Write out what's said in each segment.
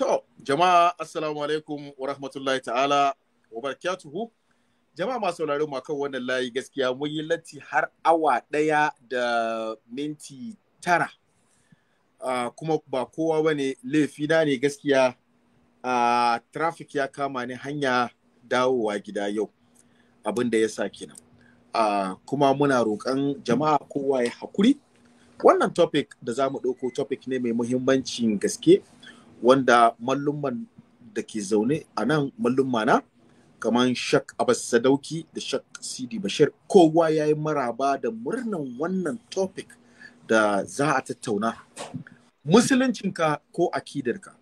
To, jama'a assalamu alaikum wa rahmatullahi ta'ala wa barakatuhu. Jama'a masu sauraron mu kan wannan layi gaskiya mun yi latti har awa ɗaya da minti tara. kuma ba kowa bane laifi na ne gaskiya a traffic ya kama ni hanya dawowa gida yau abin da ya sa kenan. kuma muna roƙon jama'a kowa ya hakuri. Wannan topic da za mu ɗauko topic ne mai muhimmancin gaske wanda mallumman da ke zaune a nan mallumma na kamar shak abbas sadauki da shak sidi bashir kowa ya yi maraba da murnan wannan topic da za a tattauna musuluncinka ko akidarka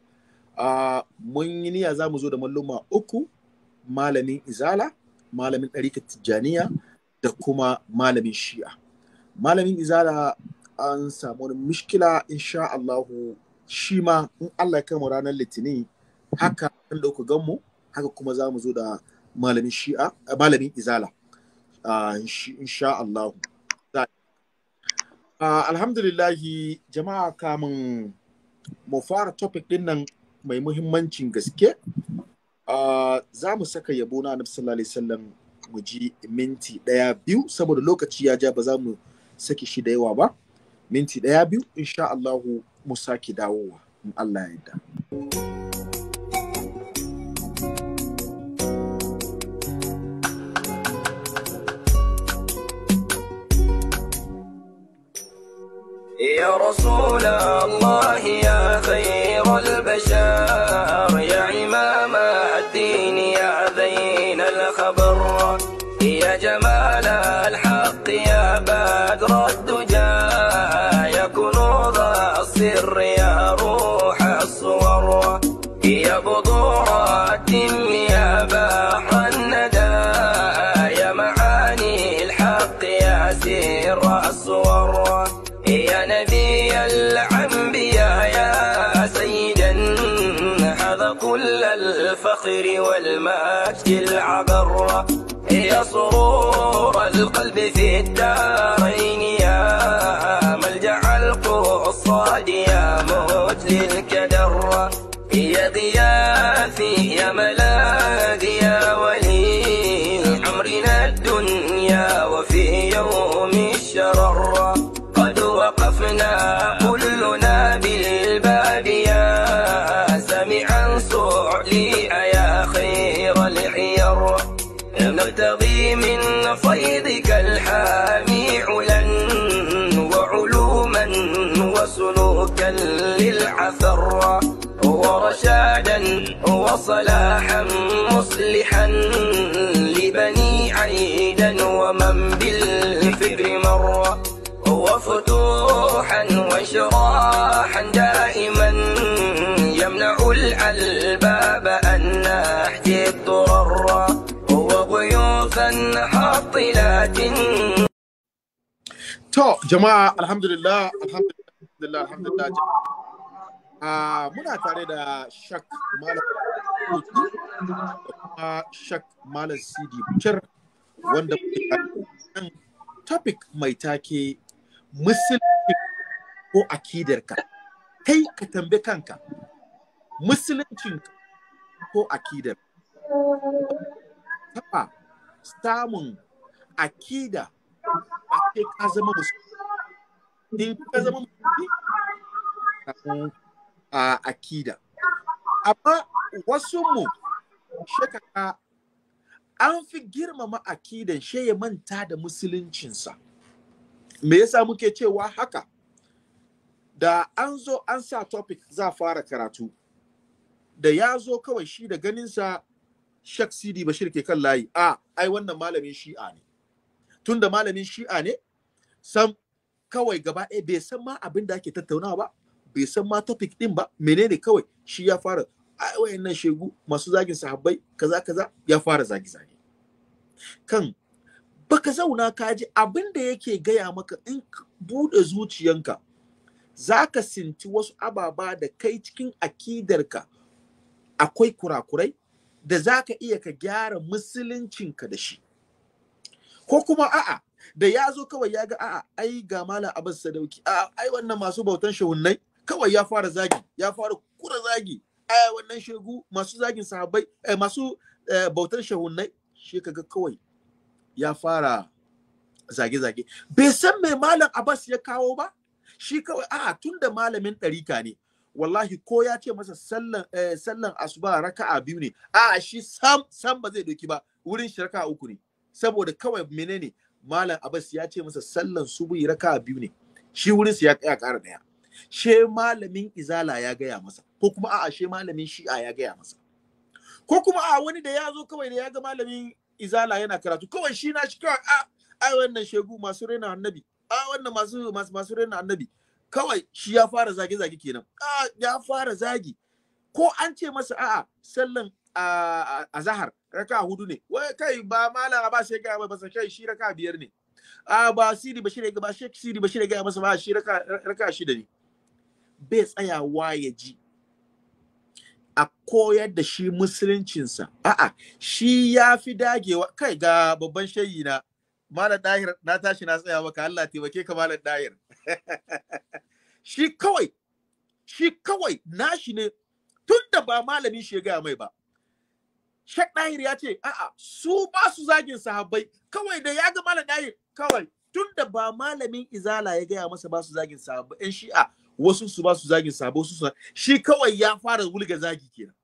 A mun yi niyya za mu zo da malluma uku malamin izala malamin ɗarikar tijjaniya da kuma malamin shi'a malamin izala an samu wani mishkila insha Allahu shi ma in Allah ya kai mu ranar litinin haka an dauka gan mu haka kuma za mu zo da malamin shi'a malamin izala ah, insha Allah ah, alhamdulillahi jama'a kamun mu fara topic din nan mai muhimmancin gaske ah, za mu saka yabo na annabi sallallahu alaihi wasallam mu ji minti ɗaya biyu saboda lokaci ya ja ba za mu saki shi da yawa ba minti ɗaya biyu insha Allahu Musa ki dawo in Allah ya yi da. Ya rasulallahu ya zama da it up. وصلاحا مصلحا لبني عيدا ومن بالفكر مر وفتوحا وشراحا دائما يمنع الألباب أن نحجي الضرر وغيوثا حاطلات الحمد لله الحمد لله جماعه آه tare da شك مالك Kotu da Shak Malam Sidi Bukir wanda kan topic mai take musulunci ko akidarka. Kai ka tambi kanka musulunci ko akidar. Taɓa samun akida a sai ka zama musulunci. In ka zama musulunci musulmi, ah, akida. amma wasu mu shekara an fi girmama akidan shi ya manta da musuluncinsa me yasa muke cewa haka da an zo an sa topic za fara karatu da ya zo kawai shi da ganinsa Sheikh Sidi Bashir ke kan layi a ai wannan malamin shi'a ne tunda malamin shi'a ne sam kawai gaba ɗaya bai san ma abin da ake tattaunawa ba bai san ma topic din ba menene kawai shi ya fara ai wayannan shegu masu zagin sahabbai kaza kaza ya fara zagi zagi kan baka zauna ka ji abin da yake gaya maka in bude zuciyanka zaka sinti wasu ababa da kai cikin akidarka akwai kurakurai da zaka iya ka gyara musuluncinka da shi ko kuma a'a da ya zo kawai ya ga a'a ai ga malam abin sadauki a'a ai wannan masu bautan shahunnai kawai ya fara zagi ya fara kura zagi ai wannan shegu masu zagin sahabbai eh, masu eh, bautar shahunnai shi kaga kawai ya fara zage-zage bai san mai malam abbas ya kawo ba shi kawai a tun da malamin ɗarika ne wallahi ko ya ce masa sallan eh, sallan asuba raka'a biyu ne a shi sam sam ba zai doki ba wurin shi uku ne saboda kawai menene malam abbas ya ce masa sallan subuhi raka'a biyu ne shi wurin su ya ƙara daya she malamin izala ya gaya masa ko kuma a'a she malamin shi'a ya gaya masa ko kuma a wani da ya zo kawai da ya ga malamin izala yana karatu kawai shi na shi kawai a ah, ai wannan shegu masu rena annabi a ah, wannan masu masu masu rena annabi kawai shi ya fara zage zage kenan a ah, ya fara zagi ko an ce masa a'a sallan a zahar raka hudu ne wai kai ba malam ba sai ga ba sai kai shi raka biyar ne a ba sidi ne ga ba shek sidi ne ga masa ba shi raka raka shida ne bai tsayawa ya ji a koyar da shi musuluncinsa a'a shi ya fi dagewa kai ga babban shayi na malam dahir na tashi na tsaya maka Allah taimake ka malam dahir shi kawai shi kawai nashi ne tun da ba malamin shi ya gaya mai ba Shek Dahir ya ce, a'a, su ba su zagin sahabbai, kawai da ya ga Malam Dahir, kawai tun da ba malamin izala ya gaya masa ba su zagin sahabbai, ‘yan shi'a wasu su ba su zagin sabo su shi kawai ya fara wulga zagi kenan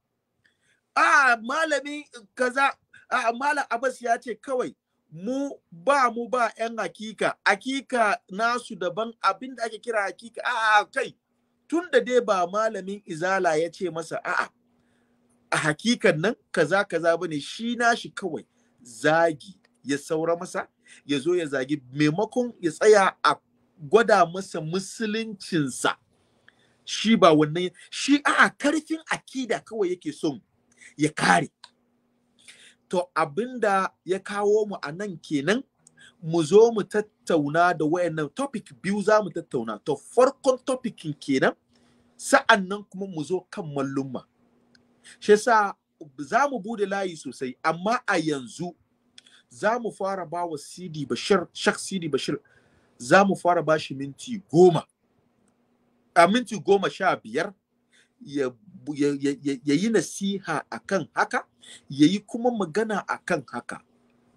a malami kaza a malam abbas ya ce kawai mu ba mu ba yan hakika hakika nasu daban abin da ake kira hakika a a kai tun da dai ba malamin izala ya ce masa a a hakikan nan kaza kaza bane shi nashi kawai zagi ya saura masa ya zo ya zagi maimakon ya tsaya a gwada masa musuluncinsa shi ba wannan shi a'a karfin akida kawai yake son ya kare to abinda ya kawo mu a nan kenan mu zo mu tattauna da wayannan topic biyu za mu tattauna to farkon topikin kenan sa'an nan kuma mu zo kan mallumma shi yasa za mu bude layi sosai amma a yanzu za mu fara ba wa sidi bashir shak sidi bashir za mu fara ba shi minti goma a minti goma sha biyar ya yi nasiha a kan haka ya yi kuma magana a kan haka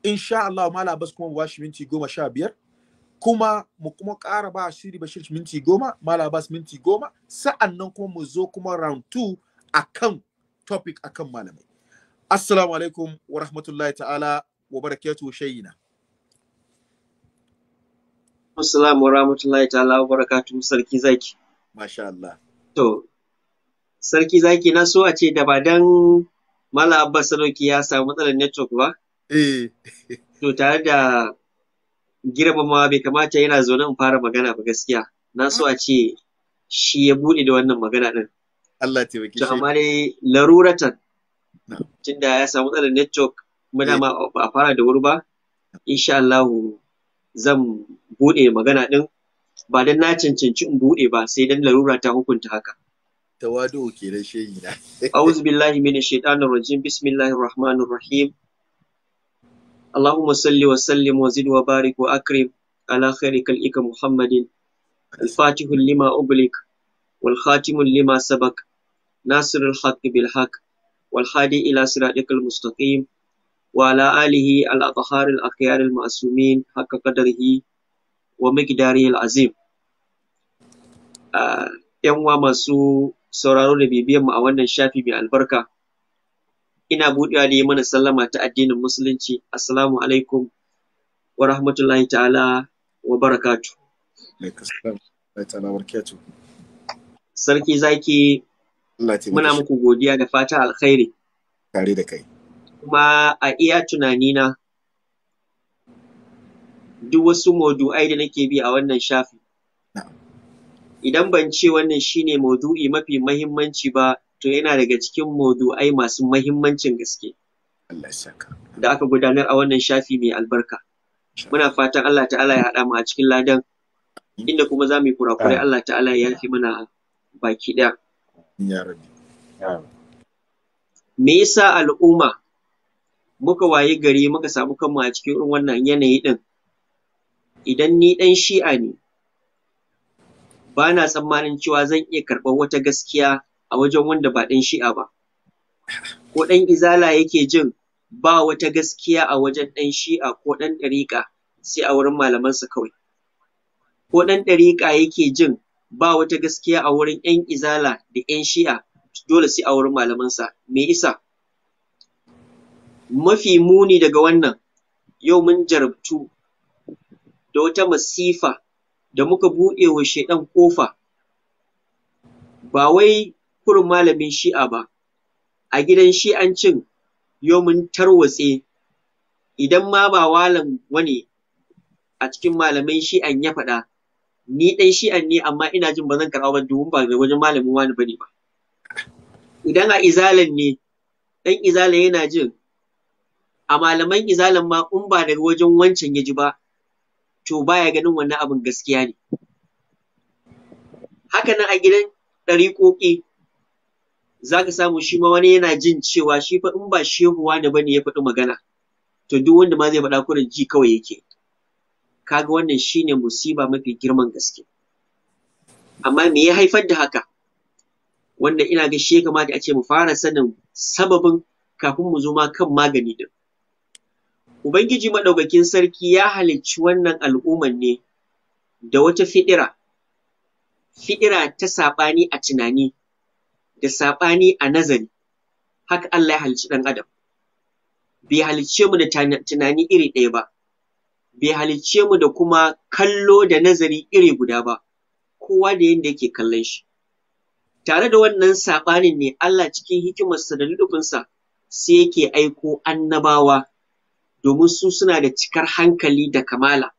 insha Allah ma bas kuma ba shi minti goma sha biyar kuma mu kuma ƙara ba shiri bashir minti goma ma bas minti goma sa'an nan kuma mu zo kuma round two a kan topic a kan malamai assalamu alaikum wa rahmatullahi ta'ala wa barakatuhu shayina assalamu wa rahmatullahi ta'ala wa barakatu sarki zaki Masha Allah. To, sarki zaki na so a ce da ba dan Mala Abba Sadoki ya samu matsalar network ba? Eh. To tare da girmamawa bai kamata yana zaune in fara magana ba gaskiya. Na so a ce shi ya buɗe da wannan magana ɗin. Allah ta yi To amma dai laruratan. Tunda ya samu matsalar network muna eh. ma a fara da wuri ba. Insha Allah zan buɗe magana ɗin ba dan na cancanci in buɗe ba sai dan larura ta hukunta haka tawadu ke da shehi na a'udhu billahi minash shaitanir rajim bismillahir rahmanir rahim اللهم صل وسلم وزد وبارك وأكرم على خير خلقك محمد الفاتح لما أبلك والخاتم لما سبق ناصر الحق بالحق والهادي إلى صراطك المستقيم وعلى آله الأطهار الأخيار المعصومين حق قدره wa miqdari azim ah, yan uwa masu sauraro da bibiyan mu a wannan shafi mai albarka ina buɗewa da mana sallama ta addinin musulunci assalamu alaikum wa rahmatullahi ta'ala wa barakatu sarki zaki muna muku godiya da fata alkhairi tare da kai kuma a iya tunanina duk wasu maudu'ai da nake bi a wannan shafi. Idan ban ce wannan shine maudu'i mafi mahimmanci ba, to yana daga cikin maudu'ai masu mahimmancin gaske. Da aka gudanar a wannan shafi mai albarka. Muna fatan Allah ta'ala ya haɗa mu a cikin ladan, inda kuma za mu yi Allah ta'ala ya yafi mana baki ɗaya. Me yasa al'umma muka wayi gari muka samu kanmu a cikin wannan yanayi ɗin idan ni ɗan shi'a ne, ba na tsammanin cewa zan iya karɓar wata gaskiya a wajen wanda ba ɗan shi'a ba. Ko ɗan izala yake jin ba wata gaskiya a wajen ɗan shi'a ko ɗan ɗariƙa sai a wurin malamansa kawai. Ko ɗan ɗariƙa yake jin ba wata gaskiya a wurin ‘yan izala da ‘yan shi'a dole sai a wurin malamansa. Me yasa? Mafi muni daga wannan, yau mun jarabtu da wata masifa da muka buɗe wa shaidan ƙofa ba wai kurin malamin shi'a ba a gidan shi'ancin yomin tarwatse idan ma ba walan wani a cikin malamin shi'an ya faɗa ni ɗan shi'an ne amma ina jin ba zan karɓa ba domin ba da wajen malamin wani bane ba idan a izalan ne ɗan izalan yana jin a malaman izalan ma in ba daga wajen wancan ya ji ba to baya ganin wannan abin gaskiya ne haka nan a gidan ɗariƙoƙi za ka samu shi ma wani yana jin cewa shi fa in ba shehu wani ne ya faɗi magana to duk wanda ma zai faɗa kurin ji kawai yake kaga wannan shine musiba mafi girman gaske amma me ya haifar da haka wanda ina ga shi ya kamata a ce mu fara sanin sababin kafin mu zo ma kan magani din Ubangiji maɗaukakin sarki ya halicci wannan al'umman ne da wata fiɗira, fiɗira ta saɓani a tunani da saɓani a nazari, haka Allah ya halicci ɗan Adam. Bai halicce mu da tunani iri ɗaya ba, bai halicce mu da kuma kallo da nazari iri guda ba, kowa da yadda yake kallon shi. Tare da wannan saɓanin ne Allah cikin hikimarsa da sai yake aiko annabawa domin su suna da cikar hankali da kamala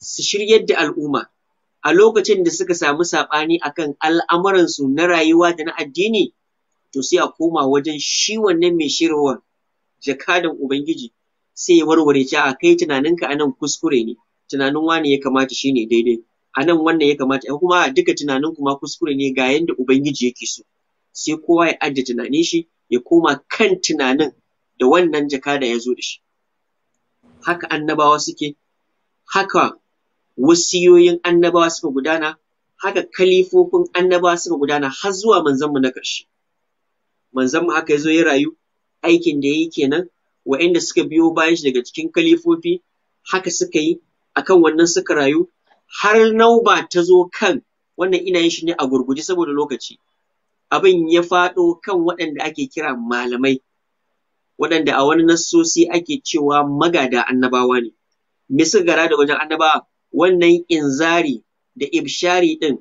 su shiryar da al'umma a lokacin da suka samu saɓani akan al'amuransu na rayuwa da na addini to sai a koma wajen shi wannan mai shirwar jakadan ubangiji sai ya warware ta a kai tunaninka anan kuskure ne tunanin wane ya kamata shine daidai anan wannan ya kamata in kuma duka tunanin kuma kuskure ne ga yanda ubangiji yake so sai kowa ya adda tunanin shi ya koma kan tunanin da wannan jakada ya zo da shi haka annabawa suke haka wasiyoyin annabawa suka gudana haka kalifofin annabawa suka gudana har zuwa manzanmu na ƙarshe manzanmu haka ya zo ya rayu aikin da ya yi kenan wa'inda suka biyo bayan shi daga cikin kalifofi haka suka yi akan wannan suka rayu har nauba ta zo kan wannan ina yin shi ne a gurguje saboda lokaci abin ya faɗo kan waɗanda ake kira malamai waɗanda a wani nassosi ake cewa magada annabawa ne. Me suka gara da wajen annabawa? Wannan inzari da ibshari ɗin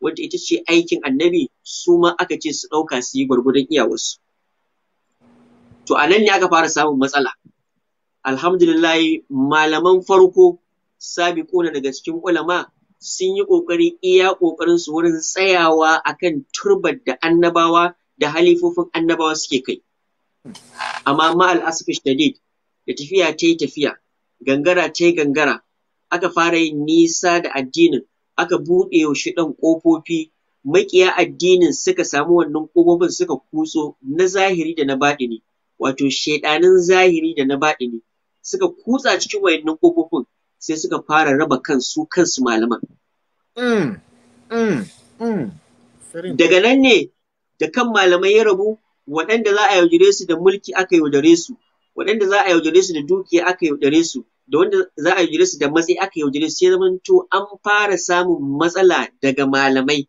wanda ita ce aikin annabi su ma aka ce su ɗauka su yi gwargwadon iyawarsu. To a nan ne aka fara samun matsala. Alhamdulillahi malaman farko sabiƙuna daga cikin ulama sun yi ƙoƙari iya ƙoƙarinsu wurin tsayawa akan turbar da annabawa da halifofin annabawa suke kai. Amma ma asfi shadid da tafiya ta yi tafiya, gangara ta yi gangara, aka fara yin nisa da addinin, aka buɗe wa shi ɗan ƙofofi, maƙiya addinin suka samu wannan ƙofofin suka kutso na zahiri da na baɗini, wato shaiɗanin zahiri da na baɗini, suka kutsa cikin wa'innan ƙofofin sai suka fara raba kansu kansu malaman. Mm, mm, mm. Daga nan ne da kan malamai ya rabu waɗanda za a yaudare su da mulki aka yaudare su waɗanda za a yaudare su da dukiya aka yaudare su da wanda za a yaudare su da matsayi aka yaudare su sai zamanto an fara samun matsala daga malamai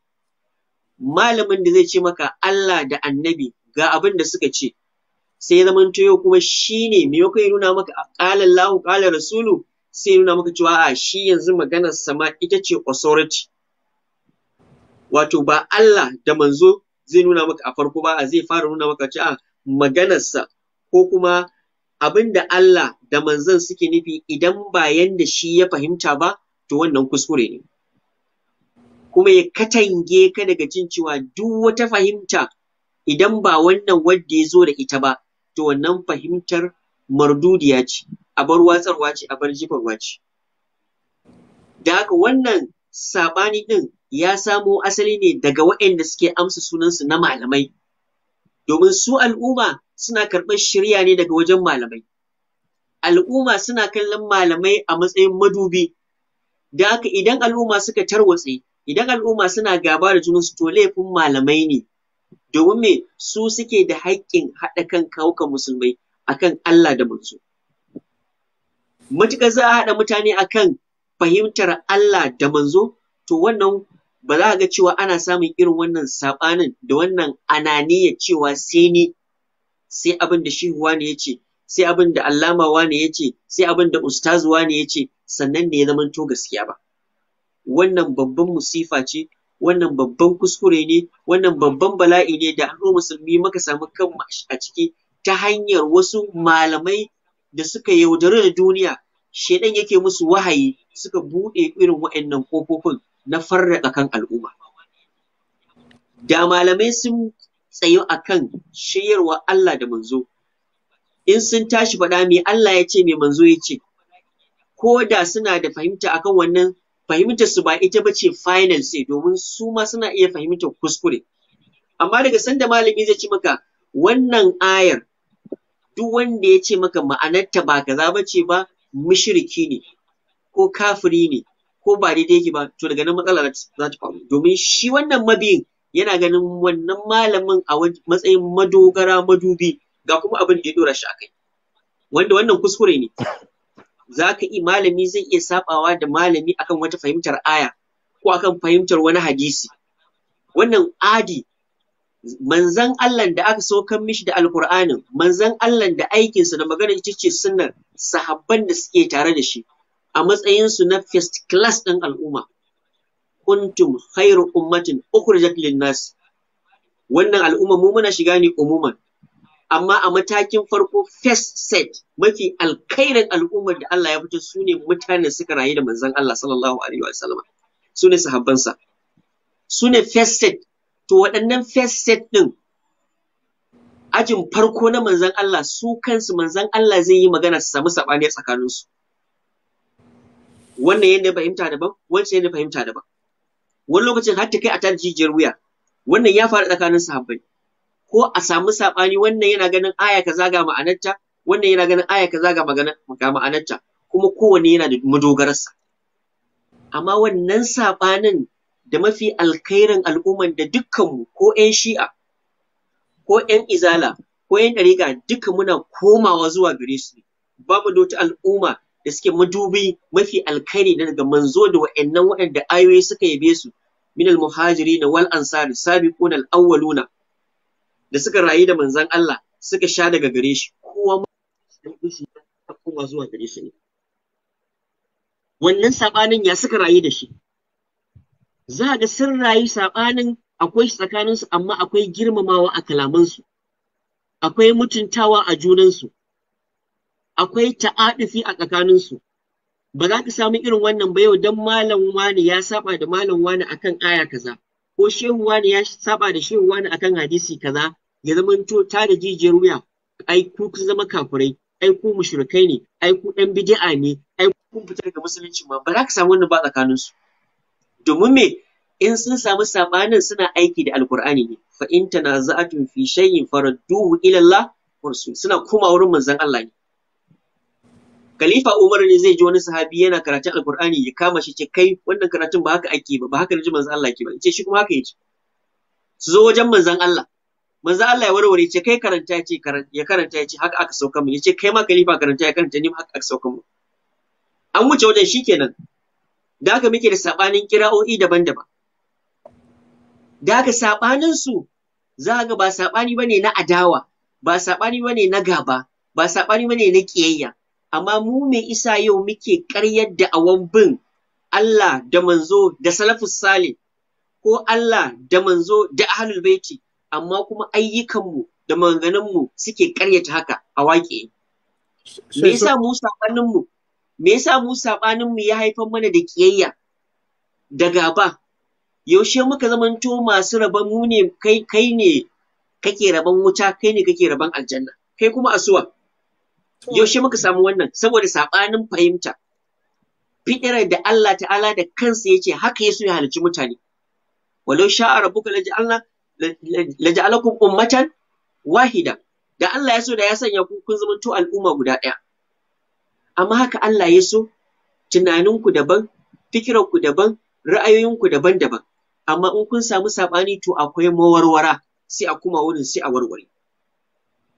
malamin da zai ce maka Allah da annabi ga abin da suka ce sai zamanto yau kuma shine me yau ya nuna maka qala Allahu qala rasulu sai nuna maka cewa a shi yanzu maganar sama ita ce authority wato ba Allah da manzo zai nuna maka a farko ba a zai fara nuna maka cewa maganarsa ko kuma abin da Allah da manzon suke nufi idan ba yanda shi ya fahimta ba to wannan kuskure ne kuma ya katange ka daga cin cewa duk wata fahimta idan ba wannan wanda ya zo da ita ba to wannan fahimtar mardudiya ce a bar watsarwa ce a bar jifarwa ce da haka wannan saɓani ɗin ya samo asali ne daga waɗanda suke amsa sunansu na malamai, domin su al'umma suna karɓar shirya ne daga wajen malamai. Al'umma suna kallon malamai a matsayin madubi, da haka idan al'umma suka tarwatse, idan al'umma suna gaba da junansu to laifin malamai ne, domin me su suke da haƙƙin haɗa kan kawukan musulmai akan Allah da manzo. Matuƙar za a haɗa mutane akan fahimtar Allah da manzo to wannan ba za ga cewa ana samun irin wannan saɓanin da wannan ananiya cewa sai ni sai abin da shehu wane ya ce sai abin da allama wane ya ce sai abin da ustazu wane ya ce sannan ne ya zamanto gaskiya ba wannan babban musifa ce wannan babban kuskure ne wannan babban bala'i ne da hannu musulmi muka samu kanmu a ciki ta hanyar wasu malamai da suka yaudari da duniya shedan yake musu wahayi suka buɗe irin waɗannan ƙofofin na farraɗa kan al'umma. Da malamai sun tsayu a kan shiryarwa Allah da manzo, in sun tashi faɗa mai Allah ya ce mai manzo ya ce, ko da suna da fahimta akan wannan fahimtar su ba ita ba ce final sai domin su ma suna iya fahimtar kuskure. Amma daga sanda malami zai ce maka wannan ayar duk wanda ya ce maka ma'anarta ba kaza ba ce ba mushriki ne ko kafiri ne ko ba daidai yake ba to daga nan matsala za ta faru domin shi wannan mabiyin yana ganin wannan malamin a matsayin madogara madubi ga kuma abin da ya dora shi akai wanda wannan kuskure ne za ka yi malami zai iya sabawa da malami akan wata fahimtar aya ko akan fahimtar wani hadisi wannan adi manzan Allah da aka saukan mishi da alkur'anin manzan Allah da aikinsa da magana ita ce sunnar sahabban da suke tare da shi a matsayinsu na first class ɗin al'umma kuntum khairu ummatin ukhrijat lin-nas wannan al'umma mu muna shiga ne umuman amma a matakin farko first set mafi alkairin al'ummar da Allah ya fito su ne mutanen suka rayu da manzon Allah sallallahu alaihi wa sallama su ne sahabbansa su ne first set to waɗannan first set ɗin ajin farko na manzon Allah su kansu manzon Allah zai yi magana su samu saɓani tsakaninsu wannan ya fahimta daban wancan ya fahimta daban wani lokacin har ta kai a tada jijiyar wuya wannan ya faru tsakanin sahabbai ko a samu saɓani wannan yana ganin aya kaza ga ma'anarta wannan yana ganin aya kaza ga ga ma'anarta kuma kowanne yana da sa amma wannan saɓanin da mafi alkhairin al'umman da dukkanmu ko 'yan shi'a ko 'yan izala ko 'yan ɗariƙa duka muna komawa zuwa gare su ba mu da wata al'umma da suke madubi mafi alkhairi daga manzo da wa'annan waɗanda ayoyi suka yabe su min al na wal ansari sabiqun al-awwaluna da suka rayu da manzon Allah suka sha daga gare shi kowa kowa zuwa gare shi ne wannan sabanin ya suka rayu da shi za ga sun rayu sabanin akwai tsakaninsu amma akwai girmamawa a kalamansu akwai mutuntawa a junansu akwai ta'adifi a tsakaninsu ba za ka samu irin wannan ba yau dan malam wani ya saba da malam wani akan aya kaza ko shehu wani ya saba da shehu wani akan hadisi kaza ya zama zamanto ta da jijiyar wuya ai ku zama kafurai ai ku mushrikai ne ai ku dan bid'a ne ai ku fita daga musulunci ma ba za ka samu wannan ba tsakaninsu domin me in sun samu sabanin suna aiki da alkur'ani ne fa in tanaza'atun fi shay'in faradduhu ila Allah suna koma wurin manzon Allah ne Khalifa Umar ne zai ji wani sahabi yana karatun Alkur'ani ya kama shi ce kai wannan karatun ba haka ake ba ba haka ji manzon Allah ke ba ce shi kuma haka yake su zo wajen manzon Allah manzon Allah ya warware ce kai karanta ce ya karanta ya ce haka aka sauka mu ce kai ma Khalifa karanta ya karanta ni ma haka aka sauka mu an wuce wajen shikenan da haka muke da sabanin kira'o'i daban-daban da haka sabanin su za ga ba sabani bane na adawa ba sabani bane na gaba ba sabani bane na kiyayya amma mu mai isa yau muke ƙaryar da awan bin Allah da manzo da salafus sale ko Allah da manzo da ahlul baiti amma kuma ayyukanmu da manganinmu suke ƙaryata haka a waƙe me yasa mu sabaninmu me yasa mu sabaninmu ya haifar mana da ƙiyayya da gaba yaushe muka zamanto masu rabon mu ne kai kai ne kake rabon wuta kai ne kake rabon aljanna kai kuma asuwa Yaushe muka samu wannan saboda saɓanin fahimta. Fitira da Allah ta'ala da kansa ya haka ya so ya halicci mutane. Walau sha'a rabbuka laj'alakum ummatan wahida. Da Allah ya so da ya sanya ku kun zamanto al'umma guda ɗaya. Amma haka Allah ya so ku daban, fikiran ku daban, ra'ayoyin ku daban-daban. Amma in kun samu saɓani to akwai mawarwara sai a kuma wurin sai a warware.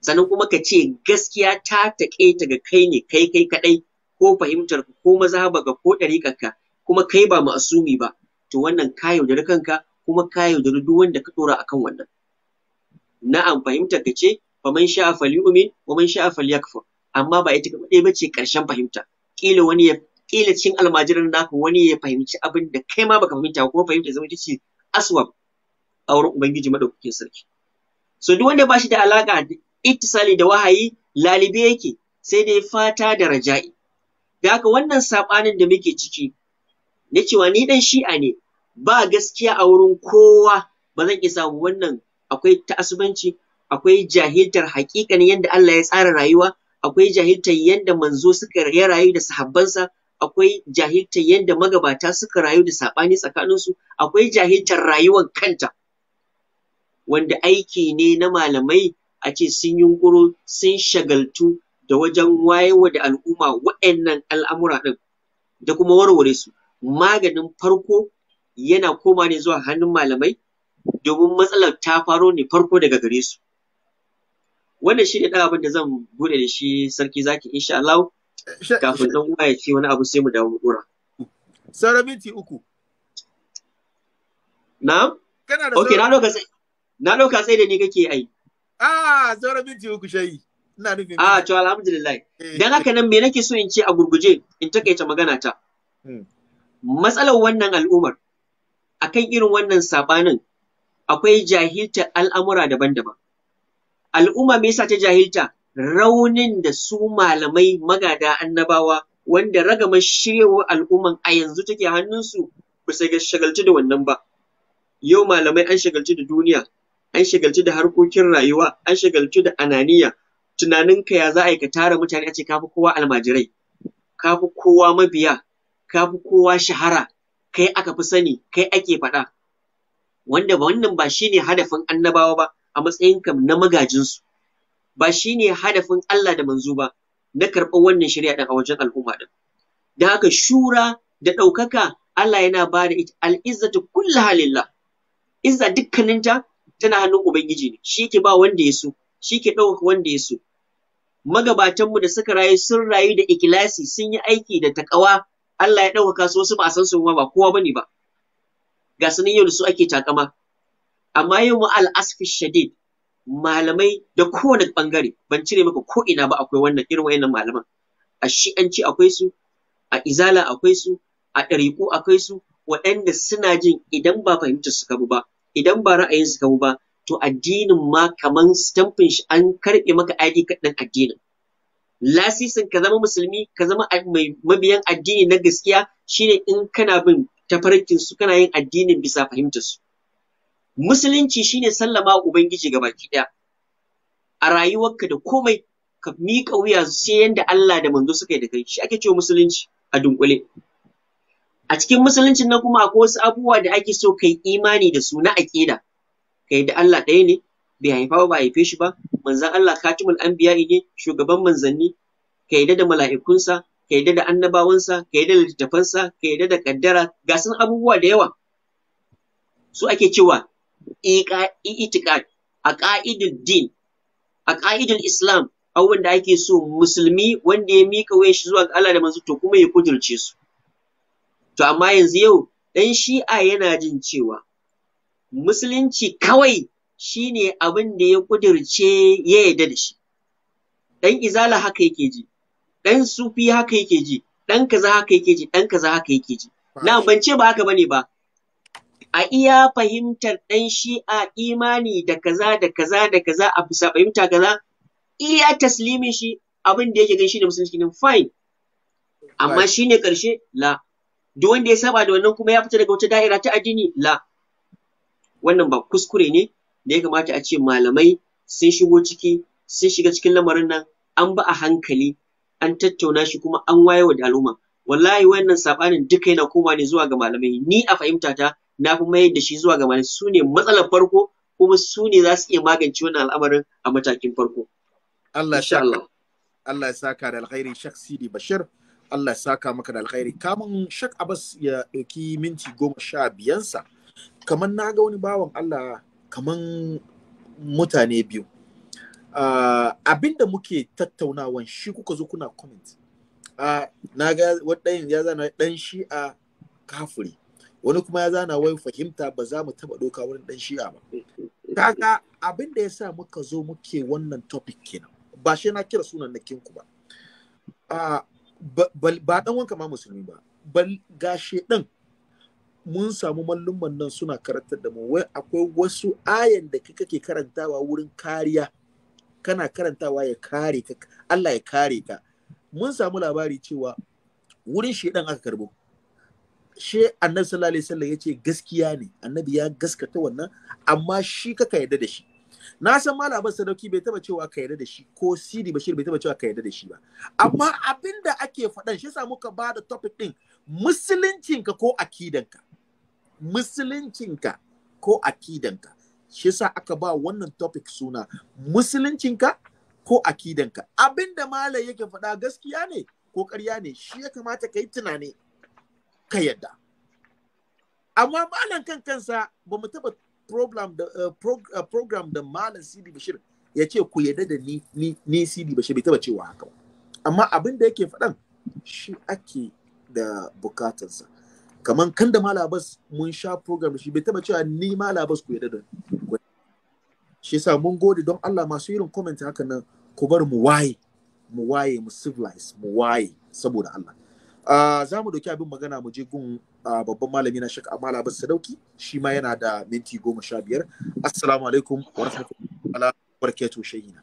sannan kuma ka ce gaskiya ta taƙe ta ga kai ne kai kai kaɗai ko fahimtar ka ko mazhaba ga ko ɗariƙarka kuma kai ba ma'asumi ba to wannan ka yaudari kanka kuma ka yaudari duk wanda ka ɗora akan wannan na'am fahimtar ka ce faman sha'a falyu'min wa man sha'a falyakfur amma ba ita kaɗai ba ce ƙarshen fahimta ƙila wani ya ƙila cin almajiran naka wani ya fahimci abin da kai ma baka fahimta ba kuma fahimta zama ita ce aswab a wurin ubangiji maɗaukakin sarki so duk wanda ba shi da alaƙa ittisali da wahayi lalibe yake sai dai fata da raja'i da haka wannan saɓanin da muke ciki na cewa ni dan shi'a ne ba gaskiya a wurin kowa ba zan iya samu wannan akwai ta'asubanci akwai jahiltar haƙiƙanin yadda Allah ya tsara rayuwa akwai jahiltar yadda manzo suka ya rayu da sahabbansa akwai jahiltar yadda magabata suka rayu da saɓani tsakaninsu akwai jahiltar rayuwar kanta wanda aiki ne na malamai a ce sun yunkuro sun shagaltu da wajen wayewa da al'umma wa'annan al'amura ɗin da kuma warware su maganin farko yana koma ne zuwa hannun malamai domin matsalar ta faro ne farko daga gare su wannan shi ne ɗan abin da zan bude da shi sarki zaki insha Allah kafin ɗan uwa ya ce wani abu sai mu dawo mu dora sauran minti uku na'am kana da okay na ɗauka sai na doka sai da ni kake ai Ah, minti uku shayi. Ina nufin. Ah, to alhamdulillah. Eh. Dan haka nan me nake so in ce a gurguje in takaita magana ta. Hmm. Matsalar wannan al'ummar akan irin wannan sabanin akwai jahilta al'amura daban-daban. Al'umma me yasa ta jahilta? Raunin da su malamai magada annabawa wanda ragamar shiryewar al'umman a yanzu take hannunsu ba sai shagalci da wannan ba. Yau malamai an shagalci da duniya, an shagaltu da harkokin rayuwa an shagaltu da ananiya tunaninka ya za a yi ka tara mutane a ce ka fi kowa almajirai ka fi kowa mabiya ka fi kowa shahara kai aka fi sani kai ake faɗa wanda wannan ba shine hadafin annabawa ba a matsayinka na magajinsu ba shine hadafin Allah da manzo ba na karɓar wannan shari'a ɗin a wajen al'umma ɗin da haka shura da ɗaukaka Allah yana ba da ita al'izzatu kullaha lillah izza dukkaninta tana hannun ubangiji ne shi ke ba wanda ya so shi ke ɗauka wanda ya so magabatanmu da suka rayu sun rayu da ikilasi sun yi aiki da takawa Allah ya ɗaukaka su wasu ba a san su ba kowa bane ba ga sanin yau da su ake takama amma yau mu al'asfi shadid malamai da kowane bangare ban cire maka ko ina ba akwai wannan irin wayannan malaman a shi'anci akwai su a izala akwai su a ɗariƙu akwai su waɗanda suna jin idan ba fahimtar su bi ba idan ba ra'ayin su ka ba to addinin ma kaman stamfin shi an karɓe maka ID kaɗan addinin. Lasisin ka zama musulmi ka zama mai mabiyan addini na gaskiya shine in kana bin tafarkin su kana yin addinin bisa fahimtar su. Musulunci shine sallama Ubangiji gaba ki ɗaya. A rayuwarka da komai ka miƙa wuya sai yanda Allah da manzo suka yi da kai shi ake cewa musulunci a dunkule. a cikin musuluncin na kuma akwai wasu abubuwa da ake so kai imani da su na aƙida kai da Allah ɗaya ne bai haifa ba ba haife shi ba manzon Allah katimul anbiya ne shugaban manzanni kai da mala'ikunsa kai da annabawansa kai da littafansa kai da kaddara ga sun abubuwa da yawa su ake cewa itiqad aqaidud din aqaidul islam abubuwan da ake so musulmi wanda ya mika wayar shi zuwa ga Allah da manzo to kuma ya kudurce su To amma yanzu yau ɗan shi'a yana jin cewa musulunci kawai shine abin da ya ƙudirce ya yarda da shi. Ɗan izala haka yake ji, ɗan sufi haka yake ji, ɗan kaza haka yake ji, ɗan kaza haka yake ji. Na ban ce ba haka bane ba. A iya fahimtar ɗan shi'a imani da kaza da kaza da kaza a bisa fahimta kaza iya taslimin shi abin da yake gan shi da musulunci ne fine. Amma shi ne ƙarshe la. duk wanda ya saba da wannan kuma ya fita daga wata da'ira ta addini la wannan ba kuskure ne da ya kamata a ce malamai sun shigo ciki sun shiga cikin lamarin nan an ba a hankali an tattauna shi kuma an waye wa al'umma wallahi wannan sabanin duka yana koma ne zuwa ga malamai ni a fahimta ta na fi mayar da shi zuwa ga malamai su ne matsalar farko kuma su ne za su iya magance wannan al'amarin a matakin farko Allah ya saka da alkhairi shakhsi Bashir Allah ya saka maka da alkhairi kamun shak abbas ya ɗauki minti goma sha biyansa kamar na ga wani bawan Allah kaman mutane biyu uh, ah, abinda muke tattaunawa, shi kuka zo kuna comment uh, na ga wadannan ya zana dan shi'a kafuri wani kuma ya zana wai fahimta ba za mu taba doka wani ɗan shi'a ba kaga abinda ya sa muka zo muke wannan topic kenan ba shi na kira sunan na kinku ba ah, ba dan wanka ma musulmi ba bal ga shedan mun samu mallum'an nan suna karantar da mu wai akwai wasu ayan da ke karantawa wurin kariya kana karantawa ya kare ka Allah ya kare ka mun samu labari cewa wurin shedan aka karbo she annabi sallallahu alaihi wasallam yace gaskiya ne annabi ya gaskata wannan amma shi kaka yarda da shi na san malam Sadauki bai taba cewa ka yarda da shi ko Sidi Bashir bai taba cewa ka yarda da shi ba amma abin da ake faɗan shi sa muka ba da topic din musuluncinka ko akidanka musuluncinka ko akidanka shi sa aka ba wannan topic suna musuluncinka ko akidanka da malam yake faɗa gaskiya ne ko ƙarya ne shi ya kamata ka yi tunani ka yarda amma malam kan kansa ba mu taɓa program da eh, eh, program da malam Sidi Bashir ya ce ku yarda da ni ni ni Sidi Bashir bai taba cewa haka amma abin da yake faɗan shi ake da bukatarsa kaman kan da malabas mun sha program shi bai taba cewa ni malam bas ku yarda da shi yasa mun gode don Allah masu irin comment haka nan ku bar mu waye mu waye mu civilize mu waye saboda Allah ah, za mu doki abin magana mu je gun babban malami na shaka amala Abbas Sadauki shi ma yana da minti goma sha biyar. Assalamu alaikum wa rahmatullahi wa shayina.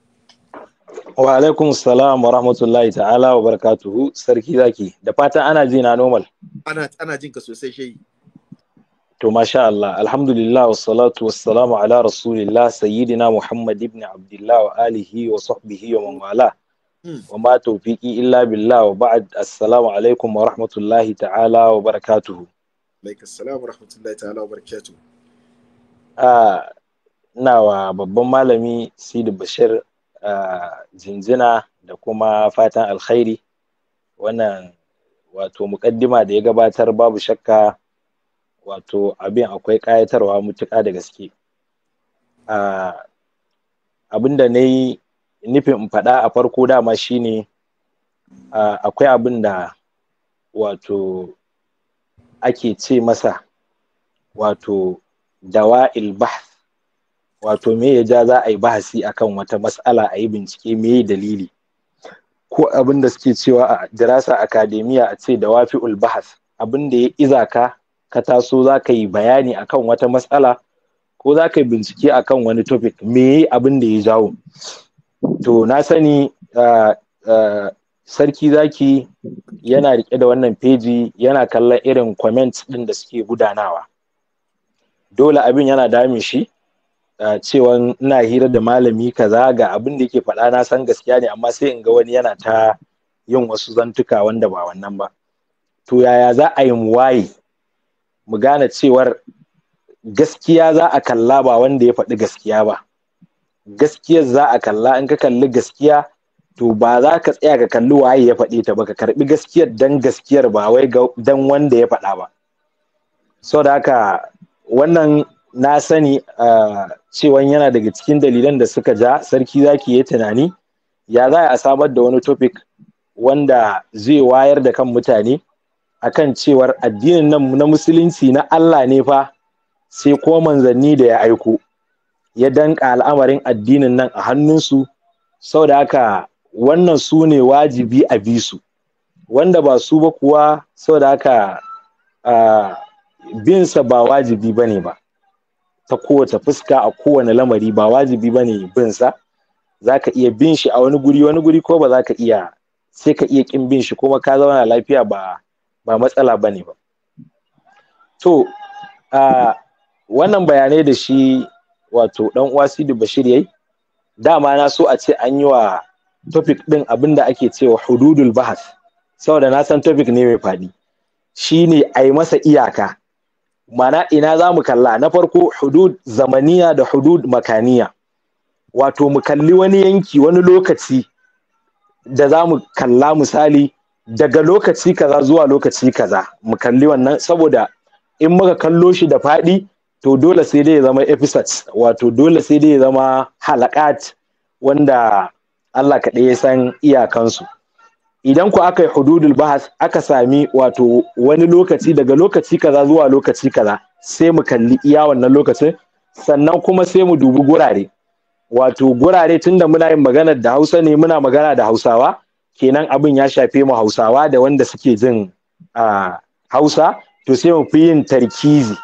Wa alaikum salam wa rahmatullahi ta'ala wa barakatuhu sarki zaki da fatan ana ji na normal. Ana ana jin ka sosai shehi To masha Allah alhamdulillah wassalatu wassalamu ala rasulillah sayyidina Muhammad ibn Abdullah wa alihi wa sahbihi wa man wala. Hmm. wa ma tawfiqi illa billah wa ba'd assalamu alaikum wa rahmatullahi ta'ala wa barakatuhu alaikum salam wa rahmatullahi ta'ala wa ah, a nawa babban malami Sidi Bashir zinzina ah, da kuma fatan alkhairi wannan wato mukaddima da ya gabatar babu shakka wato abin akwai kayatarwa matuka da gaske ah, abin da na yi nufin in faɗa a farko dama shine akwai abin da wato ake ce masa wato dawa'il bahth wato me ya ja za a yi bahasi akan wata mas'ala a yi bincike me dalili ko abin da suke cewa a dirasa akademiya a ce dawafi'ul ulbahas abin da ya iza ka ka taso za ka yi bayani akan wata matsala ko za ka yi bincike akan wani topic me abin da ya jawo to na sani ah, ah, sarki zaki yana rike da wannan feji yana kallon irin comments din da suke gudanawa dole abin yana damun shi uh, cewa ina hira da malami kaza ga abin da yake faɗa na san gaskiya ne amma sai in ga wani yana ta yin wasu zantuka wanda ba wannan ba to yaya za a yi mu waye mu gane cewar gaskiya za a kalla ba wanda ya faɗi gaskiya ba gaskiyar za a kalla in ka kalli gaskiya to ba za ka tsaya ka kalli waye ya faɗi ta ba ka karbi gaskiyar dan gaskiyar ba wai dan wanda ya faɗa ba so da haka wannan na sani cewa yana daga cikin dalilan da suka ja sarki zaki ya tunani ya za a samar da wani topic wanda zai wayar da kan mutane akan cewar addinin nan na musulunci na Allah ne fa sai ko manzanni da ya aiko ya danka al'amarin addinin nan a hannunsu sau da haka wannan su ne wajibi a bi su wanda ba su ba kuwa sau da haka binsa ba wajibi ba ne ba ta kowace fuska a kowane lamari ba wajibi ba ne binsa za ka iya bin shi a wani guri wani guri ko ba za ka iya sai ka iya kin bin shi kuma ka zauna lafiya ba ba matsala ba ne ba to wannan bayanai da shi wato dan uwa Sidi Bashir yayi dama na so a ce an yi wa topic din abinda ake cewa hududul bahas saboda na san topic ne mai faɗi shine ai masa iyaka mana ina zamu kalla na farko hudud zamaniya da hudud makaniya wato mu kalli wani yanki wani lokaci da za mu kalla misali daga lokaci kaza zuwa lokaci kaza mu kalli wannan saboda in muka kallo shi da faɗi to dole sai dai ya zama episodes wato dole sai dai ya zama halakat wanda Allah kaɗai ya san iyakansu idan ku aka yi hududul bahas aka sami wato wani lokaci daga lokaci kaza zuwa lokaci kaza sai mu kalli iya wannan lokacin sannan kuma sai mu dubi gurare wato gurare tunda muna yin magana da hausa ne muna magana da hausawa kenan abin ya shafe mu hausawa da wanda suke jin hausa to sai mu fi yin tarkizi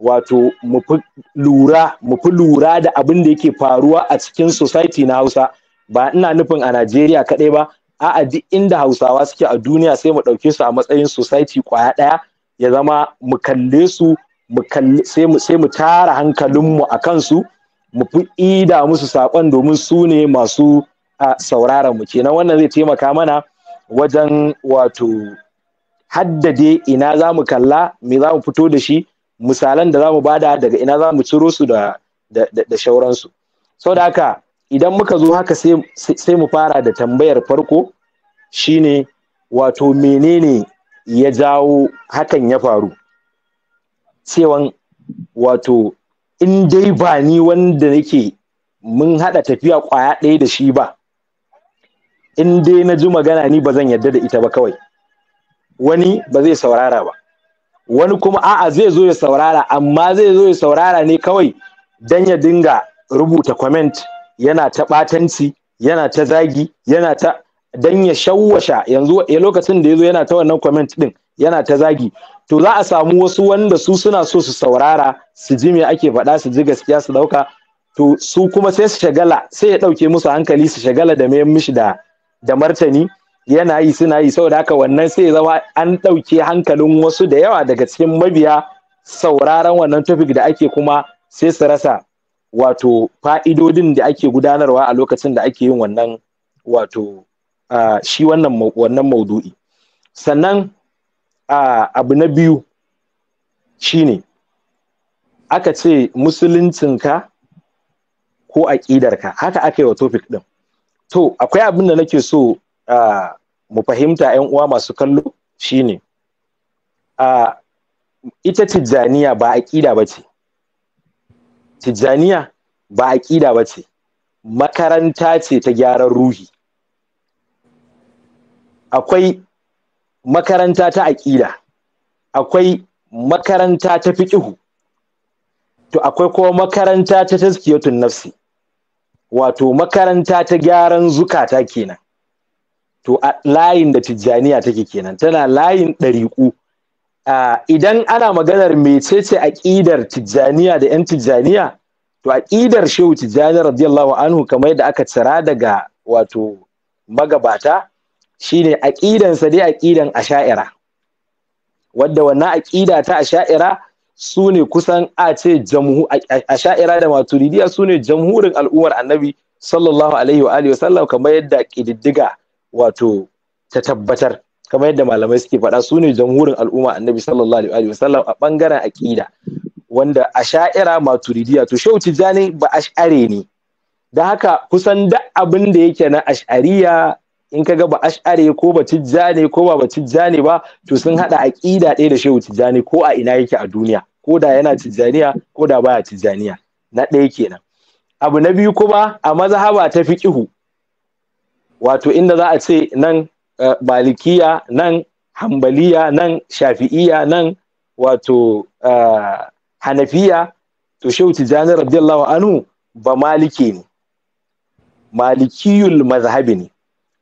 wato mu fi lura mu fi lura da abin da yake faruwa a cikin society na hausa ba ina nufin a Najeriya kaɗai ba a'a duk inda Hausawa suke a duniya sai mu ɗauke su a matsayin society kwaya ɗaya ya zama mu kalle su mu kalle sai mu tara hankalinmu a kansu mu fi ida musu saƙon domin su ne masu a sauraron mu kenan wannan zai taimaka mana wajen wato haddade ina za mu kalla me za mu fito da shi misalan da za mu bada daga ina za mu ciro su da da, Sau da da haka idan muka zo haka sai mu fara da tambayar farko shine wato menene ya jawo hakan ya faru cewan wato in dai ba ni wanda nake mun haɗa tafiya kwaya ɗaya da shi ba in dai na ji magana ni ba zan yarda da ita ba kawai wani ba zai saurara ba wani kuma a'a zai zo ya saurara amma zai zo ya saurara ne kawai don ya dinga rubuta comment yana ta ɓatanci yana ta zagi yana ta dan ya shawwasha yanzu a eh, lokacin da ya zo yana ta wannan comment din yana ta zagi to za a samu wasu wanda su suna so su saurara su ji me ake faɗa su ji gaskiya su ɗauka to su kuma sai su shagala sai ya ɗauke musu hankali su shagala da mayan mishi da da martani yana yi suna yi saboda haka wannan sai ya zama an ɗauke hankalin wasu da yawa daga cikin mabiya sauraron wannan topic da ake kuma sai su rasa wato fa'idodin da ake gudanarwa a lokacin da ake yin wannan wato uh, shi wannan wannan maudu'i sannan uh, abu na biyu shine aka ce musuluncinka ko aƙidarka haka aka yi wa topic ɗin to akwai abin da nake so uh, mu fahimta 'yan uwa masu kallo shine uh, ita tijjaniya ba aƙida ba ce tijjaniya ba aƙida ba ce makaranta ce ta gyaran ruhi akwai makaranta ta aƙida akwai makaranta ta fiƙihu to akwai kuma makaranta ta taskiyotun nafsi wato makaranta ta gyaran zukata kenan to a layin da tijjaniya take kenan tana layin ɗariƙu idan ana maganar mecece aƙidar tijjaniya da 'yan tijjaniya to aƙidar shehu tijjaniya radiyallahu anhu kamar yadda aka tsara daga wato magabata shine aƙidansa dai aƙidan asha'ira wadda wannan aƙida ta asha'ira su ne kusan a ce jamhu? asha'ira da maturidiya su ne jamhurin al'ummar annabi sallallahu alaihi wa alihi sallam kamar yadda ƙididdiga wato ta tabbatar kamar yadda malamai suke faɗa su ne jamhurin al'umma annabi sallallahu alaihi wa sallam a ɓangaren aƙida wanda a sha'ira maturidiya to shehu jani ba ash'are ne da haka kusan duk abin da yake na ash'ariya in kaga ba ash'are ko ba tijjani ko ba ba tijjani ba to sun haɗa aqida ɗaya da shehu jani ko a ina yake a duniya ko da yana tijjaniya ko da baya tijjaniya na ɗaya kenan abu na biyu kuma a mazhaba ta fiqihu wato inda za a ce nan Eh, malikiya nan hambaliya nan shafi'iya nan wato eh, hanafiya to shehu tijjani radiyallahu anhu ba maliki ne malikiyul mazhabi ne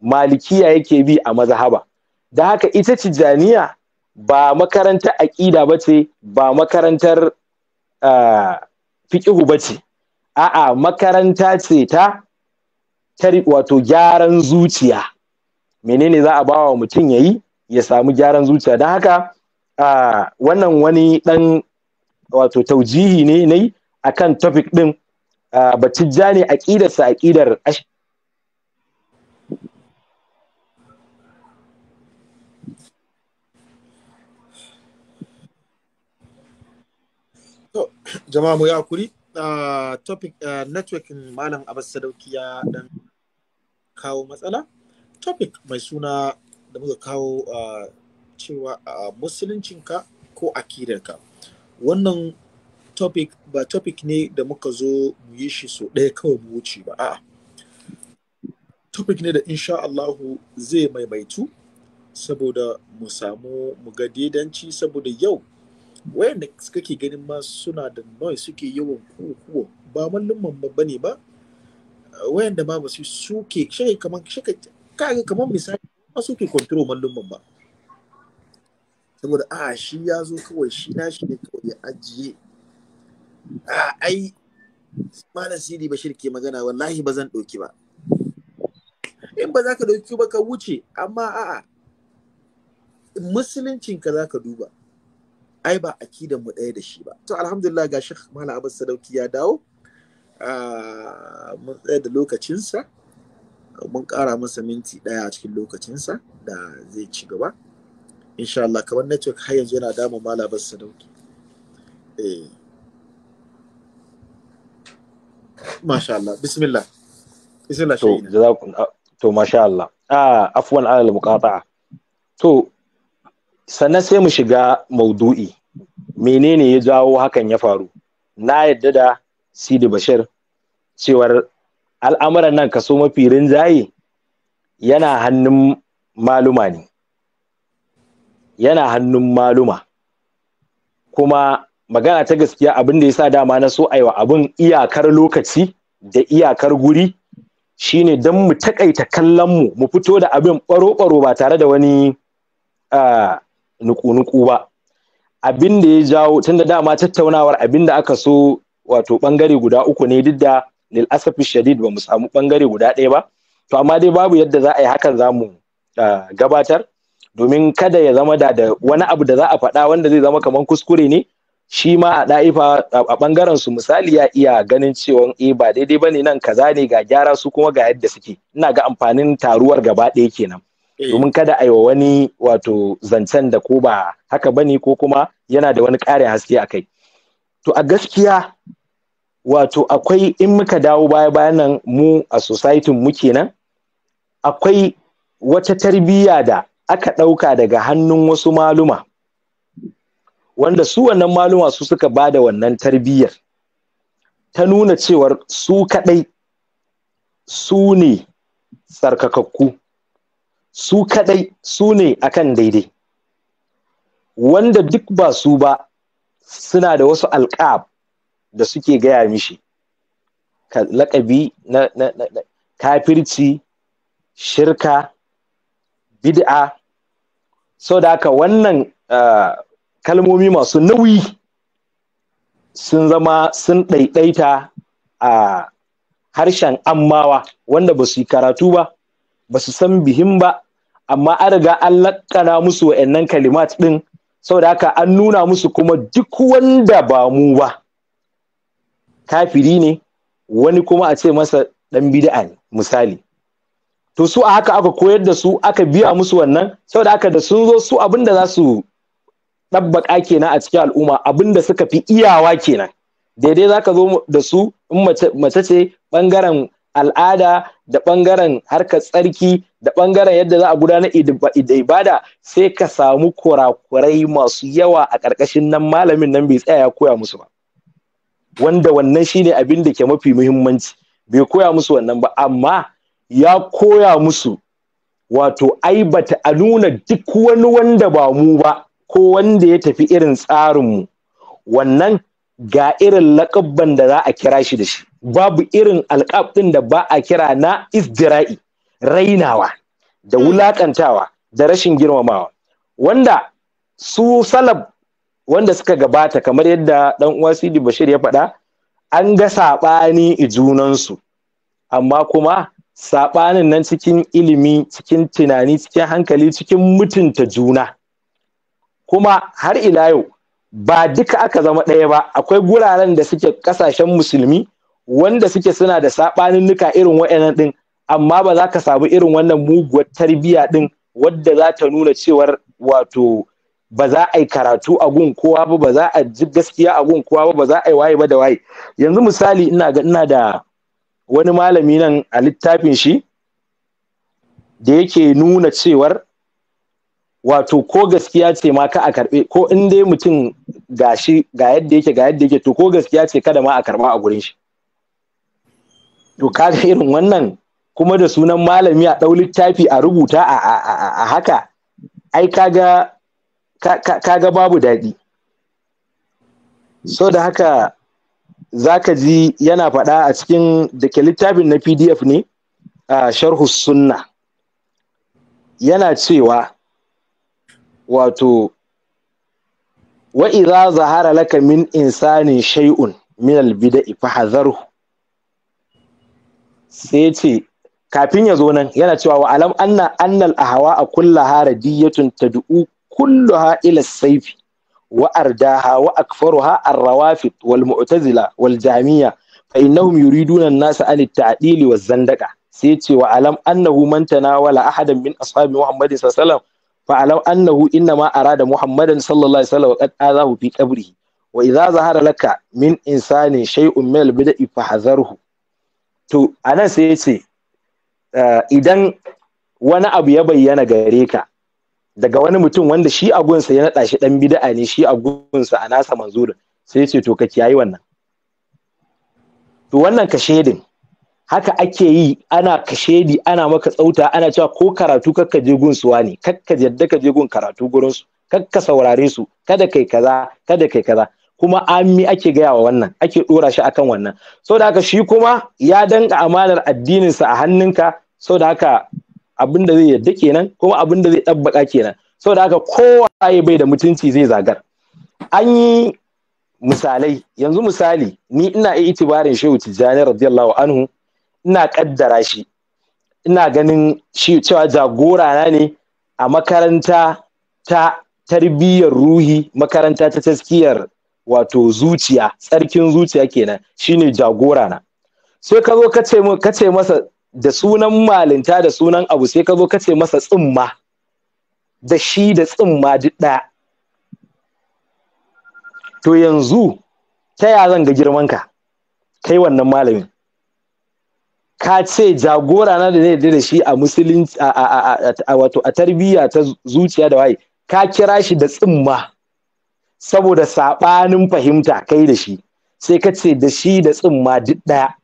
malikiya yake bi a mazhaba da haka ita tijjaniya ba makarantar aƙida ba ce ba makarantar eh, fiƙihu ba ce a'a makaranta ce ta wato gyaran zuciya menene za a ba wa mutum ya yi ya samu gyaran zuciya don haka wannan wani dan wato taujihi ne ne kan topic din ja ne aƙidarsa aƙidar jama'a mu ya kuri topic networking malam abbas sadauki ya dan kawo matsala topic mai suna da muka kawo cewa a musuluncinka ko akidarka wannan topic ba topic ne da muka zo mu yi shi so ɗaya kawai mu wuce ba a'a topic ne da insha Allahu zai maimaitu saboda mu samu mu ga daidanci saboda yau wayanda kake ganin ma suna da noi suke yawan kuwa ba mallumman ba ne ba wayanda ma ba su suke shi kamar shi kaga kamar misali ba su ke control mallum'an ba saboda a ah, shi ya zo kawai shi na shi ne kawai ya ajiye a ah, ai mana sidi ba shirke magana wallahi ba zan ɗauki ba in ba za ka ɗauki ba ka wuce amma a'a musuluncinka za ka duba ai ba akidan mu ɗaya da shi ba to alhamdulillah ga shi malam abu sadauki ya dawo ah, mun tsaya da lokacinsa mun ƙara masa minti ɗaya a cikin lokacinsa da zai ci gaba insha Allah kamar network har yanzu yana damu malabar sadauki eh masha Allah bismillah bismillah to jazakum ah, to masha Allah ah afwan alal muqata'a to sannan sai mu shiga maudu'i menene ya jawo hakan ya faru na yadda da Sidi Bashir cewar al'amuran nan kaso mafi rinjaye yana hannun maluma ne yana hannun maluma kuma magana ta gaskiya abin da ya sa dama na so aiwa abin iyakar lokaci da iyakar guri shine don mu takaita kallon mu mu fito da abin baro-baro ba tare da wani nuku-nuku ba abin da ya jawo tunda dama tattaunawar abin da aka so wato bangare guda uku ne duk da lil asafi shadid ba mu samu bangare guda ɗaya ba to amma dai babu yadda za a yi hakan za mu gabatar domin kada ya zama da wani abu da za a faɗa wanda zai zama kamar kuskure ne shi ma a ɗa'ifa a bangaren su misali ya iya ganin cewa eh ba daidai bane nan kaza ne ga gyara su kuma ga yadda suke ina ga amfanin taruwar gaba ɗaya kenan eh. domin kada a yi wa wani wato zancen da ko ba haka bane ko kuma yana da wani kare haske a kai to a gaskiya wato akwai in muka dawo baya bayan mu a society mu kenan akwai wata tarbiyya da aka ɗauka daga hannun wasu maluma wanda su wannan maluma su suka ba da wannan tarbiyyar ta nuna cewar su kaɗai su ne sarkakakku su kaɗai su ne akan daidai wanda duk ba su ba suna da wasu alƙab da suke gaya mishi laƙabi na, na, na, na kafirci shirka bid'a so da haka wannan uh, kalmomi masu nauyi sun zama sun ɗaiɗaita a harshen ammawa wanda ba su yi karatu ba ba su san bihin ba amma an riga an laƙana musu wa'annan kalimat ɗin saboda haka an nuna musu kuma duk wanda ba mu ba kafiri ne wani kuma a ce masa dan bid'a ne misali to su a haka aka koyar da su aka biya musu wannan saboda haka da sun zo su abin da za su ɗabbaƙa kenan a cikin al'umma abin da suka fi iyawa kenan daidai za ka zo da su in mace ce ɓangaren al'ada da ɓangaren harkar tsarki da ɓangaren yadda za a gudanar da ibada sai ka samu kurakurai masu yawa a ƙarƙashin nan malamin nan bai tsaya ya koya musu ba wanda wannan shine abin da ke mafi muhimmanci bai koya musu wannan ba amma ya koya musu wato ai bata a nuna duk wani wanda ba mu ba ko wanda ya tafi irin tsarinmu wannan ga irin laƙabban da za a kira shi da shi babu irin alƙabɗin da ba a kira na isdira'i rainawa da hmm. wulaƙantawa da rashin girmamawa wanda su salab wanda suka gabata kamar yadda dan uwa Sidi Bashir ya faɗa an ga saɓani junansu amma kuma saɓanin nan cikin ilimi cikin tunani cikin hankali cikin mutunta juna kuma har ila yau ba duka aka zama ɗaya ba akwai guraren da suke ƙasashen musulmi wanda suke suna da saɓaninnuka irin wa'annan ɗin amma ba za ka samu irin wannan muguwar tarbiyya ɗin wadda za ta nuna cewar wato ba za a yi karatu a gun kowa ba ba za a ji gaskiya a gun kowa ba ba za a yi waye ba da waye yanzu misali ina ga ina da wani malami nan a littafin shi da yake nuna cewar wato ko gaskiya ce ma ka a karbe ko in dai mutum shi ga yadda yake ga yadda yake to ko gaskiya ce kada ma a karba a gurin shi to kaga irin wannan kuma da sunan malami a ɗau littafi a rubuta a haka ai kaga Ka ga babu daɗi so da haka za ka ji yana faɗa a cikin da ke littafin na pdf ne a sharhu sunna yana cewa wato wa'iza zahara laka min insanin shay'un min albida'i fahazarhu sai ce kafin ya zo nan yana cewa wa alam anna annal ahawa a kulla hara diyatun tad'u kulluha ila saifi wa ardaha wa akfaruha ar-rawafid wal mu'tazila wal jami'a fa innahum yuriduna an-nasa an at-ta'dili wa zandaqa sai ce wa alam annahu man tanawala ahadan min ashabi muhammadin sallallahu alaihi wasallam fa alam annahu innama arada muhammadan sallallahu alaihi wasallam qad azahu fi qabrihi wa idza zahara laka min insanin shay'un min al to sai idan wani abu ya bayyana gare ka daga wani mutum wanda shi a gunsa ya naɗa shi ɗan bida'a ne shi a gunsa a nasa manzurin sai ce to ka kiyayi wannan to wannan kashedin haka ake yi ana kashedi ana maka tsauta ana cewa ko karatu kakka je gun suwa ne kakka yadda ka je gun karatu gurin su kakka saurare su kada kai kaza kada kai kaza kuma ammi ake gaya wa wannan ake dora shi akan wannan saboda haka shi kuma ya danka amanar addinin sa a hannunka saboda haka abin da zai yadda kenan kuma abin da zai ɗabbaka kenan saboda haka kowa ya bai da mutunci zai zagar an yi misalai yanzu misali ni ina iya itibarin shehu tijjani radiyallahu anhu ina kaddara shi ina ganin shi cewa jagora na ne a makaranta ta tarbiyyar ruhi makaranta ta taskiyar wato zuciya tsarkin zuciya kenan shine jagora na sai ka zo ka ce masa da sunan malinta da sunan abu sai ka zo ka ce masa tsumma da shi da tsimma duk ɗaya to yanzu ta ya zan ga girmanka kai wannan malamin ka ce jagora na da yarda da shi a musulunci a wato a tarbiyya ta zuciya da waye ka kira shi da tsumma saboda saɓanin fahimta kai da shi sai ka ce da shi da tsimma duk ɗaya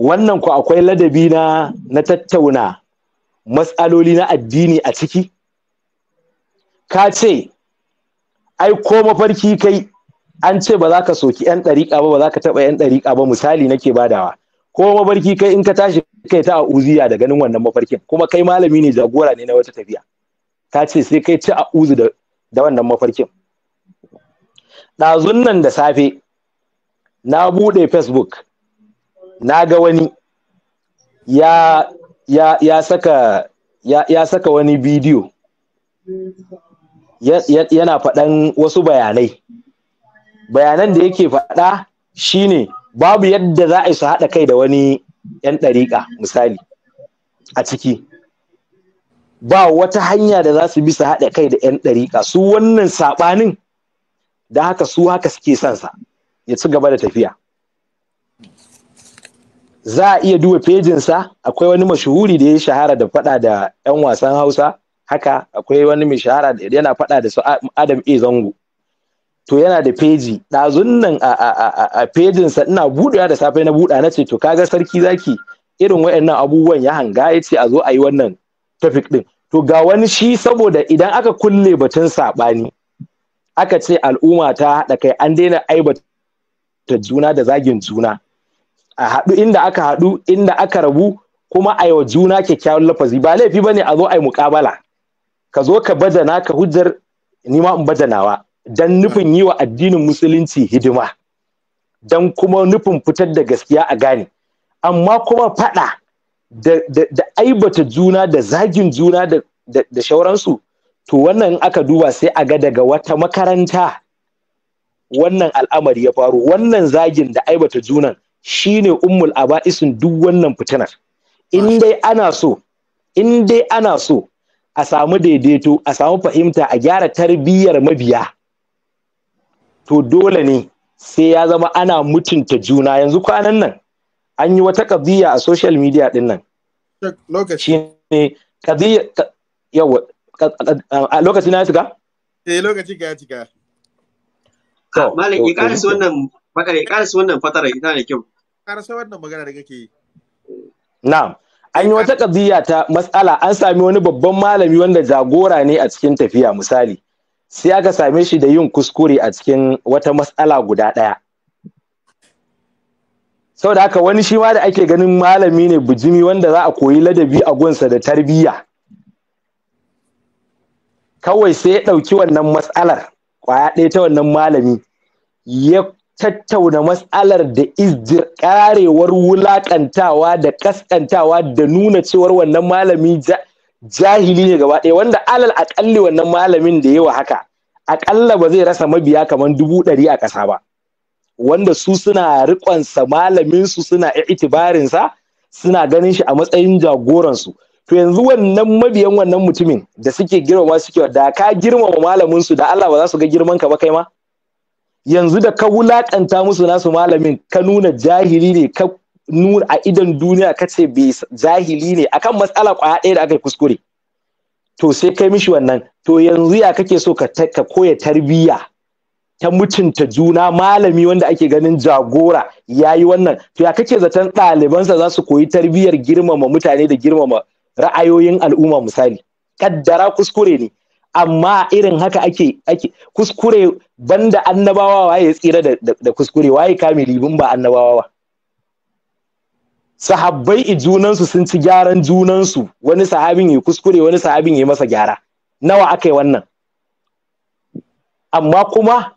wannan ku akwai ladabi na na tattauna matsaloli na addini a ciki ka ce ai ko mafarki kai an ce ba za ka soki yan ɗariƙa ba ba za ka taɓa yan ɗariƙa ba misali nake badawa ko mafarki kai in ka tashi kai ta uziya da ganin wannan mafarkin kuma kai malami ne jagora ne na wata tafiya ta ce sai kai ci a'uzi da da wannan mafarkin ɗazun nan da safe na buɗe facebook na ga wani ya ya ya saka ya, ya saka wani bidiyo ya, yana faɗan wasu bayanai bayanan da yake faɗa shine babu yadda za a yi su haɗa kai da wani 'yan ɗariƙa misali a ciki ba wata hanya da za su bi su haɗa kai da 'yan ɗariƙa su wannan saɓanin da haka su haka suke sansa ya ci gaba da tafiya za a iya duba fejinsa akwai wani mashuhuri da ya shahara da faɗa da 'yan wasan hausa haka akwai wani mai shahara da yana faɗa da su adam a zango to yana da feji ɗazun nan a fejinsa ina buɗewa da safe na buɗa na ce to kaga sarki zaki irin waɗannan abubuwan ya hanga ya ce a zo a yi wannan tafik ɗin to ga wani shi saboda idan aka kulle batun saɓani aka ce al'umma ta haɗa kai an daina aibata juna da zagin juna a haɗu inda aka haɗu inda aka rabu kuma a yawa juna kyakkyawan lafazi ba laifi ne a zo a yi muƙabala ka zo ka badana ka hujjar nima in badanawa dan nufin yi wa addinin musulunci hidima dan kuma nufin fitar da gaskiya a gane amma kuma faɗa da, da, da aibata juna da zagin juna da, da, da shauransu to wannan aka duba sai a ga daga wata makaranta wannan al'amari ya faru wannan zagin da aibata junan shine ummul aba'isin duk wannan fitinar in ah. dai ana so in dai ana so a samu daidaito a samu fahimta a gyara tarbiyyar mabiya to dole ne sai ya zama ana mutunta juna yanzu kwanan nan an yi wata kabiya a social media din nan lokaci ne kabiya, yawa a lokaci na ya cika eh lokaci ka ya cika to ah, malam ya karasa wannan fakare karasa wannan fatara ita ne kyau karasa wannan magana da kake yi na'am an yi wata kadiyya ta matsala an sami wani babban malami wanda jagora ne a cikin tafiya misali sai aka same shi da yin kuskure a cikin wata matsala guda ɗaya saboda haka wani shi ma da ake ganin malami ne bujimi wanda za a koyi ladabi a gunsa da tarbiyya kawai sai ya ɗauki wannan matsalar ƙwaya ɗaya ta wannan malami ya tattauna matsalar da izir karewar wulakantawa da kaskantawa da nuna cewar wannan malami jahili ne gaba ɗaya wanda alal akalli wannan malamin da yawa haka akalla ba zai rasa mabiya kamar dubu ɗari a ƙasa ba wanda su suna riƙonsa malaminsu suna itibarinsa suna ganin shi a matsayin jagoransu to yanzu wannan mabiyan wannan mutumin da suke girmama suke da ka girmama su da Allah ba za su ga girman ka ba kai ma yanzu da ka wulaƙanta musu nasu malamin ka nuna jahili ne ka nuna a idan duniya ka ce bai jahili ne akan matsala kwaya ɗaya da aka yi kuskure to sai kai mishi wannan to yanzu ya kake so ka koya tarbiyya ta mutunta juna malami wanda ake ganin jagora ya yi wannan to ya kake zaton ɗalibansa za su koyi tarbiyyar girmama mutane da girmama ra'ayoyin al'umma misali kaddara kuskure ne amma irin haka ake ake kuskure banda annabawa waye ya tsira da, da, kuskure waye kame bin ba annabawa ba sahabbai junansu sun ci gyaran junansu wani sahabin ya kuskure wani sahabin ya masa gyara nawa aka yi wannan amma kuma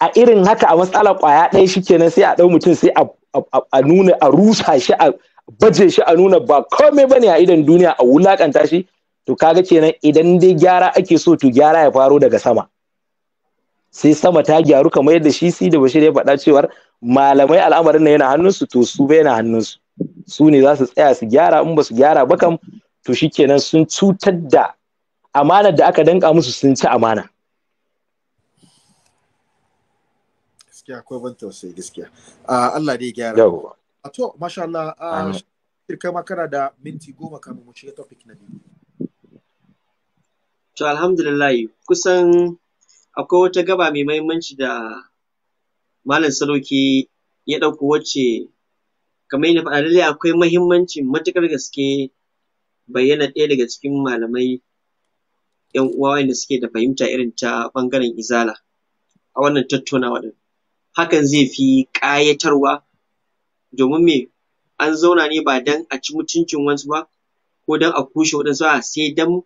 a irin haka a matsalar kwaya ɗaya shikenan sai a ɗau mutum sai a nuna a rusa shi a baje shi a nuna ba komai bane a idan duniya a wulakanta shi to kaga kenan idan dai gyara ake so to gyara ya faro daga sama sai sama ta gyaru kamar yadda shi si da bashir ya faɗa cewar malamai al'amarin nan yana hannunsu to su bai yana hannunsu su ne za su tsaya su gyara in ba su gyara ba kam to shi kenan sun cutar da amanar da aka danka musu sun ci amana gaskiya akwai ban tausayi gaskiya Allah dai gyara a to masha Allah shirka ma kana da minti goma kamar mu shiga topic na biyu To alhamdulillahi kusan akwai wata gaba mai mahimmanci da Malam Sadauki ya ɗauko wacce kamar yadda faɗa lallai akwai mahimmancin matuƙar gaske bayyana ɗaya daga cikin malamai ‘yan uwa wanda suke da fahimta irin ta ɓangaren Izala a wannan tattaunawa ɗin. Hakan zai fi ƙayatarwa domin me an zauna ne ba don a ci mutuncin wasu ba ko don a kushe waɗansu a'a sai don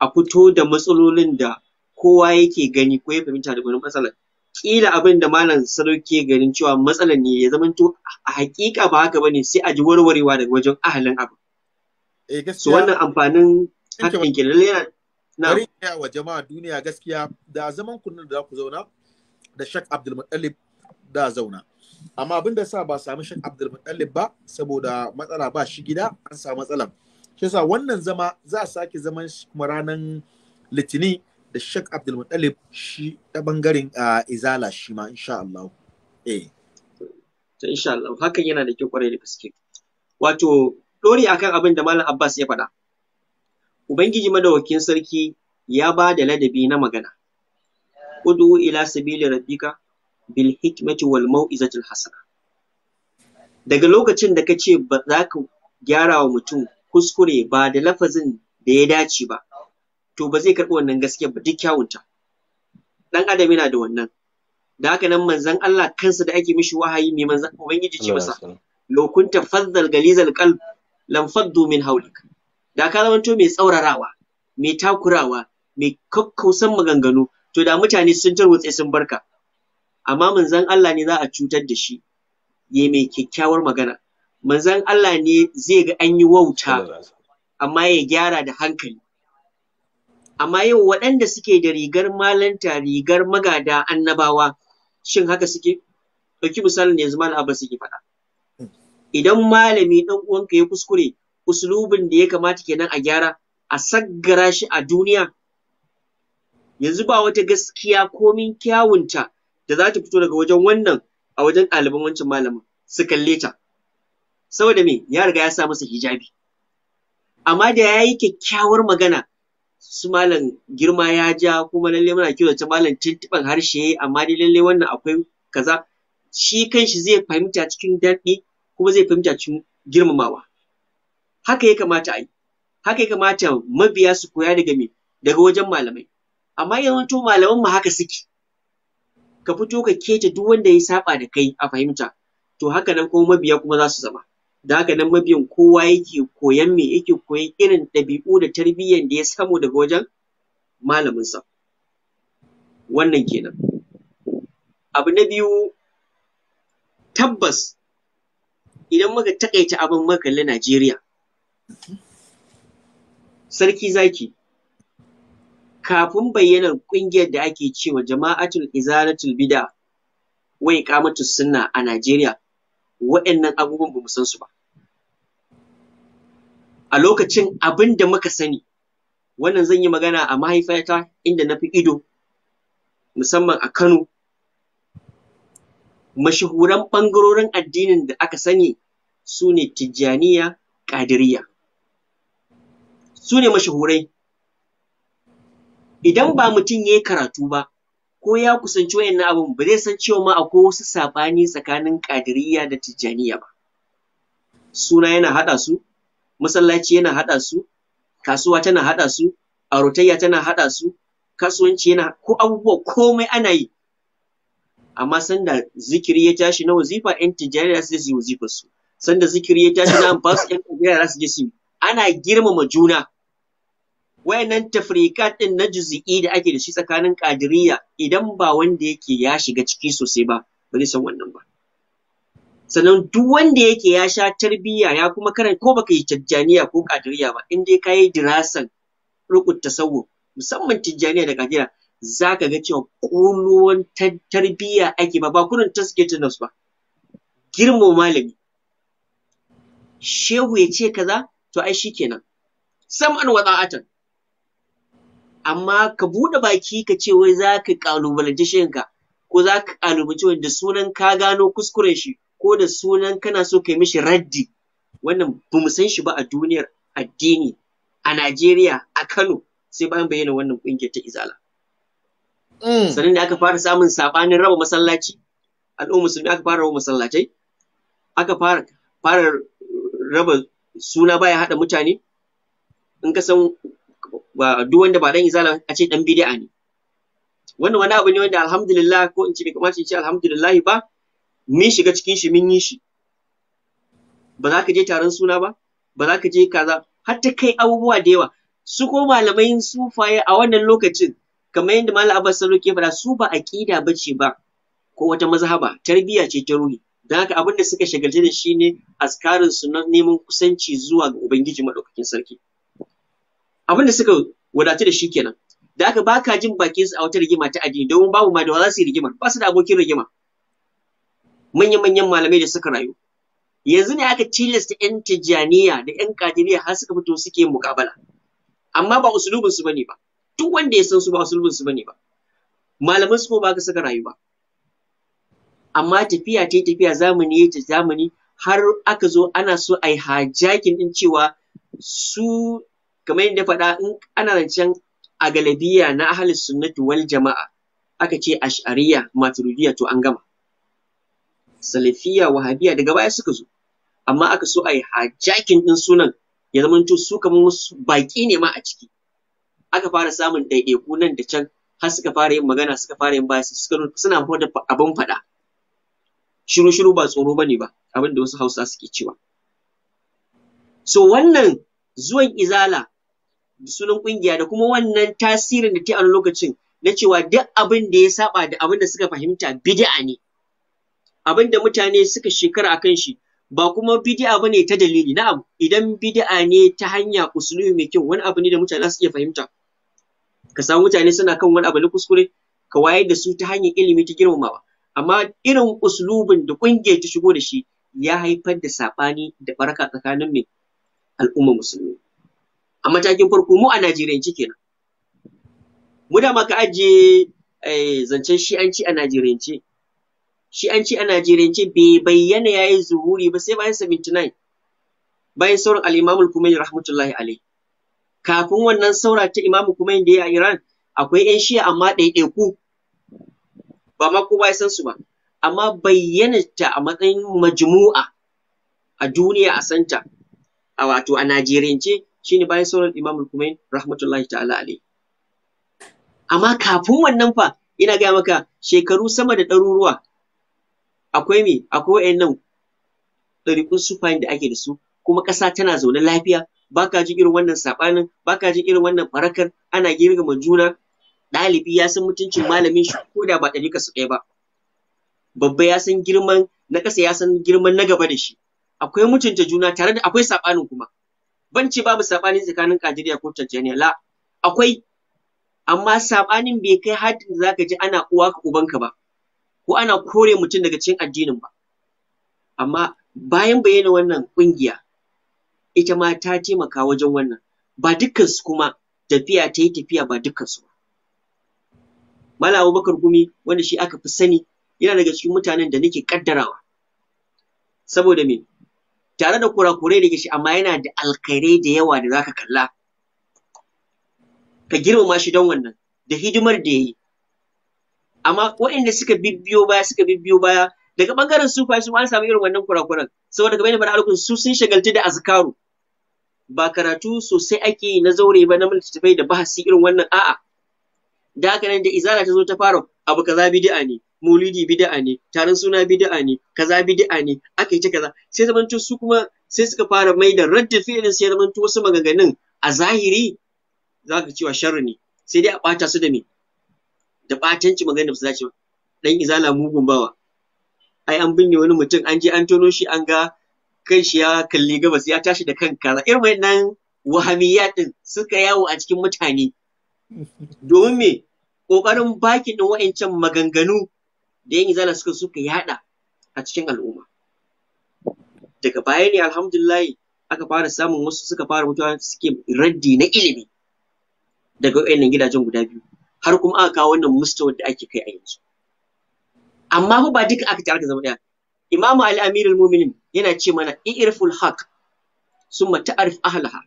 a fito da matsalolin da kowa yake gani ko ya fahimta da wani matsalar kila abin da malam sadauki ke ganin cewa matsalar ne ya zamanto a hakika ba haka bane sai a ji warwarewa daga wajen ahalin abu eh wannan amfanin hakan ke lalle na wa jama'a duniya gaskiya da zaman kunnan da za ku zauna da Sheikh Abdul da zauna amma abin da sa ba sami shak Abdul ba saboda matsala ba shi gida an samu matsalar shi yasa wannan zama za a sake zaman kuma ranar litinin da Sheikh Abdul shi ta bangaren Izala shi ma insha Allah. Eh. insha Allah hakan yana da kyau kwarai da gaske. Wato dori akan abin da Malam Abbas ya faɗa. Ubangiji madawakin sarki ya ba da ladabi na magana. Udu ila sabili rabbika bil hikmati wal mau'izatil hasana. Daga lokacin da kace ba za ka gyara wa mutum kuskure ba da lafazin da ya dace ba to ba zai karɓi wannan gaskiyar ba duk kyawunta dan adam yana da wannan da haka nan manzon Allah kansa da ake mishi wahayi mai manzon ubangiji ce masa law kunta fazzal galizal qalb lam faddu min hawlik da ka zamanto mai tsaurarawa mai takurawa mai kakkausan maganganu to da mutane sun tarwatse sun barka amma manzon Allah ne za a cutar da shi ya mai kyakkyawar magana manzan Allah ne zai ga an yi wauta amma ya gyara da hankali amma yau waɗanda suke da rigar malanta rigar magada annabawa shin haka suke ɗauki misalin yanzu malam ba suke faɗa idan malami ɗan uwanka ya kuskure uslubin da ya kamata kenan a gyara a saggara shi a duniya yanzu ba wata gaskiya komin kyawunta da za ta fito daga wajen wannan a wajen ɗaliban wancan malamin su kalle ta saboda me ya riga ya sa masa hijabi amma da ya yi kyakkyawar magana su malam girma ya ja kuma lalle muna kiwo ta malam tuntuɓan harshe amma dai lalle wannan akwai kaza shi kanshi zai fahimta cikin daɗi kuma zai fahimta cikin girmamawa haka ya kamata a yi haka ya kamata mabiya su koya daga me daga wajen malamai amma yawanto malaman mu haka suke ka fito ka keta duk wanda ya saɓa da kai a fahimta to haka nan kuma mabiya kuma za su zama da haka nan mabiyan kowa yake koyan me yake koyan irin ɗabi'u da tarbiyyar da ya samu daga wajen malaminsa wannan kenan abu na biyu tabbas idan muka taƙaita abin muka kalli Najeriya sarki zaki kafin bayyanar ƙungiyar da ake cewa jama'atul izalatul bida wai kamatu sunna a Najeriya waɗannan abubuwan ba mu san su ba a lokacin abin da muka sani wannan zan yi magana a mahaifiyata inda na fi ido musamman a Kano mashahuran ɓangarorin addinin da aka sani su ne Tijjaniya Ƙadiriya su ne mashahurai idan ba mutum ya yi karatu ba ko ya kusanci wayannan abin ba zai san cewa ma akwai wasu saɓani tsakanin Ƙadiriya da Tijjaniya ba suna yana haɗa su masallaci yana haɗa su kasuwa tana haɗa su arotayya tana haɗa su kasuwanci yana ko abubuwa komai ana yi amma sanda zikiri ya tashi na wazifa yan tijjaniya su je su yi wazifar su sanda zikiri ya tashi na ba su yan tijjaniya su je su yi ana girmama juna wayannan tafrika ɗin na juzi'i da ake da shi tsakanin kadiriya idan ba wanda yake ya shiga ciki sosai ba ba zai san wannan ba sannan duk wanda yake ya sha tarbiyya ya kuma karanta ko baka yi tijjaniya ko kadiriya ba in dai ka yi dirasan rukun tasawuf musamman tijjaniya da kadiriya za ka ga cewa ƙuluwan tarbiyya ake ba ba kurin tasketin nasu ba Girmama malami shehu ya ce kaza to ai kenan sam'an wa ta'atan amma ka buɗe baki ka ce wai za ka ƙalubalanci ko za ka ƙalubalanci wanda sunan ka gano kuskuren shi ko da sunan kana so kai mishi raddi wannan ba mu san shi ba a duniyar addini a Najeriya a Kano sai bayan bayyana wannan kungiyar ta Izala. Mm. Sannan da aka fara samun sabanin raba masallaci al'umma musulmi aka fara raba masallacai aka fara fara raba suna baya haɗa mutane in ka san duk wanda ba dan izala a ce dan bid'a ne. Wannan wani abu ne wanda alhamdulillah ko in ce bai kamata in ce alhamdulillah ba mun shiga cikin shi mun yi shi ba za ka je taron suna ba ba za ka je kaza har ta kai abubuwa da yawa su ko malamai sufaye a wannan lokacin kamar yadda malam Abbas Salo ke faɗa su ba aqida bace ba ko wata mazhaba tarbiyya ce ta ruhi don haka abin da suka shagalce da shi ne askarin su na neman kusanci zuwa ga ubangiji madaukakin sarki abin da suka wadatu da shi kenan da haka baka jin bakin su a wata rigima ta addini domin babu ma da za su yi rigima ba su da abokin rigima manya-manyan malamai da suka rayu yanzu ne aka tilasta 'yan tijjaniya da 'yan kadiriya har suka fito suke mukabala amma ba usulubin su bane ba duk wanda ya san su ba usulubin su bane ba malaman su ba ka saka rayu ba amma tafiya ta tafiya zamani ta zamani har aka zo ana so a yi hajakin din cewa su kamar yadda faɗa in ana rancen a galabiya na ahalin sunnati wal jama'a aka ce ash'ariya maturidiyya to an gama salafiyya wahabiyya daga baya suka zo amma aka so a yi hajjakin ɗin sunan ya zama to su kamar wasu baki ne ma a ciki aka fara samun ɗaiɗaiku nan da can har suka fara yin magana suka fara yin bayasi suka suna da abin faɗa shiru shiru ba tsoro bane ba abin da wasu hausa suke cewa so wannan zuwan izala sunan kungiya da kuma wannan tasirin da ta a lokacin na cewa duk abin da ya saba da abin da suka fahimta bid'a ne abin da mutane suka shekara akan shi ba kuma bid'a bane ta dalili na'am idan bid'a ne ta hanya usulumi mai kyau wani abu ne da mutane za iya fahimta ka samu mutane suna kan wani abu na kuskure ka wayar da su ta hanyar ilimi ta girmamawa amma irin uslubin da kungiyar ta shigo da shi ya haifar da saɓani da baraka tsakanin mai al'umma musulmi a matakin farko mu a Najeriya ce kenan mu da maka ajiye eh, zancen shi'anci a Najeriyance shi an ce a Najeriyance bai bayyana ya yi zuhuri ba sai bayan 79 bayan sauran kuma kumain rahmatullahi alai. Kafin wannan saura ta imamu kumain da ya a Iran akwai ‘yan shiya amma ɗaiɗaiku ba ma kowa san su ba. Amma bayyana ta a matsayin majmu'a a duniya a santa a wato a Najeriyance ne bayan sauran kuma kumain rahmatullahi ta'ala Ali. amma kafin wannan fa ina gaya maka shekaru sama da ɗaruruwa akwai me akwai wayannan ɗariƙun sufayin da ake da su kuma ƙasa tana zaune lafiya baka jin irin wannan saɓanin baka jin irin wannan farakar ana girgama juna ɗalibi ya san mutuncin malamin shi ko da ba ɗari su ɗaya ba babba ya san girman na ƙasa ya san girman na gaba da shi akwai mutunta juna tare da akwai saɓanin kuma ban ce babu saɓani tsakanin Kajiriya ko Tanzania la akwai amma saɓanin bai kai haddin da zaka ji ana uwa ka ubanka ba ko ana kore mutum daga cikin addinin ba amma bayan bayyana wannan ƙungiya ita ma ta taimaka wajen wannan ba dukkansu kuma tafiya ta yi tafiya ba dukkansu ba Malam Abubakar Gumi wanda shi aka fi sani yana daga cikin mutanen da nake kaddarawa saboda me tare da kurakurai da shi amma yana da alkhairai da yawa da zaka kalla ka girmama shi don wannan da hidimar da ya yi. amma waɗanda suka bibbiyo baya suka bibbiyo baya daga bangaren sufaye su an samu irin wannan kurakuran saboda kamar yadda faɗa su sun shagalci da azkaru ba karatu sosai ake yi na zaure ba na littattafai da bahasi irin wannan a'a da haka nan da izara ta zo ta fara abu kaza bid'a ne mulidi bid'a ne taron suna bid'a ne kaza bid'a ne aka yi ta kaza sai zamanto su kuma sai suka fara mai da radda fi'ilin sai zamanto wasu maganganun a zahiri za ka cewa sharri ne sai dai a ɓata su da me da batanci magana ba su dace ba dan izala mugun bawa ai an binne wani mutum an je an tono shi an ga kan shi ya kalli gabas ya tashi da kan kaza irin wannan wahamiya din suka yawo a cikin mutane domin me kokarin baki ɗin wa'ancan maganganu da yan izala suka suka yada a cikin al'umma daga baya ne alhamdulillah aka fara samun wasu suka fara mutuwa suke raddi na ilimi daga wa'annan gidajen guda biyu har kuma aka kawo wannan mustawar da ake kai a yanzu amma fa ba duka aka tare ka zama ɗaya Imam Ali amir al-mu'minin yana ce mana i'riful haq summa ta'rif ahlaha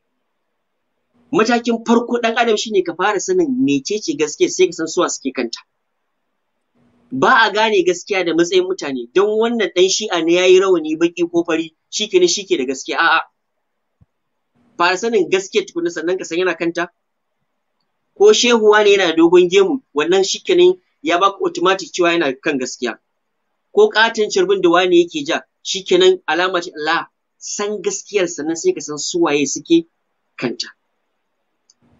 matakin farko dan adam shine ka fara sanin mecece gaskiya sai ka san suwa suke kanta ba a gane gaskiya da matsayin mutane don wannan dan shi'a ne yayi rawani baki ko fari shike ne shike da gaskiya a'a fara sanin gaskiya tukunna sannan ka san yana kanta ko shehu ne yana dogon gemu wannan shikenan ya baka automatic cewa yana kan gaskiya ko katin cirbin da wani yake ja shikenan alama ce Allah san gaskiyar sannan sai ka san suwaye suke kanta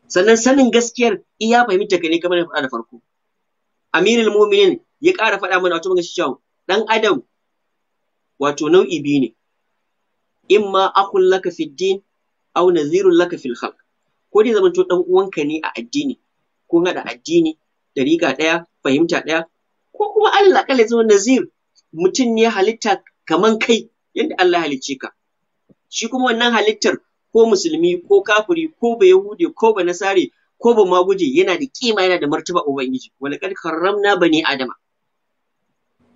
sannan sanin gaskiyar iya fahimta ka ne kamar da faɗa da farko Amirul Mu'minin ya ƙara faɗa mana wato magashi cewa dan adam wato nau'i biyu ne imma akhul laka fid din aw nadhirul laka fil khalq ko dai zamanto dan uwanka ne a addini kun haɗa addini riga ɗaya fahimta ɗaya ko kuma Allah kala zama nazir mutum ne ya halitta kaman kai yadda Allah halicce ka shi kuma wannan halittar ko musulmi ko kafiri ko ba yahudi ko ba ko ba maguje yana da kima yana da martaba ubangiji wala kad karramna bani adama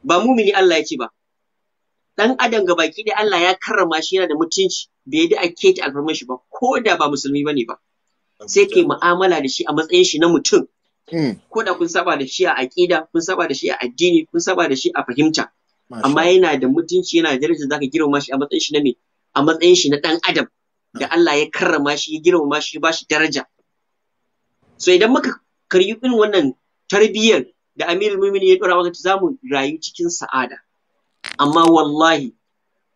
ba mumini Allah ya ce ba dan adam ga baki da Allah ya karrama shi yana da mutunci bai da a keta alfarmar shi ba ko da ba musulmi bane ba sai kai mu'amala da shi a matsayin shi na mutum hmm. ko da kun saba da shi a aƙida kun saba da shi a addini kun saba da shi a fahimta amma yana da mutunci yana da daraja zaka girma shi a matsayin shi na me a matsayin shi na dan adam da hmm. Allah ya karrama shi ya girma shi ba shi daraja so idan muka karyi irin wannan tarbiyyar da Amirul Mu'minin ya dora maka zamu rayu cikin sa'ada amma wallahi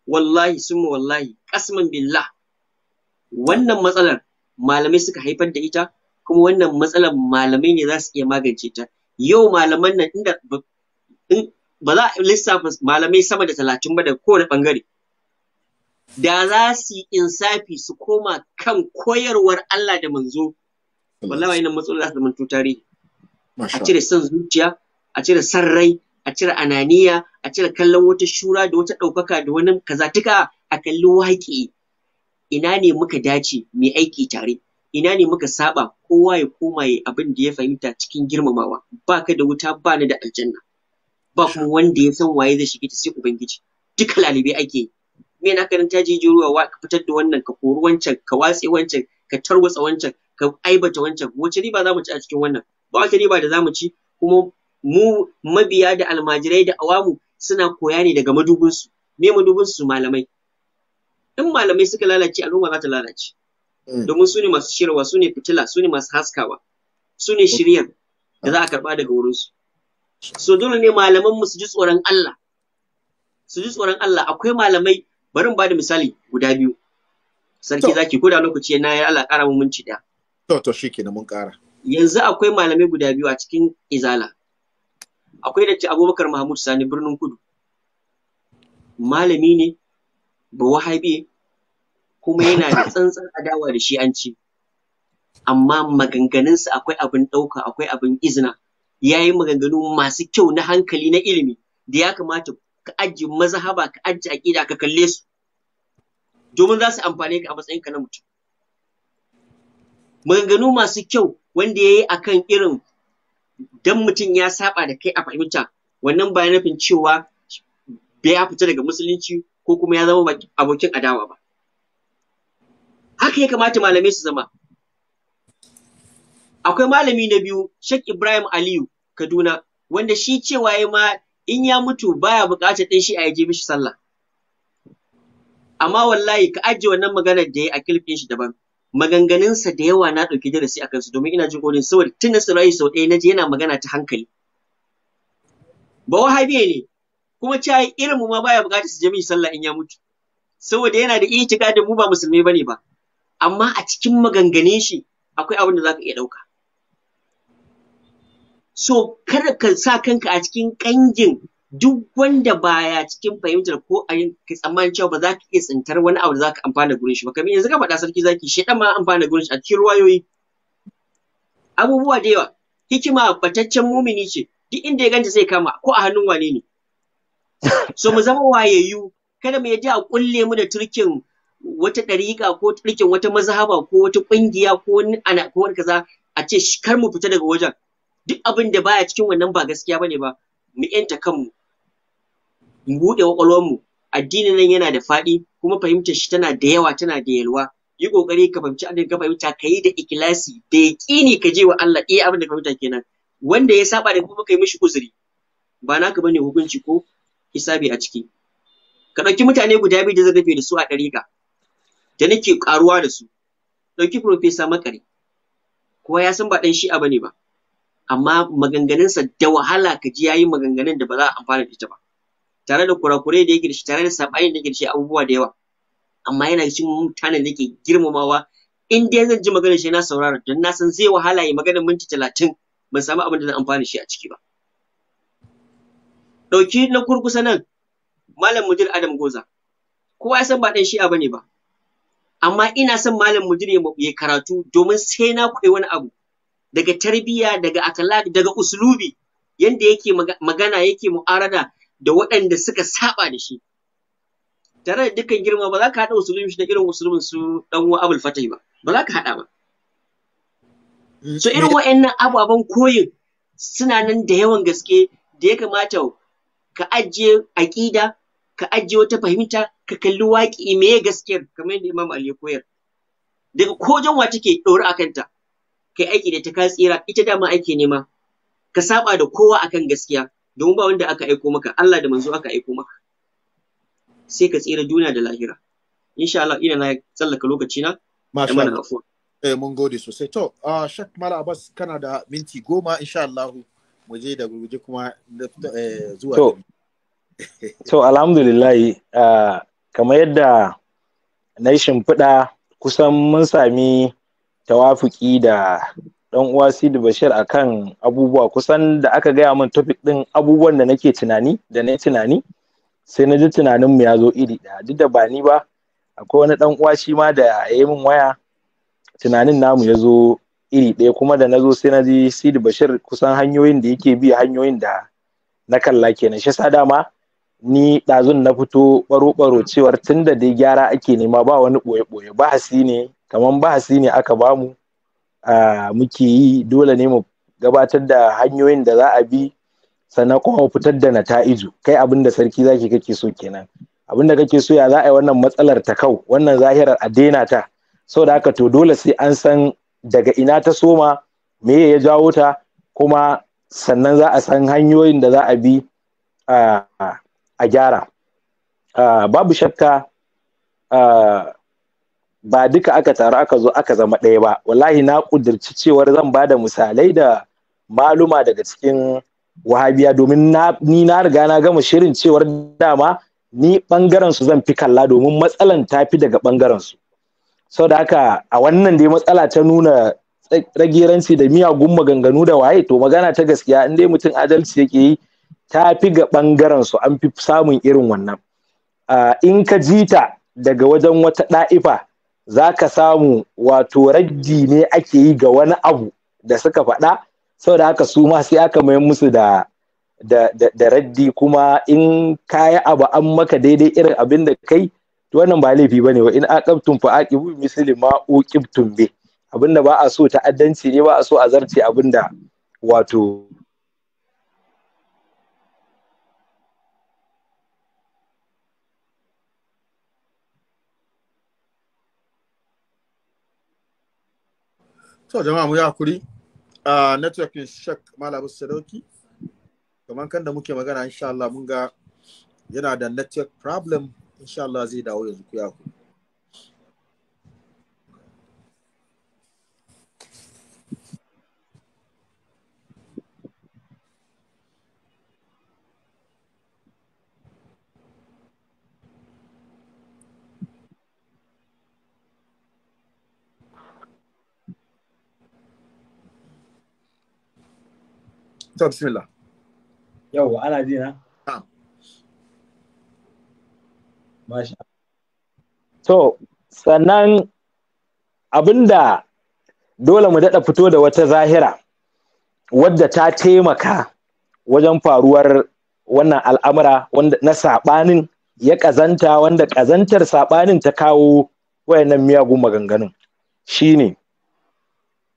wallahi summa wallahi kasman billah wannan matsalar malamai suka haifar da ita kuma wannan matsalar malamai ne za su iya magance ta yau malaman nan inda ba za a lissafa malamai sama da talatin ba da kowane bangare da za su yi insafi su koma kan koyarwar Allah da manzo wallahi wannan matsalar za su zama tarihi a cire son zuciya a cire son rai a cire ananiya a cire kallon wata shura da wata ɗaukaka da wani kazatuka a kalli waƙi ina ne muka dace mu aiki tare ina ne muka saɓa kowa ya koma ya abin da ya fahimta cikin girmamawa ba ka da wuta ba ni da aljanna ba kuma wanda ya san waye zai shiga ta sai ubangiji duka lalibai ake yi me na karanta jijin ruwa ka fitar da wannan ka kori wancan ka watse wancan ka tarwatsa wancan ka aibata wancan wace riba za mu ci a cikin wannan ba wata riba da za mu ci kuma mu mabiya da almajirai da awamu suna koya ne daga madubinsu me madubinsu malamai in malamai suka lalace al'umma za ta lalace hmm. domin su ne masu shirwa su ne fitila su ne masu haskawa su ne shiryar da za a karba daga wurinsu so dole ne malaman mu su ji tsoron Allah su ji tsoron Allah akwai malamai bari ba da misali guda biyu sarki zaki ko da lokaci na ya Allah ƙara mun ci da to to shikenan mun kara yanzu akwai malamai guda biyu a cikin izala akwai da Abubakar Mahmud Sani birnin Kudu malami ne wahabi kuma yana da tsantsan adawa da shi ci, amma maganganunsa akwai abin ɗauka akwai abin izina ya yi maganganu masu kyau na hankali na ilimi da ya kamata ka ajiye mazahaba ka ajiye aƙida ka kalle su domin za su amfane ka a matsayin ka na mutum maganganu masu kyau wanda ya yi kan irin dan mutum ya saba da kai a fahimta wannan bayan nufin cewa bai ya fita daga musulunci ko kuma ya zama abokin adawa ba haka ya kamata malamai su zama akwai malami na biyu Sheikh Ibrahim Aliyu Kaduna wanda shi cewa ya ma in ya mutu baya buƙatar ɗin shi a yaje mishi sallah amma wallahi ka ajiye wannan maganar da ya a kilfin shi daban maganganunsa da yawa na ɗauki darasi a kansu domin ina jin ƙorin saboda tun da saurayi sau ɗaya na ji yana magana ta hankali ba wahabiya ne kuma cewa irin mu ma baya bukatar su je mishi sallah in ya mutu saboda yana da itikadin mu ba musulmi bane ba amma a cikin maganganun shi akwai abin da zaka iya dauka so kada ka sa kanka a cikin kangin duk wanda baya cikin fahimtar ko a ka tsammanin cewa ba za ka iya tsintar wani abu da za ka amfana gurin shi ba kamar yanzu ka faɗa sarki zaki shi ma amfana gurin shi a cikin ruwayoyi abubuwa da yawa hikima fataccen mumini ce duk inda ya ganta zai kama ko a hannun wane ne so mu zama wayayyu kada mu yadda a kulle mu da turkin wata ɗariƙa ko turkin wata mazhaba ko wata ƙungiya ko ana ko kaza a ce kar mu fita daga wajen duk abin da baya cikin wannan ba gaskiya bane ba mu yanta kanmu mu bude mu addinin nan yana da faɗi kuma fahimtar shi tana da yawa tana da yalwa yi kokari ka fahimci abin ka fahimta ka yi da ikilasi da yaƙini ka je wa Allah iya abin da ka fahimta kenan wanda ya saba da kuma kai mishi uzuri ba naka bane hukunci ko hisabi a ciki ka ɗauki mutane guda biyu da zan rufe da su a ɗariƙa da nake ƙaruwa da su ɗauki Profesa Makare kowa ya san ba ɗan shi'a bane ba amma maganganunsa da wahala ka ji yayi maganganun da ba za a amfana da ita ba tare da kurakurai da ya da tare da saɓani da yake da abubuwa da yawa amma yana cikin mutanen da ke girmamawa in dai zan ji maganar shi na saurara don na san zai wahala ya maganar minti talatin ban samu abin da zan amfana shi a ciki ba ɗauki na kurkusa nan malam mujir adam goza kowa ya san ba ɗan shi'a bane ba amma ina son malam mujir ya karatu domin sai na koyi wani abu daga tarbiyya daga akalla daga usulubi yanda yake magana yake mu'arada da waɗanda suka saba da shi tare da dukkan girma ba za ka haɗa usulun shi da irin usulubin su dan wa abul fatai ba ba za ka haɗa ba so irin wa'annan ababen koyin suna nan da yawan gaske da ya kamata ka ajiye aƙida ka ajiye wata fahimta ka kalli waƙi me gaskiyar kamar yadda Imam Ali koyar daga ko janwa take ɗora a kanta ka yi aiki da ta ka tsira ita dama ake nema ka saba da kowa akan gaskiya domin ba wanda aka aiko maka Allah da manzo aka aiko maka sai ka tsira duniya da lahira insha Allah ina na tsallaka lokaci na masha Allah eh mun gode sosai to uh, ah, Shak Abbas kana da minti goma insha Allah mu je da guguje kuma eh, zuwa to so alhamdulillah ah, kamar yadda na yi shimfiɗa kusan mun sami tawafuki da dan uwa Sidi Bashir akan abubuwa kusan da aka gaya min topic ɗin abubuwan da nake tunani da na tunani sai na ji tunanin mu ya zo iri ɗaya duk da ba ni ba akwai wani dan uwa shi ma da ya yi min waya tunanin namu ya zo iri ɗaya kuma da na zo sai na ji Sidi Bashir kusan hanyoyin da yake bi hanyoyin da na kalla kenan shi sa dama ni ɗazun na fito baro-baro cewar tun da dai gyara ake nema ba wani ɓoye-ɓoye bahasi ne kamar bahasi ne aka bamu muke yi dole ne mu gabatar da hanyoyin da za a bi sannan kuma mu fitar da nata'iju kai abin da sarki zaki kake so kenan abin da kake so ya za a yi wannan matsalar ta kau wannan zahirar a daina ta sau da haka to dole sai an san daga ina ta soma me ya jawo ta kuma sannan za a san hanyoyin da za a bi a gyara babu shakka ba duka aka taru aka zo aka zama ɗaya ba wallahi na ƙudurci cewar zan ba da misalai da maluma daga cikin wahabiya domin ni na riga na gama shirin cewar dama ni ɓangaren su zan fi kalla domin matsalan ta fi daga ɓangaren su so da haka a wannan dai matsala ta nuna ragiranci da miyagun maganganu da waye to magana ta gaskiya in dai mutum adalci yake yi ta fi ga ɓangaren su an fi samun irin wannan in ka jita daga wajen wata ɗa'ifa za ka samu wato raggi ne ake yi ga wani abu da suka faɗa da haka su ma sai aka mayan musu da raddi kuma in kayi abu an maka daidai irin abin da kai wannan ba laifi bane wa in aqabtum fa aqibu misli ma uqibtum bi abinda ba a so ta'addanci ne ba a so a zarce abinda wato To jama'a mu yi hakuri a shak shek malabu sadauki kamar kan da muke magana insha Allah mun ga yana da network problem ان شاء الله زيد او يزكو ياكم طيب بسم الله يوه على دينا To, sannan abinda dole mu daɗa fito da wata zahira wadda ta taimaka wajen faruwar wannan al'amura na saɓanin ya ƙazanta wanda ƙazantar saɓanin ta kawo wayannan miyagun maganganun shine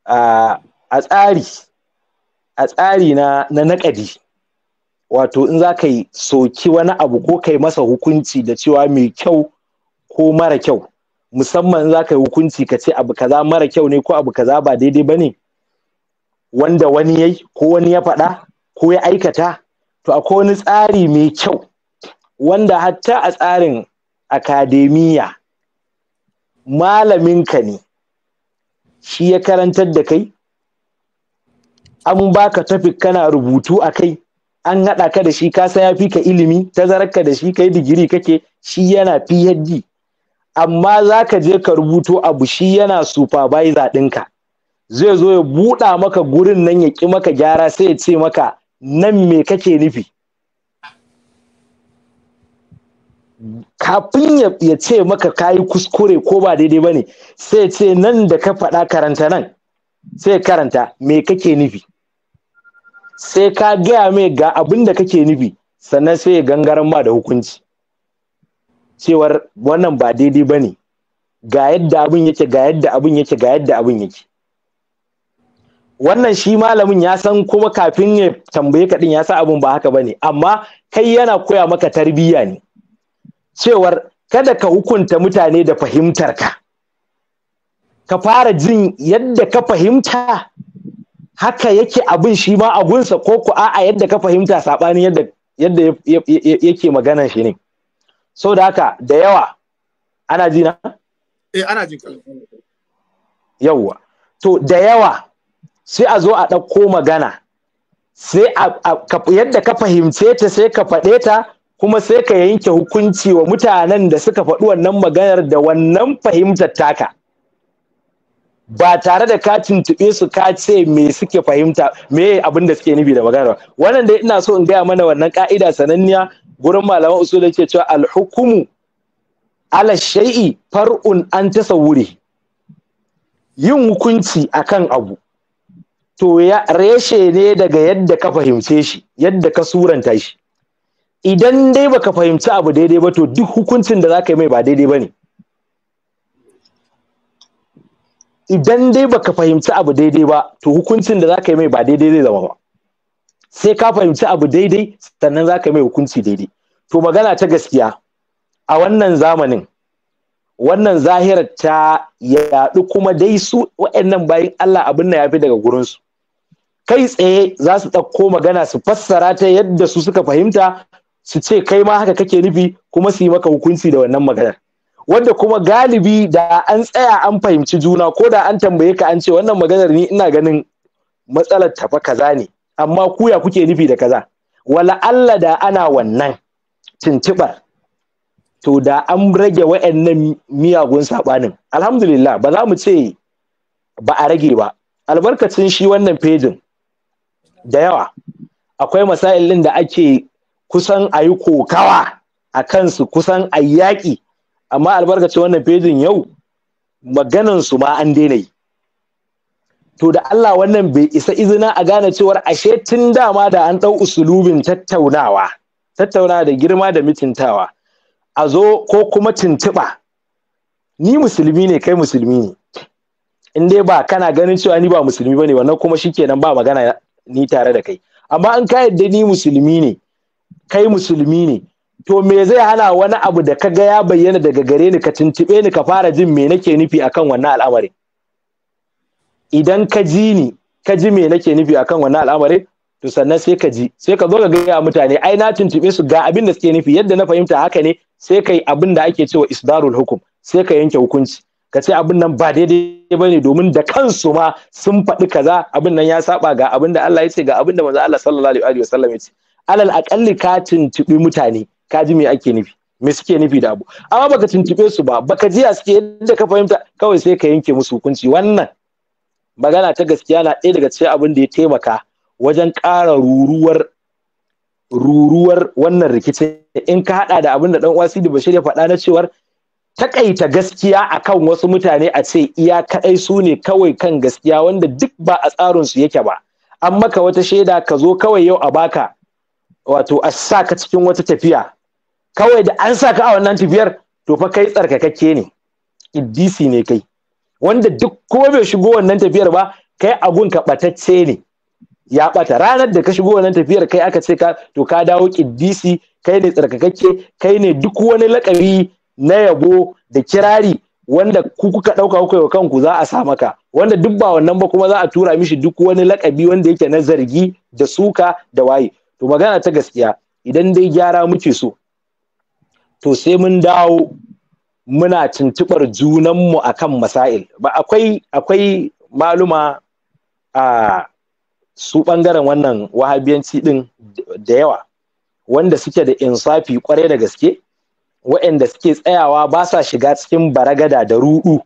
a tsari a tsari na na naƙadi wato in za ka yi soki wani abu ko kai masa hukunci da cewa mai kyau ko mara kyau musamman za ka yi hukunci ka ce abu kaza mara kyau ne ko abu kaza ba daidai ba ne wanda wani ya yi, ko wani ya faɗa ko ya aikata to akwai wani tsari mai kyau wanda hatta a tsarin akademiya malaminka ne shi ya karantar da kai an baka tafi kana rubutu a kai an haɗa ka da shi ka san ya fi ka ilimi tazararka da shi kai digiri kake shi yana PhD amma za ka je ka rubuto abu shi yana supervisor ɗinka zai zo ya buɗa maka gurin nan ya ƙi maka gyara sai ya ce maka nan me kake nufi kafin ya ce maka ka yi kuskure ko ba daidai ba ne sai ya ce nan da ka faɗa karanta nan sai karanta me kake nufi sai ka gaya mai ga abin da kake nubi sannan sai ya gangaren ma da hukunci cewar wannan ba daidai ba ne ga yadda abin yake ga yadda abin yake ga yadda abin yake wannan shi malamin ya san kuma kafin ya tambaye ka din ya san abin ba haka ba ne, amma kai yana koya maka tarbiyya ne cewar kada ka hukunta mutane da fahimtar ka ka fara jin yadda ka fahimta haka yake abin shi ma abunsa ko ku a'a yadda ka fahimta saɓanin yadda yadda yake maganan shi ne so da haka da yawa ana ji na eh ana ji yawa to da yawa sai a zo a ɗauko magana sai yadda ka fahimce ta sai ka faɗe ta kuma sai ka yanke hukunci wa mutanen da suka faɗi wannan maganar da wannan fahimtar taka ba tare da ka tuntuɓe su ka ce me suke fahimta me abin da suke nufi da magana wannan dai ina so in gaya mana wannan ka'ida sananniya gurin malaman usul ke cewa alhukumu ala shay'i far'un an tasawuri yin hukunci akan abu to ya reshe ne daga yadda ka fahimce shi yadda ka suranta shi idan dai baka fahimci abu daidai ba to duk hukuncin da zaka yi mai ba daidai bane idan dai baka fahimci abu daidai ba to hukuncin da zaka yi mai ba daidai zai zama ba sai ka fahimci abu daidai sannan zaka yi mai hukunci daidai to magana ta gaskiya a wannan zamanin wannan zahirar ta yaɗu kuma dai su wa'annan bayan Allah abin na fi daga gurinsu kai tsaye za su ɗauko magana su fassara ta yadda su suka fahimta su ce kai ma haka kake nufi kuma su yi maka hukunci da wannan maganar wanda kuma galibi da an tsaya an fahimci juna ko da an tambaye ka an ce wannan maganar ni ina ganin matsalar tafa kaza ne amma kuya kuke nufi da kaza wala Allah da ana wannan tintibar to da an rage wa'annan miyagun sabanin alhamdulillah ba za mu ce ba a rage ba albarkacin shi wannan fejin da yawa akwai masailin da ake kusan a yi kokawa a kansu kusan a yaƙi amma albarkacin wannan fejin yau maganan su ma an daina yi to da Allah wannan bai isa izina a gane cewar ashe tun dama da an dau usulubin tattaunawa tattaunawa da girma da mitintawa a zo ko kuma tuntuɓa ni musulmi ne kai musulmi ne in dai ba kana ganin cewa ni ba musulmi bane wannan kuma shikenan ba magana ni tare da kai amma in ka yadda ni musulmi ne kai musulmi ne to me zai hana wani abu da ka ga ya bayyana daga gare ni ka tuntube ni ka fara jin me nake nufi akan wannan al'amari idan ka ji ni ka ji me nake nufi akan wannan al'amari to sannan sai ka ji sai ka zo ka gaya mutane ai na tuntube su ga abin da suke nufi yadda na fahimta haka ne sai kai abin da ake cewa isdarul hukum sai ka yanke hukunci ka ce abin nan ba daidai bane domin da kansu ma sun faɗi kaza abin nan ya saba ga abin da Allah ya ce ga abin da manzo Allah sallallahu alaihi wasallam ya ce alal aqalli ka tuntuɓi mutane Kaji ji me ake nufi me suke nufi da abu amma baka tuntube su ba baka ji a suke yadda ka fahimta kawai sai ka yanke musu hukunci wannan magana ta gaskiya na ɗaya daga cikin abin da ya taimaka wajen ƙara ruruwar ruruwar wannan rikicin in ka hada da abin da ɗan uwa Sidi Bashir ya faɗa na cewar takaita gaskiya akan wasu mutane a ce iya kaɗai su ne kawai kan gaskiya wanda duk ba a tsarin su yake ba an maka wata shaida ka zo kawai yau a baka wato a sa ka cikin wata tafiya kawai da an saka a wannan tafiyar to fa kai tsarkakakke ne iddisi ne kai wanda duk ko bai shigo wannan tafiyar ba kai abun ka batacce ne ya bata ranar da ka shigo wannan tafiyar kai aka ce ka to ka dawo kiddisi kai ne tsarkakakke kai ne duk wani lakabi na yabo da kirari wanda ku kuka dauka kuka yi wa kanku za a sa maka wanda duk ba wannan ba kuma za a tura mishi duk wani lakabi wanda yake na zargi da suka da waye to magana ta gaskiya idan dai gyara muke so to sai mun dawo muna tuntubar junanmu akan masail ba akwai akwai maluma a su bangaren wannan wahabiyanci ɗin da yawa wanda suke da insafi kwarai da gaske waɗanda suke tsayawa ba sa shiga cikin baragada da ruɗu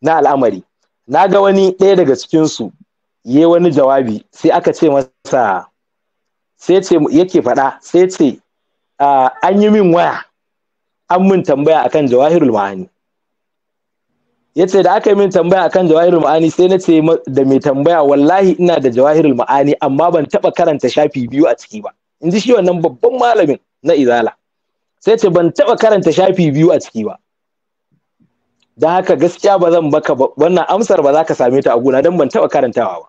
na al'amari na ga wani ɗaya daga cikinsu ya wani jawabi sai aka ce masa sai ce yake faɗa sai ce an yi min waya an min tambaya akan jawahirul ma'ani yace da aka yi min tambaya akan jawahirul ma'ani sai na ce da mai tambaya wallahi ina da jawahirul ma'ani amma ban taba karanta shafi biyu a ciki ba in ji shi wannan babban malamin na izala sai ce ban taba karanta shafi biyu a ciki ba don haka gaskiya ba zan baka wannan amsar ba za ka same ta a gona don ban taba karantawa ba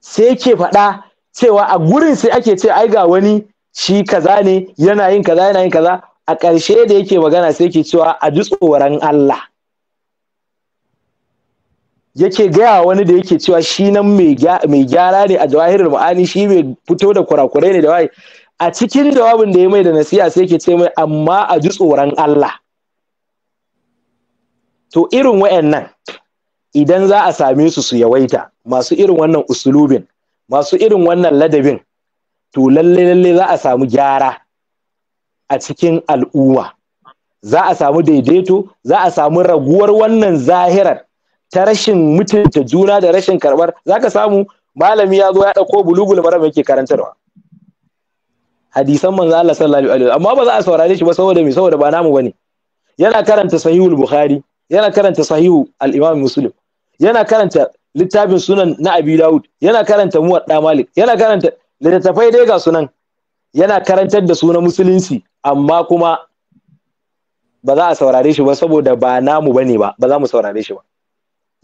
sai ke faɗa cewa a gurin sai ake ce ai ga wani shi kaza ne yana yin kaza yana yin kaza a ƙarshe da yake magana sai ke cewa a ji tsoron Allah yake gaya wani da yake cewa shi nan mai gyara ne a jawahirar ma'ani shi mai fito da kurakurai ne da waye a cikin jawabin da ya mai da nasiha sai ke ce mai amma a ji tsoron Allah to irin wayannan idan za a same su su yawaita masu irin wannan usulubin masu irin wannan ladabin to lalle lalle za a samu gyara a cikin al'umma za a samu daidaito za a samu raguwar wannan zahirar ta rashin mutunta juna da rashin karbar za ka samu malami ya zo ya ɗauko bulugul maram yake karantarwa hadisan manzo Allah sallallahu alaihi amma ba za a saurare shi ba saboda me saboda ba namu bane yana karanta sahihul bukhari yana karanta sahihu al-imam muslim yana karanta littafin sunan na abi daud yana karanta muwadda malik yana karanta littattafai dai ga sunan yana karantar da su musulunci amma kuma ba za a saurare shi ba saboda ba namu bane ba ba za mu saurare shi ba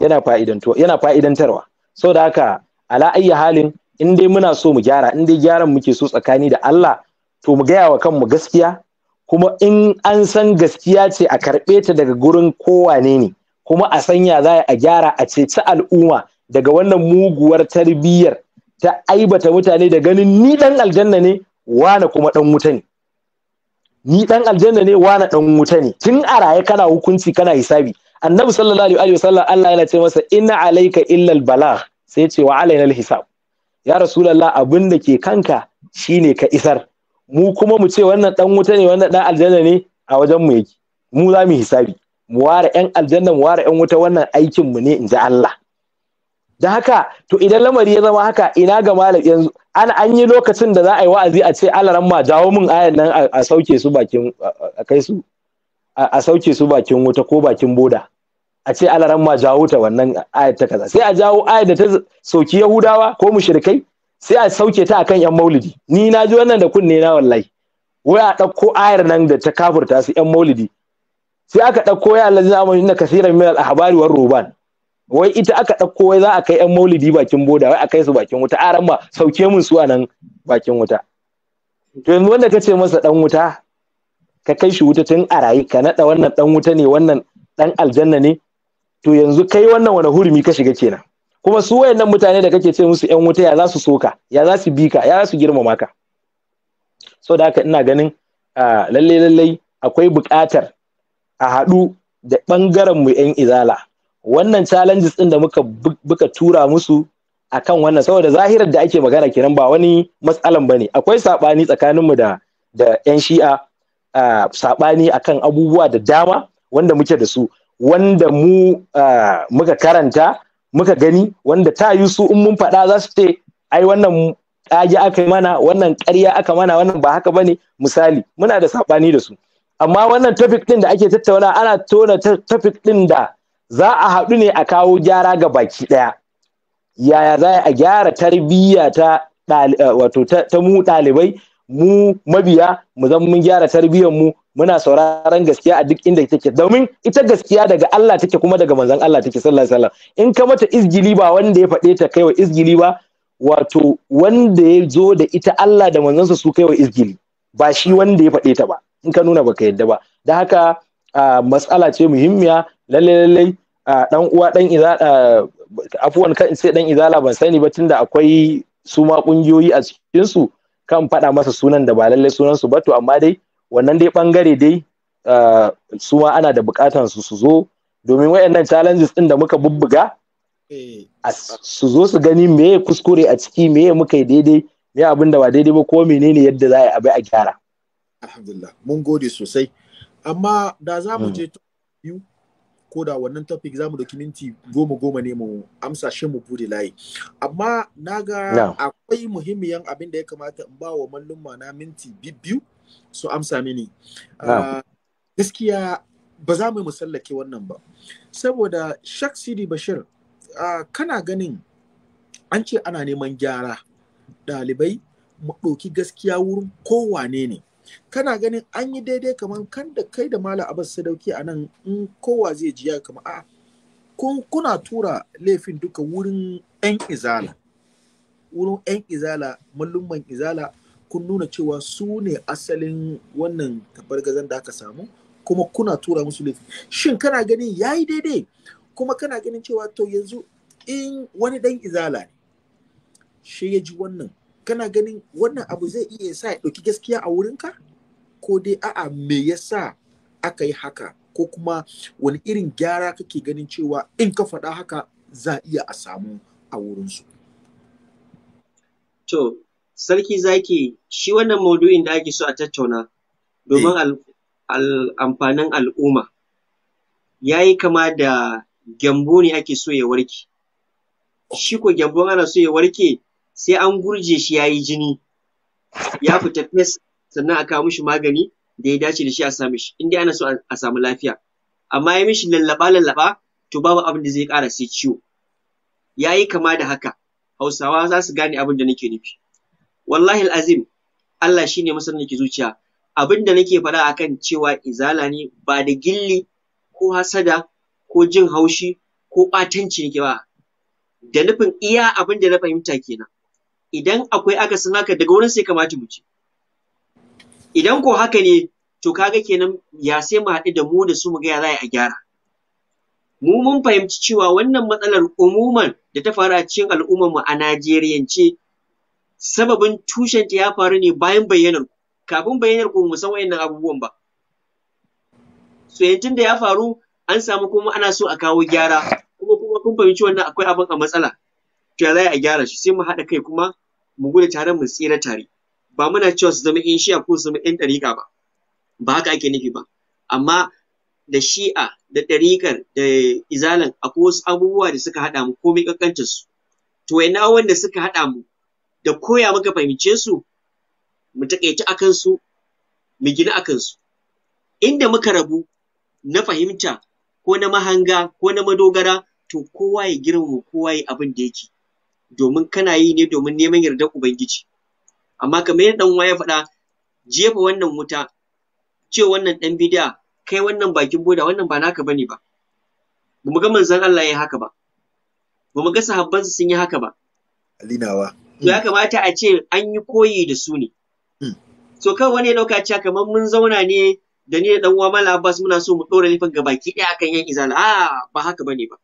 yana yana fa'idantarwa saboda haka ala ayyi halin in dai muna so mu gyara in dai gyaran muke so tsakani da Allah to mu gaya wa kanmu gaskiya kuma in an san gaskiya ce a karɓe ta daga gurin kowane ne kuma a sanya za a gyara a ceci al'umma daga wannan muguwar tarbiyyar ta aibata mutane da ganin ni dan aljanna ne wane kuma dan wuta ne ni dan aljanna ne wane dan wuta ne tun a raye kana hukunci kana hisabi annabi sallallahu alaihi wasallam Allah yana ce masa inna alayka illa albalagh sai ya ce wa alaina alhisab ya rasulullah abin da ke kanka shine ka isar mu kuma mu ce wannan dan wuta ne wannan dan aljanna ne a wajen mu yake mu za mu hisabi mu ware yan aljanna mu ware yan wuta wannan aikin mu ne in ji Allah da haka to idan lamari ya zama haka ina ga malam yanzu an an yi lokacin da za a yi wa'azi a ce alaran ma jawo min ayan nan a sauke su bakin a kai su a sauke su bakin wuta ko bakin boda a ce alaran ma jawo ta wannan ayat ta kaza sai a jawo ayat da ta soki yahudawa ko mushrikai sai a sauke ta akan yan maulidi ni na ji wannan da kunne na wallahi wai a ɗauko ayar nan da ta kafurta su yan maulidi sai aka ɗauko ya zai amanu inna kaseeran min al-ahbari war ruban wai ita aka ɗauko wai za a kai yan maulidi bakin boda wai a kai su bakin wuta aran ma sauke mun su a nan bakin wuta to yanzu wanda ka ce masa ɗan wuta ka kai shi wuta tun a rayu ka naɗa wannan ɗan wuta ne wannan ɗan aljanna ne to yanzu kai wannan wani hurumi ka shiga kenan kuma su wayannan mutane da kake ce musu ƴan wuta ya za su soka ya za su bi ka ya za su girmama ka so da haka ina ganin lallai-lallai, akwai buƙatar a haɗu da ɓangaren mu yan izala wannan challenges din da muka buka tura musu akan wannan saboda zahirar da ake magana kenan ba wani matsalan bane akwai sabani tsakaninmu da da yan shi'a uh, sabani akan abubuwa da dama wanda muke da su wanda mu muka karanta muka gani wanda ta yi su in mun faɗa za su ce ai wannan ƙage aka yi mana wannan ƙarya aka mana wannan ba haka bane misali muna da sabani da su amma wannan topic din da ake tattauna ana tona topic din da za a haɗu ne a kawo gyara ga baki ɗaya yaya za a gyara tarbiyya ta eh, wato ta mu ɗalibai mu mabiya mu zan mun gyara tarbiyyar mu muna sauraron gaskiya a duk inda take domin ita gaskiya daga Allah take kuma daga manzon Allah take sallallahu alaihi wasallam in ka mata izgili ba wanda ya faɗe ta kaiwa izgili ba wato wanda ya zo da ita Allah da Manzon su kaiwa izgili ba shi wanda ya faɗe ta ba in ka nuna baka yadda ba da haka matsala ce muhimmiya lalle a dan uwa dan izala afuwan kan sai dan izala ban sani ba tunda akwai su ma kungiyoyi a cikinsu kan faɗa masa sunan da ba lalle sunan su ba to amma dai wannan dai bangare dai su ma ana da bukatan su su zo domin wayannan challenges din da muka bubbuga eh. su zo su gani me ya kuskure a ciki me ya muka yi daidai me abin da ba daidai ba ko menene yadda za a yi a gyara alhamdulillah mun gode sosai amma da za mu hmm. je biyu ko da wannan topic za mu doki minti goma goma ne mu amsa shi mu bude layi amma na ga akwai muhimmiyan abin da ya kamata in ba wa mallumma na minti biyu su amsa mini ah, gaskiya ba za mu musallake wannan ba saboda shak sidi bashir ah, kana ganin an ce ana neman gyara ɗalibai mu ɗauki gaskiya wurin kowane ne kana ganin an yi daidai kamar kan da kai da mala su sadauki a nan in kowa zai jiya kamar kama a kun kuna tura laifin duka wurin yan izala wurin yan izala mallumman izala kun nuna cewa su ne asalin wannan tabargazan da aka samu kuma kuna tura musu laifi shin kana ganin ya yi daidai kuma kana ganin cewa to yanzu in wani dan izala ne shi ya ji wannan kana ganin wannan abu zai iya sa ya ɗauki gaskiya a wurinka ko dai a'a me yasa aka yi haka ko kuma wani irin gyara kake ganin cewa in ka faɗa haka za a iya a samu a wurinsu to sarki zaki shi wannan maudu'in da ake so a tattauna domin amfanin al'umma ya yi kama da gyambo ne ake so ya warke shi ko gyambo ana so ya warke sai an gurje shi ya yi jini ya fita fes sannan a kawo mishi magani da ya dace da shi a sa mishi in dai ana so a samu lafiya amma ya mishi lallaba lallaba to babu abin da zai ƙara sai ciwo ya yi kama da haka hausawa za su gane abin da nake nufi wallahi azim Allah shine masanin ki zuciya abin da nake faɗa kan cewa izala ne ba da gilli ko hasada ko jin haushi ko ɓatanci nake ba da nufin iya abin da na fahimta kenan idan akwai akasin haka daga wurin sai kamata mu ci idan ko haka ne to kaga kenan ya sai mu haɗu da mu da su mu ga ya za a gyara mu mun fahimci cewa wannan matsalar umuman da ta faru a cikin al'umman mu a ce, sababin tushen ta ya faru ne bayan bayyanar kafin bayyanar ku mu san wayannan abubuwan ba so yancin eh, da ya faru an samu kuma ana so a kawo gyara kuma kuma kun fahimci wannan akwai abin a matsala to ya za a gyara shi sai mu haɗa kai kuma mu gudu tare mu tsira tare ba muna cewa su zama yan shi'a ko su zama yan ɗariƙa ba ba haka ake nufi ba amma da shi'a da ɗariƙar da izalan akwai wasu abubuwa da suka haɗa mu komai ƙanƙantar su to ina wanda suka haɗa mu da koya muka fahimce su mu taƙaici a su mu gina a su inda muka rabu na fahimta ko na mahanga ko na madogara to kowa ya girmama kowa ya abin da yake domin kana yi ne domin neman yardar ubangiji amma kamar yadda uwa ya faɗa jefa wannan wuta ce wannan ɗan bidiya, kai wannan bakin boda wannan ba naka bane ba ba mu ga manzon Allah ya haka ba ba mu ga sahabbansa sun yi haka ba alinawa to ya kamata a ce an yi koyi da su ne hmm. so kawai wani ya dauka cewa kamar mun zauna ne da ni da ɗan uwa Malam Abbas muna so mu ɗora laifin ga baki ɗaya akan yan izala A'a ba haka bane ba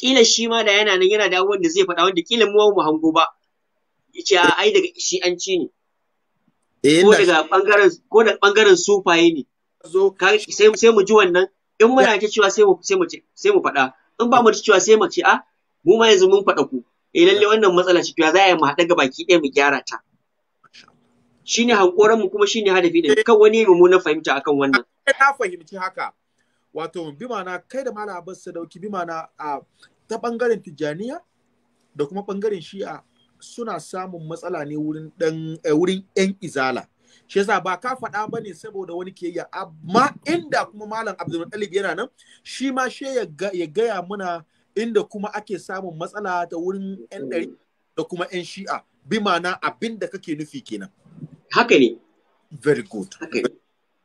kila shi ma da yana nan yana da abubuwan da zai faɗa wanda kila mu mu hango ba yace a ai daga eh, shi an ci ne ko daga bangaren ko da bangaren sufaye ne sai sai mu ji wannan in muna ta cewa sai mu sai mu sai mu faɗa in ba mu ta cewa sai mu ce a mu ma yanzu mun faɗa ku eh lalle wannan matsala ce to za a yi mu haɗa ga baki ɗaya mu gyara ta shine hankoran mu kuma shine hadafi din eh. kan wani mummunan fahimta akan wannan eh, na fahimci haka wato bi ma'ana kai da malam abbas sadauki bi ma'ana a ta bangaren tijjaniya da kuma bangaren shi'a suna samun matsala ne wurin dan eh, wurin yan izala shi yasa ba ka faɗa ba ne saboda wani ke ya amma inda kuma malam abdulmutalib yana nan shi ma she ya gaya muna inda kuma ake samun matsala ta wurin yan ɗari da kuma yan shi'a bi ma'ana abin da kake nufi kenan haka ne very good okay.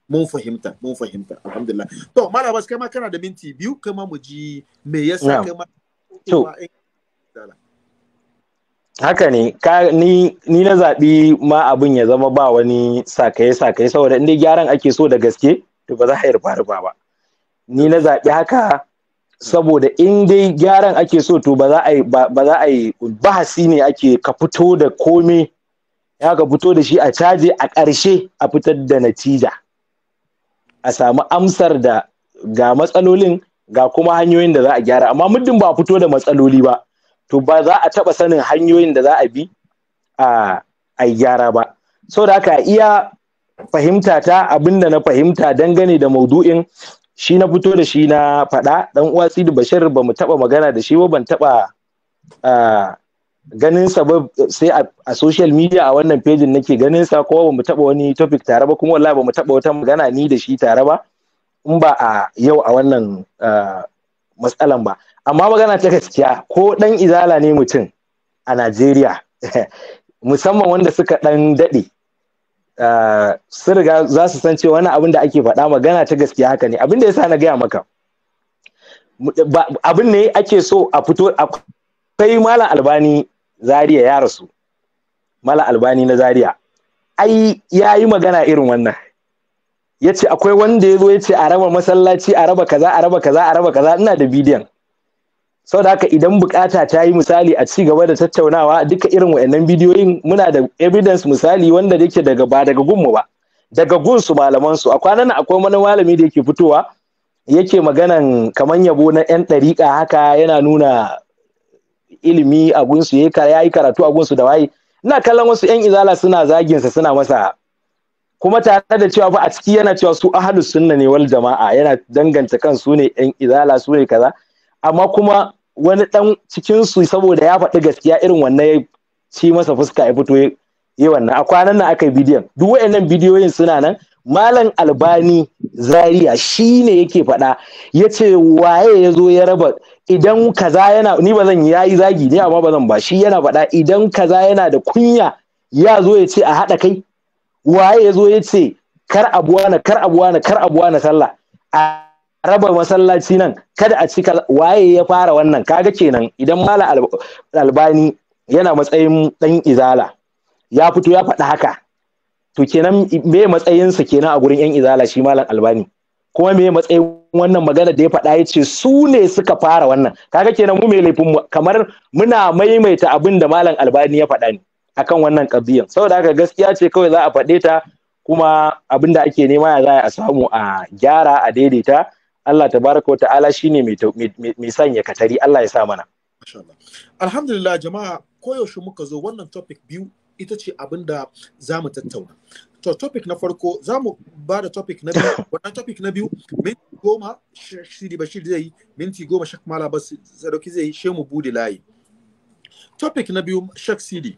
mun fahimta mun fahimta alhamdulillah to mala bas kai ma kana da minti biyu kai ma mu ji me yasa kai ma to haka ne ka ni ni na zabi ma abin ya zama ba wani sakaye sakaye saboda inda gyaran ake so da gaske to ba za a yi rufa rufa ba ni na zabi haka saboda in dai gyaran ake so to ba za a yi ba za a yi bahasi ne ake ka fito da komai ya ka fito da shi a caje a ƙarshe a fitar da natija a samu amsar da ga matsalolin ga kuma hanyoyin da za a gyara amma muddin ba a fito da matsaloli ba to ba za a taɓa sanin hanyoyin da za a bi a gyara ba so da haka iya fahimta ta abin da na fahimta dangane da maudu'in shi na fito da shi na faɗa dan uwa Sidi Bashir ba mu taba magana da shi ba ban taɓa ah, ganin sa ba sai a social media a wannan pejin nake ganin sa ko ba mu taba wani topic tare ba kuma wallahi ba mu taba wata magana ni da shi tare ba in ba a yau a wannan matsalan ba amma magana ta gaskiya ko dan izala ne mutum a Najeriya musamman wanda suka dan dade su riga za su san cewa wani abin da ake faɗa magana ta gaskiya haka ne abin da yasa na gaya maka abin ne ake so a fito kai malam albani Zaria ya rasu mala albani na Zaria ai ya yi magana irin wannan ya ce akwai wanda ya zo ya ce a raba masallaci a raba kaza a raba kaza a raba kaza ina da bidiyon sau da haka idan bukata ta yi misali a ci gaba da tattaunawa duka irin wayannan bidiyoyin muna da evidence misali wanda yake daga ba daga gunmu ba daga gunsu malaman su a kwanan akwai wani malami da yake fitowa yake maganan kaman yabo na yan ɗariƙa haka yana nuna ilimi a gunsu ya yi karatu a gunsu da waye ina kallon wasu yan izala suna zagin sa suna masa kuma tare da cewa fa a ciki yana cewa su ahlu sunna ne wal jama'a yana danganta kan su ne yan izala su ne kaza amma kuma wani dan cikin su saboda ya faɗi gaskiya irin wannan ya ci masa fuska ya fito yi wannan a kwanan nan aka yi bidiyon duk wayannan bidiyoyin suna nan malam albani zaria shi ne yake faɗa ya ce waye ya zo ya raba idan kaza yana ni ba zan yayi zagi ne amma ba zan ba shi yana faɗa idan kaza yana da kunya ya zo ya ce a haɗa kai waye ya zo ya ce kar abuwana kar abuwana kar abuwana sallah a raba masallaci nan kada a cika waye ya fara wannan kaga kenan idan mala albani yana matsayin dan izala ya fito ya faɗi haka to kenan me matsayinsa kenan a gurin yan izala shi malam albani kuma me matsayin wannan magana da ya faɗa ya ce su ne suka fara wannan kaga kenan mu mai laifin mu kamar muna maimaita abin da malam albani ya faɗa ne akan wannan kabiyan saboda haka gaskiya ce kawai za a faɗe ta kuma abin da ake nema ya za a samu a gyara a daidaita Allah tabaraka wa ta'ala shine mai sanya katari Allah ya sa mana alhamdulillah jama'a koyaushe muka zo wannan topic biyu ita ce abin da za mu tattauna to topic na farko za mu ba da topic na biyu wannan topic na biyu minti goma shiri bashir zai yi minti goma shak mala ba sadauki zai yi she mu bude layi topic na biyu shak sidi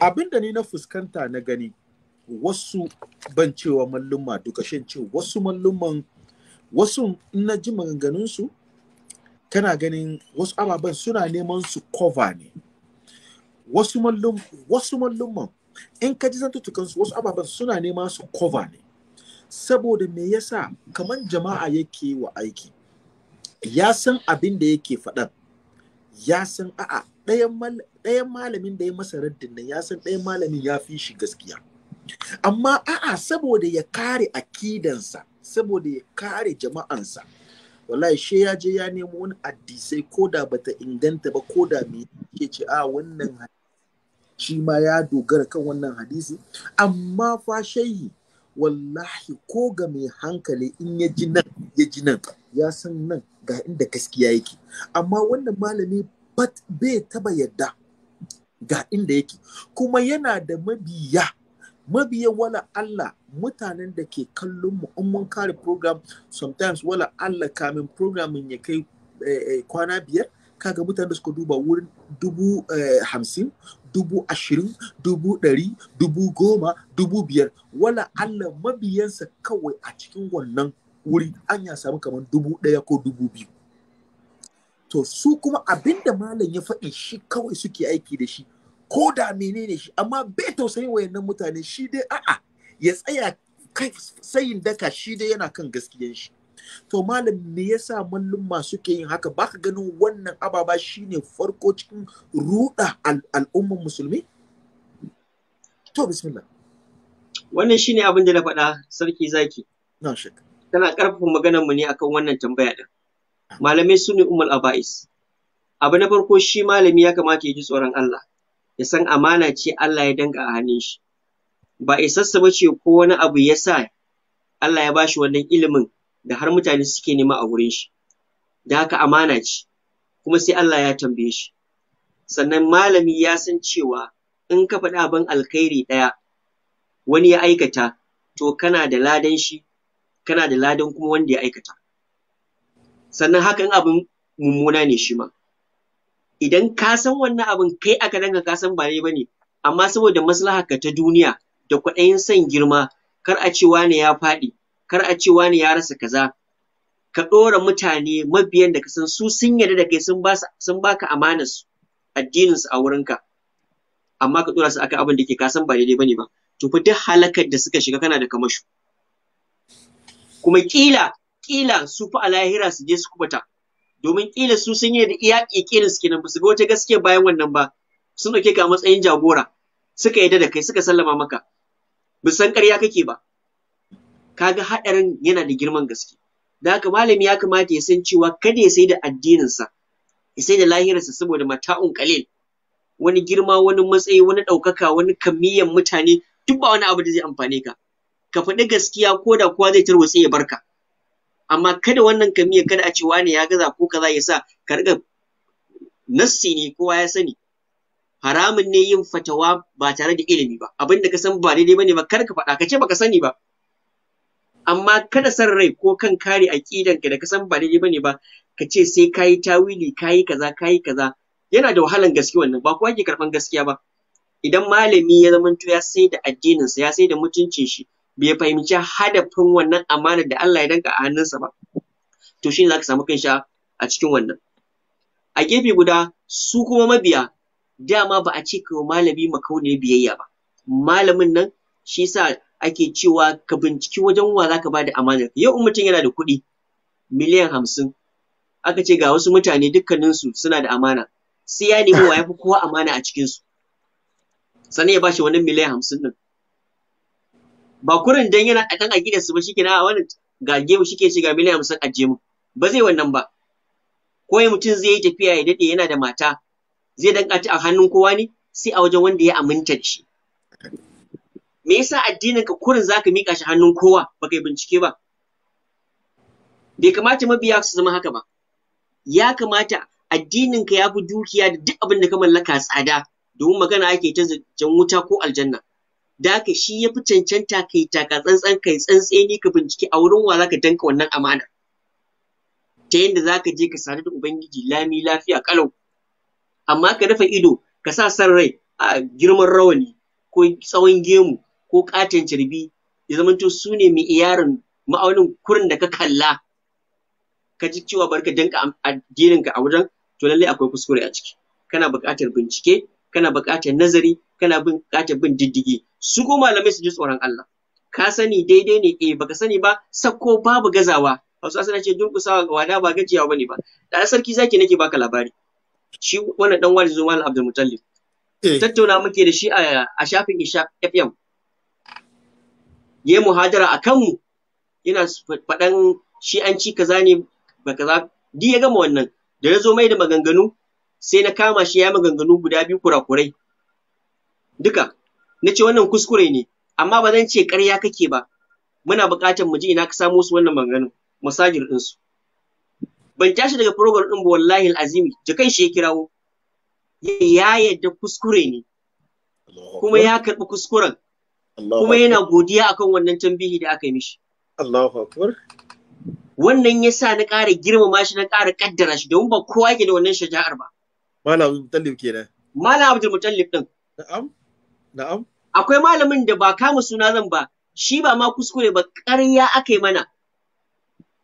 abinda ni na fuskanta na gani wasu ban cewa malluma duka shin ce wasu malluman wasu na ji su kana ganin wasu ababen suna neman su cover ne wasu malluman in ka ji zantuttukan su wasu ababen suna nema su cover ne saboda me yasa kamar jama'a yake wa aiki ya san abin da yake faɗan ya san a'a ɗayan malamin da ya masa raddin nan ya san ɗayan malamin ya fi shi gaskiya amma a'a saboda ya kare akidansa saboda ya kare jama'ansa wallahi she ya je ya nemo wani addisai ko da bata inganta ba ko da me yake ce a wannan shi ma ya dogara kan wannan hadisi amma fa wallahi ko ga mai hankali in ya ji nan ya ji nan ya san nan ga inda gaskiya yake amma wannan malami bai taba yadda ga inda yake kuma yana da mabiya mabiya wala Allah mutanen da ke kallon mu in mun kare program sometimes wala Allah kamin programin ya kai eh, eh, kwana biyar kaga mutane da suka duba wurin dubu eh, hamsin dubu ashirin dubu ɗari dubu goma dubu biyar wala allah mabiyansa kawai a cikin wannan wuri an ya samu kamar dubu ɗaya ko dubu biyu to su kuma abinda malam ya faɗi shi kawai suke aiki da shi ko da menene shi amma bai tausayin wayannan mutane shi dai a'a ya tsaya kai sayin daka shi dai yana kan gaskiyan shi to malam me yasa masu suke yin haka baka ganin wannan ababa shine farko cikin ruda al'umman musulmi to bismillah wannan shine abin da na faɗa sarki zaki na shaka tana ƙarfafa maganar mu ne akan wannan tambaya din malamai su ne aba'is abu na farko shi malami ya kamata ya ji tsoron Allah ya san amana ce Allah ya danga a hannun shi ba isassa ba ce ko wani abu ya sa Allah ya bashi wannan ilimin da har mutane suke nema a wurin shi da haka amana ce kuma sai Allah ya tambaye shi sannan malami ya san cewa in ka faɗi abin alkhairi ɗaya wani ya aikata to kana da ladan shi kana da ladan kuma wanda ya aikata sannan hakan abin mummuna ne shi ma idan ka san wannan abin kai aka danga ka san ba ne bane amma saboda maslahaka ta duniya da kwaɗayin son girma kar a ce wane ya faɗi kar a ce wani ya rasa kaza ka ɗora mutane mabiyan da ka san su sun yarda da kai sun ba sun baka amanar su addinin su a wurinka amma ka ɗora su akan abin da ke ka san ba daidai bane ba to fa duk halakar da suka shiga kana da kamashu kuma kila kila su fa a lahira su je su kubuta domin kila su sun yi da iya ƙiƙinin su kenan ba su ga wata gaskiya bayan wannan ba sun ɗauke ka matsayin jagora suka yarda da kai suka sallama maka bisan ƙarya kake ba kaga haɗarin yana da girman gaske da haka malami ya kamata ya san cewa kada ya sai da addininsa ya sai da lahirarsa saboda mata'un kalil wani girma wani matsayi wani ɗaukaka wani kamiyyan mutane duk ba wani abu da zai amfane ka ka faɗi gaskiya ko da kowa zai tarwatse ya barka amma kada wannan kamiyya kada a ce wani ya gaza ko kaza ya sa ka riga nassi ne kowa ya sani haramun ne yin fatawa ba tare da ilimi ba abin ka san ba daidai bane ba kar ka faɗa ka ce baka sani ba amma kada san rai ko kan kare ka da ka san ba daidai bane ba ka ce sai kayi tawili kayi kaza kayi kaza yana da wahalan gaske wannan ba kowa ke karban gaskiya ba idan malami ya zamanto ya sai da addinin sa ya sai da mutuncin shi bai fahimci hadafin wannan amanar da Allah ya danka a hannunsa ba to shine zaka samu kansa a cikin wannan a gefe guda su kuma mabiya dama ba a ce kawai malami makaune biyayya ba malamin nan shi sa ake cewa ka binciki wajen wa za ka ba da amanar yau in mutum yana da kuɗi miliyan hamsin aka ce ga wasu mutane dukkaninsu suna da amana sai ya nemi wa ya fi kowa amana a cikinsu sannan ya ba shi wannan miliyan hamsin ɗin ba kurin dan yana ɗan a gidansu ba shike na wani gage mu shike shiga miliyan hamsin a jemu ba zai wannan ba ko mutum zai yi tafiya ya daɗe yana da mata zai ɗan ta a hannun kowa ne sai a wajen wanda ya aminta da shi me yasa addinin ka kurin zaka mika shi hannun kowa baka kai bincike ba bai kamata mabiya su zama haka ba ya kamata addinin ka yafi dukiya da duk abin da ka mallaka tsada domin magana ake ta jan wuta ko aljanna da ka shi yafi cancanta kai taka tsantsan kai tsantseni ka bincike a wurin wa zaka danka wannan amana. ta yadda za ka je ka sadu da Ubangiji lami lafiya kalau amma ka rufe ido ka sa san rai a girman rawani ko tsawon gemu ko katin cirbi ya zamanto su ne mai iyarin ma'aunin kurin da ka kalla ka ji cewa barka danka ka a wajen to lallai akwai kuskure a ciki kana buƙatar bincike kana buƙatar nazari kana buƙatar bin diddigi su ko malamai su ji tsoron Allah ka sani daidai ne eh baka sani ba sako babu gazawa hausa suna ce durƙusawa ga wada ba gajiya bane ba da sarki zaki nake baka labari shi wannan dan wani zuwa Abdul Mutallib eh. tattauna muke da shi a shafin Isha FM yayi muhadara a kanmu yana faɗan shi an ci kaza ne ba kaza duk ya gama wannan da ya zo mai da maganganu sai na kama shi ya maganganu guda biyu kurakurai duka na ce wannan kuskure ne amma ba zan ce ƙarya kake ba muna buƙatar mu ji ina ka samo su wannan maganganu masajir ɗinsu ban tashi daga program ɗin ba wallahi azimi jikan shi ya kirawo ya yadda kuskure ne kuma ya karɓi kuskuren kuma yana godiya akan wannan tambihi da aka yi mishi Allahu akbar wannan yasa na ƙara girmama shi na ƙara kaddara shi domin ba kowa ke da wannan shaja'ar ba Malam Abdul Mutallib kenan Malam Abdul Mutallib din Na'am na'am akwai malamin da ba kama suna zan ba shi ba ma kuskure ba ƙarya aka yi mana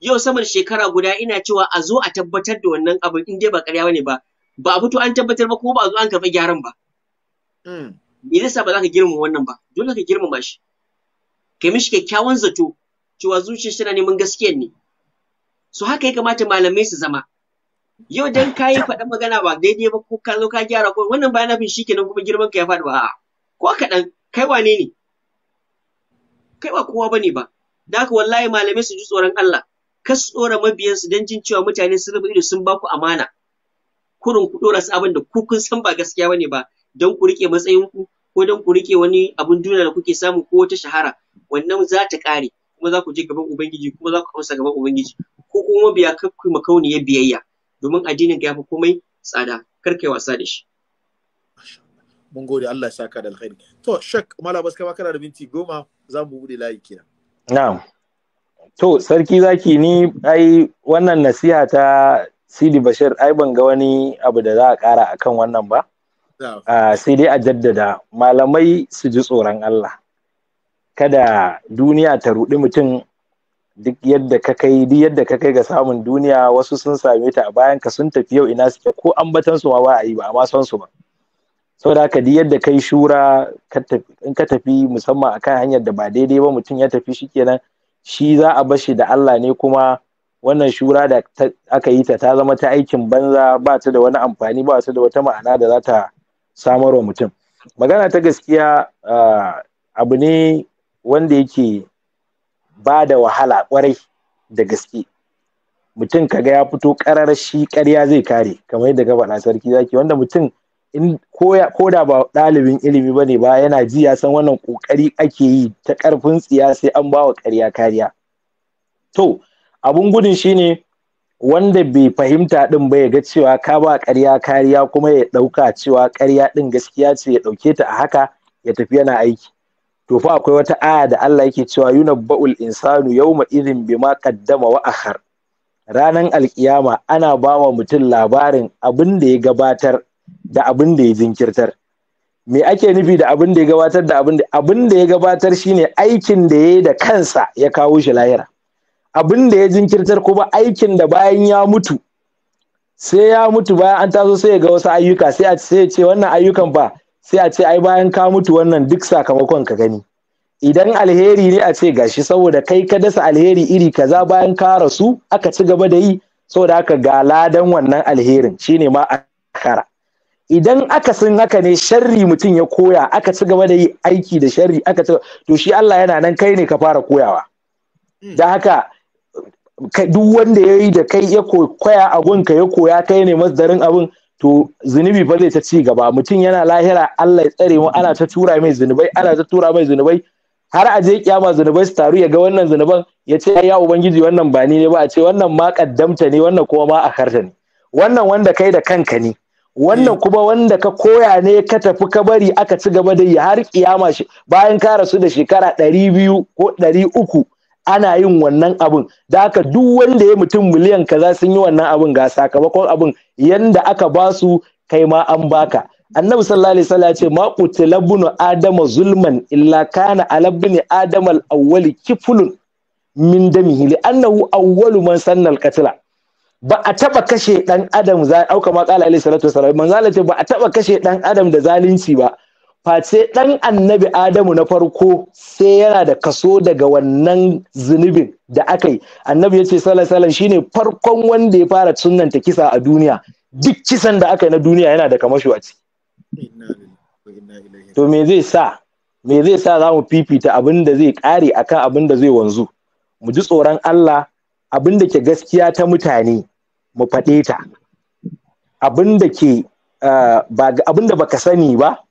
yau saman shekara guda ina cewa a zo a tabbatar da wannan abin in dai ba ƙarya bane ba ba a fito an tabbatar ba kuma ba a zo an karɓi gyaran ba hmm. me yasa ba za ka girmama wannan ba dole ka girmama shi ka mishi kyakkyawan zato cewa zuciyar tana neman gaskiyar ne so haka ya kamata malamai su zama yau dan kayi faɗa magana ba daidai ba ko ka zo ka gyara ko wannan ba nafin shikenan kuma girman ka ya faɗi ba a'a ko kaɗan kai wane ne kai ba kowa bane ba da haka wallahi malamai su ji tsoron Allah Ka tsora mabiyansu don jin cewa mutane sun rubuta ido sun baku amana kurin ku ɗora su abin da ku kun san ba gaskiya bane ba don ku rike matsayinku ko don ku rike wani abun duniya da kuke samu ko wata shahara wannan za ta ƙare, kuma za ku je gaban ubangiji kuma za ku amsa gaban ubangiji ko kuma biya kakku makauniyar biyayya domin addinin ka yafi komai tsada kar kai wasa da shi mun gode Allah ya saka da alkhairi to shek malam baska ba kana da minti goma za mu bude layi kenan na'am to sarki zaki ni ai wannan nasiha ta Sidi Bashir ai ban ga wani abu da za a kara akan wannan ba Ah, sai dai a jaddada malamai su ji tsoron Allah kada duniya ta ruɗi mutum duk yadda ka kai duk yadda ka kai ga samun duniya wasu sun same ta a bayan ka sun tafi yau ina suke ko ambatan su ma ba a yi ba amma son su ba saboda haka duk yadda kai shura in ka tafi musamman akan hanyar da ba daidai ba mutum ya tafi shikenan shi za a bashi da Allah ne kuma wannan shura da aka yi ta ta zama ta aikin banza ba ta da wani amfani ba ta da wata ma'ana da za ta Samar wa mutum magana ta gaskiya abu ne wanda yake ba da wahala kwarai da gaske mutum kaga ya fito karar shi karya zai kare kamar yadda gaba na sarki zaki wanda mutum in ko da ba ɗalibin ilimi ba ne ba yana ji ya san wannan ƙoƙari ake yi ta ƙarfin tsiya sai an ba wa ƙarya kariya to abun gudun shine wanda bai fahimta din ba ya ga cewa ka ba ƙarya kariya kuma ya ɗauka cewa ƙarya din gaskiya ce ya ɗauke ta a haka ya tafi yana aiki to fa akwai wata aya da Allah yake cewa yunabba'ul insanu yawma idhin bima qaddama wa akhar ranan alkiyama ana bawa mutum labarin abin da ya gabatar da abin da ya jinkirtar me ake nufi da abin da ya gabatar da abin da abin da ya gabatar shine aikin da ya yi da kansa ya kawo shi lahira abin da ya jinkirtar kuma aikin da bayan ya mutu sai ya mutu bayan an taso sai ya ga wasu ayyuka sai a ce wannan ayyukan ba sai a ce ai bayan ka mutu wannan duk sakamakon ka gani idan alheri ne a ce gashi saboda kai ka dasa alheri iri kaza bayan ka rasu aka ci gaba da yi saboda haka ga ladan wannan alherin shine ma akara idan aka sun haka ne sharri mutum ya koya aka ci gaba da yi aiki da sharri aka ci to shi Allah yana nan kai ne ka fara koyawa hmm. da haka duk wanda ya yi da kai ya koya abun ka ya koya kai ne mazdarin abun to zunubi ba zai ta ci gaba mutum yana lahira Allah ya tsare mu ana ta tura mai zunubai ana ta tura mai zunubai har a je kiyama zunubai su taru ya ga wannan zunuban ya ce ya ubangiji wannan ba ni ne ba a ce wannan ma kaddamta ne wannan kuma ma akarta ne wannan wanda kai da kanka ne wannan kuma wanda ka koya ne ka tafi ka bari aka ci gaba da yi har kiyama bayan ka rasu da shekara ɗari biyu ko ɗari uku ana yin wannan abun da haka duk wanda ya mutum miliyan kaza sun yi wannan abun ga sakamakon abun yanda aka ba su kai ma an baka annabi sallallahu alaihi wasallam ya ce ma qutila bunu adama zulman illa kana ala ibn adam al awwali kiflun min damihi li annahu awwalu man sanna al qatla ba a taba kashe dan adam za auka ma qala alaihi salatu wasallam manzo ce ba a taba kashe dan adam da zalunci ba face ɗan annabi Adamu na farko sai yana da kaso daga wannan zunubin da aka yi. Annabi ya ce salasalan shine farkon wanda ya fara sunanta kisa a duniya. Duk kisan da aka yi na duniya yana da kamasho a ciki. To me zai sa? Me zai sa za mu fifita abin da zai ƙare akan abin da zai wanzu? Mu ji tsoron Allah abin da ke gaskiya ta mutane mu faɗe ta. Abin da ke eh, abin da baka sani ba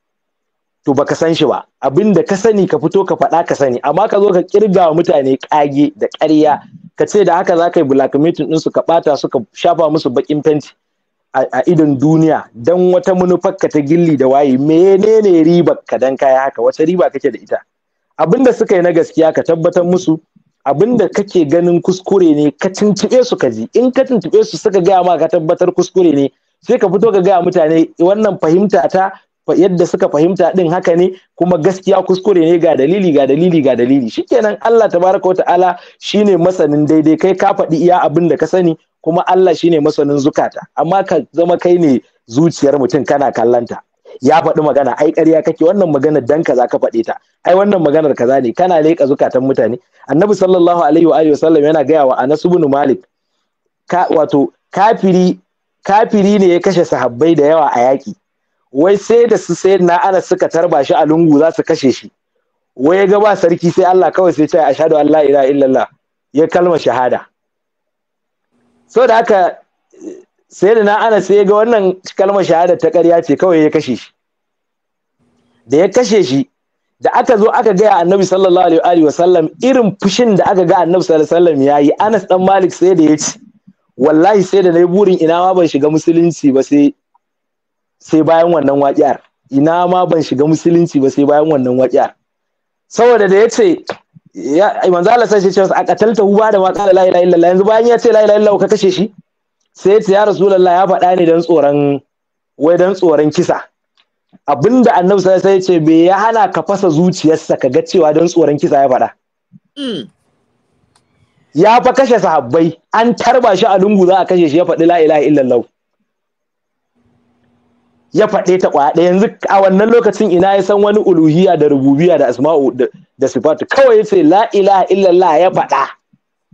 to baka san shi ba abinda ka sani ka fito ka faɗa ka sani amma ka zo ka kirga mutane ƙage da ƙarya ka ce da haka za ka yi blackmating ɗinsu ka ɓata suka shafa musu bakin fenti a idon duniya don wata ka ta gilli da waye menene riba ka dan kaya haka wata riba kake da ita Abinda da suka yi na gaskiya ka tabbatar musu abinda kake ganin kuskure ne ka tuntuɓe su ka ji in ka tuntuɓe su suka gaya ma ka tabbatar kuskure ne sai ka fito ka gaya mutane wannan fahimta ta yadda suka fahimta din haka ne kuma gaskiya kuskure ne ga dalili ga dalili ga dalili shikenan Allah tabaraka wa ta'ala shine masanin daidai kai ka faɗi iya abin da ka sani kuma Allah shine masanin zukata amma ka zama kai ne zuciyar mutum kana kallanta ya faɗi magana ai ƙarya kake wannan maganar dan kaza ka faɗe ta ai wannan maganar kaza ne kana leƙa zukatan mutane annabi sallallahu alaihi wa alihi wasallam yana gaya wa Anas ibn Malik ka wato kafiri kafiri ne ya kashe sahabbai da yawa a yaki. wai sai da su sai na ana suka tarba shi a lungu za su kashe shi wai ga ba sarki sai Allah kawai sai ce ashhadu an la ilaha illallah ya kalma shahada so da haka sai da na ana sai ga wannan kalmar shahada ta ƙarya ce kawai ya kashe shi da ya kashe shi da aka zo aka gaya annabi sallallahu alaihi wa sallam irin fushin da aka ga annabi sallallahu alaihi wa sallam yayi Anas dan Malik sai da ya ci wallahi sai da nayi burin ina ma ban shiga musulunci ba sai sai bayan wannan waƙiyar ina ma ban shiga musulunci ba sai bayan wannan waƙiyar saboda da ya ce manzo Allah sai ce a qatalta hu ba da ma la ilaha illallah yanzu bayan ya ce la ilaha illallah ka kashe shi sai ya ce ya rasulullah ya faɗa ne dan tsoron wai dan tsoron kisa abinda annabi sai sai ce bai ya hana ka fasa zuciyarsa ka ga cewa dan tsoron kisa ya faɗa mm. ya fa kashe sahabbai an tarba shi a lungu za a kashe shi ya faɗi la ilaha illallah ya faɗe ta kwaya ɗaya yanzu a wannan lokacin ina ya san wani uluhiya da rububiya da asma'u da sifatu kawai ya ce la ilaha illallah ya faɗa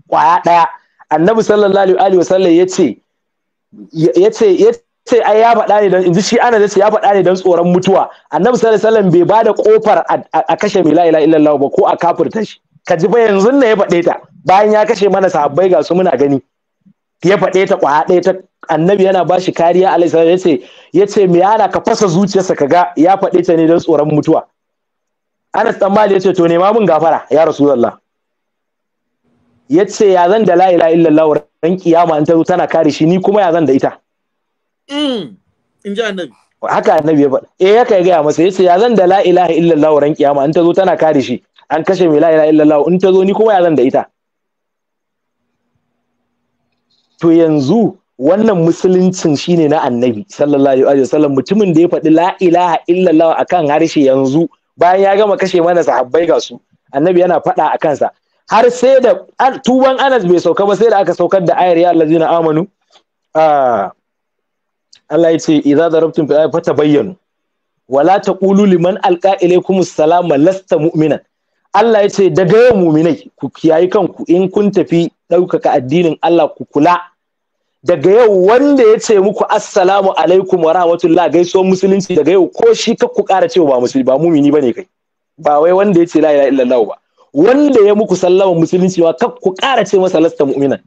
ƙwaya ɗaya annabi sallallahu alaihi wasallam ya ce ya ce ya ce ai ya faɗa ne dan inji shi ana da ya faɗa ne dan tsoron mutuwa annabi sallallahu alaihi wasallam bai bada kofar a kashe mai la ilaha illallah ba ko a kafirta shi ka ji ba yanzu ne ya faɗe ta bayan ya kashe mana sahabbai ga su muna gani ya faɗe ta ƙwaya ɗaya ta annabi yana ba shi kariya alaihi ce ya yace me ana ka fasa zuciyarsa ga? ya faɗe ta ne don tsoron mutuwa ana tsammani ya yace to nema mun gafara ya Rasulullah yace ya zan da la ilaha illallah ran kiyama an tazo tana kare shi ni kuma ya zan da ita mm, in ji annabi haka annabi ya faɗa eh haka ya gaya masa yace ya zan da la ilaha illallah ran kiyama an tazo tana kare shi an kashe mai la ilaha illallah in tazo ni kuma ya zan da ita to yanzu wannan musuluncin shine na annabi sallallahu alaihi wasallam mutumin da ya faɗi la ilaha illallah akan harshe yanzu bayan ya gama kashe mana sahabbai ga su annabi yana faɗa a kansa har sai da tuban anas bai sauka ba sai da aka saukar da ayar ya allazina amanu Allah ya ce idza darabtum fil ayati fatabayyanu wala taqulu liman alqa ilaykum assalama lasta mu'mina Allah ya ce daga yau mu'minai ku kiyayi kanku in kun tafi ɗaukaka addinin Allah ku kula daga yau wanda ya ce muku assalamu alaikum wa rahmatullah gaisuwar musulunci daga yau ko shi ka ku ƙara cewa ba musulmi ba mumini bane kai ba wai wanda ya ce la ilaha illallah ba wanda ya muku sallama musulunci ma kar ku ƙara ce masa lasta mu'minan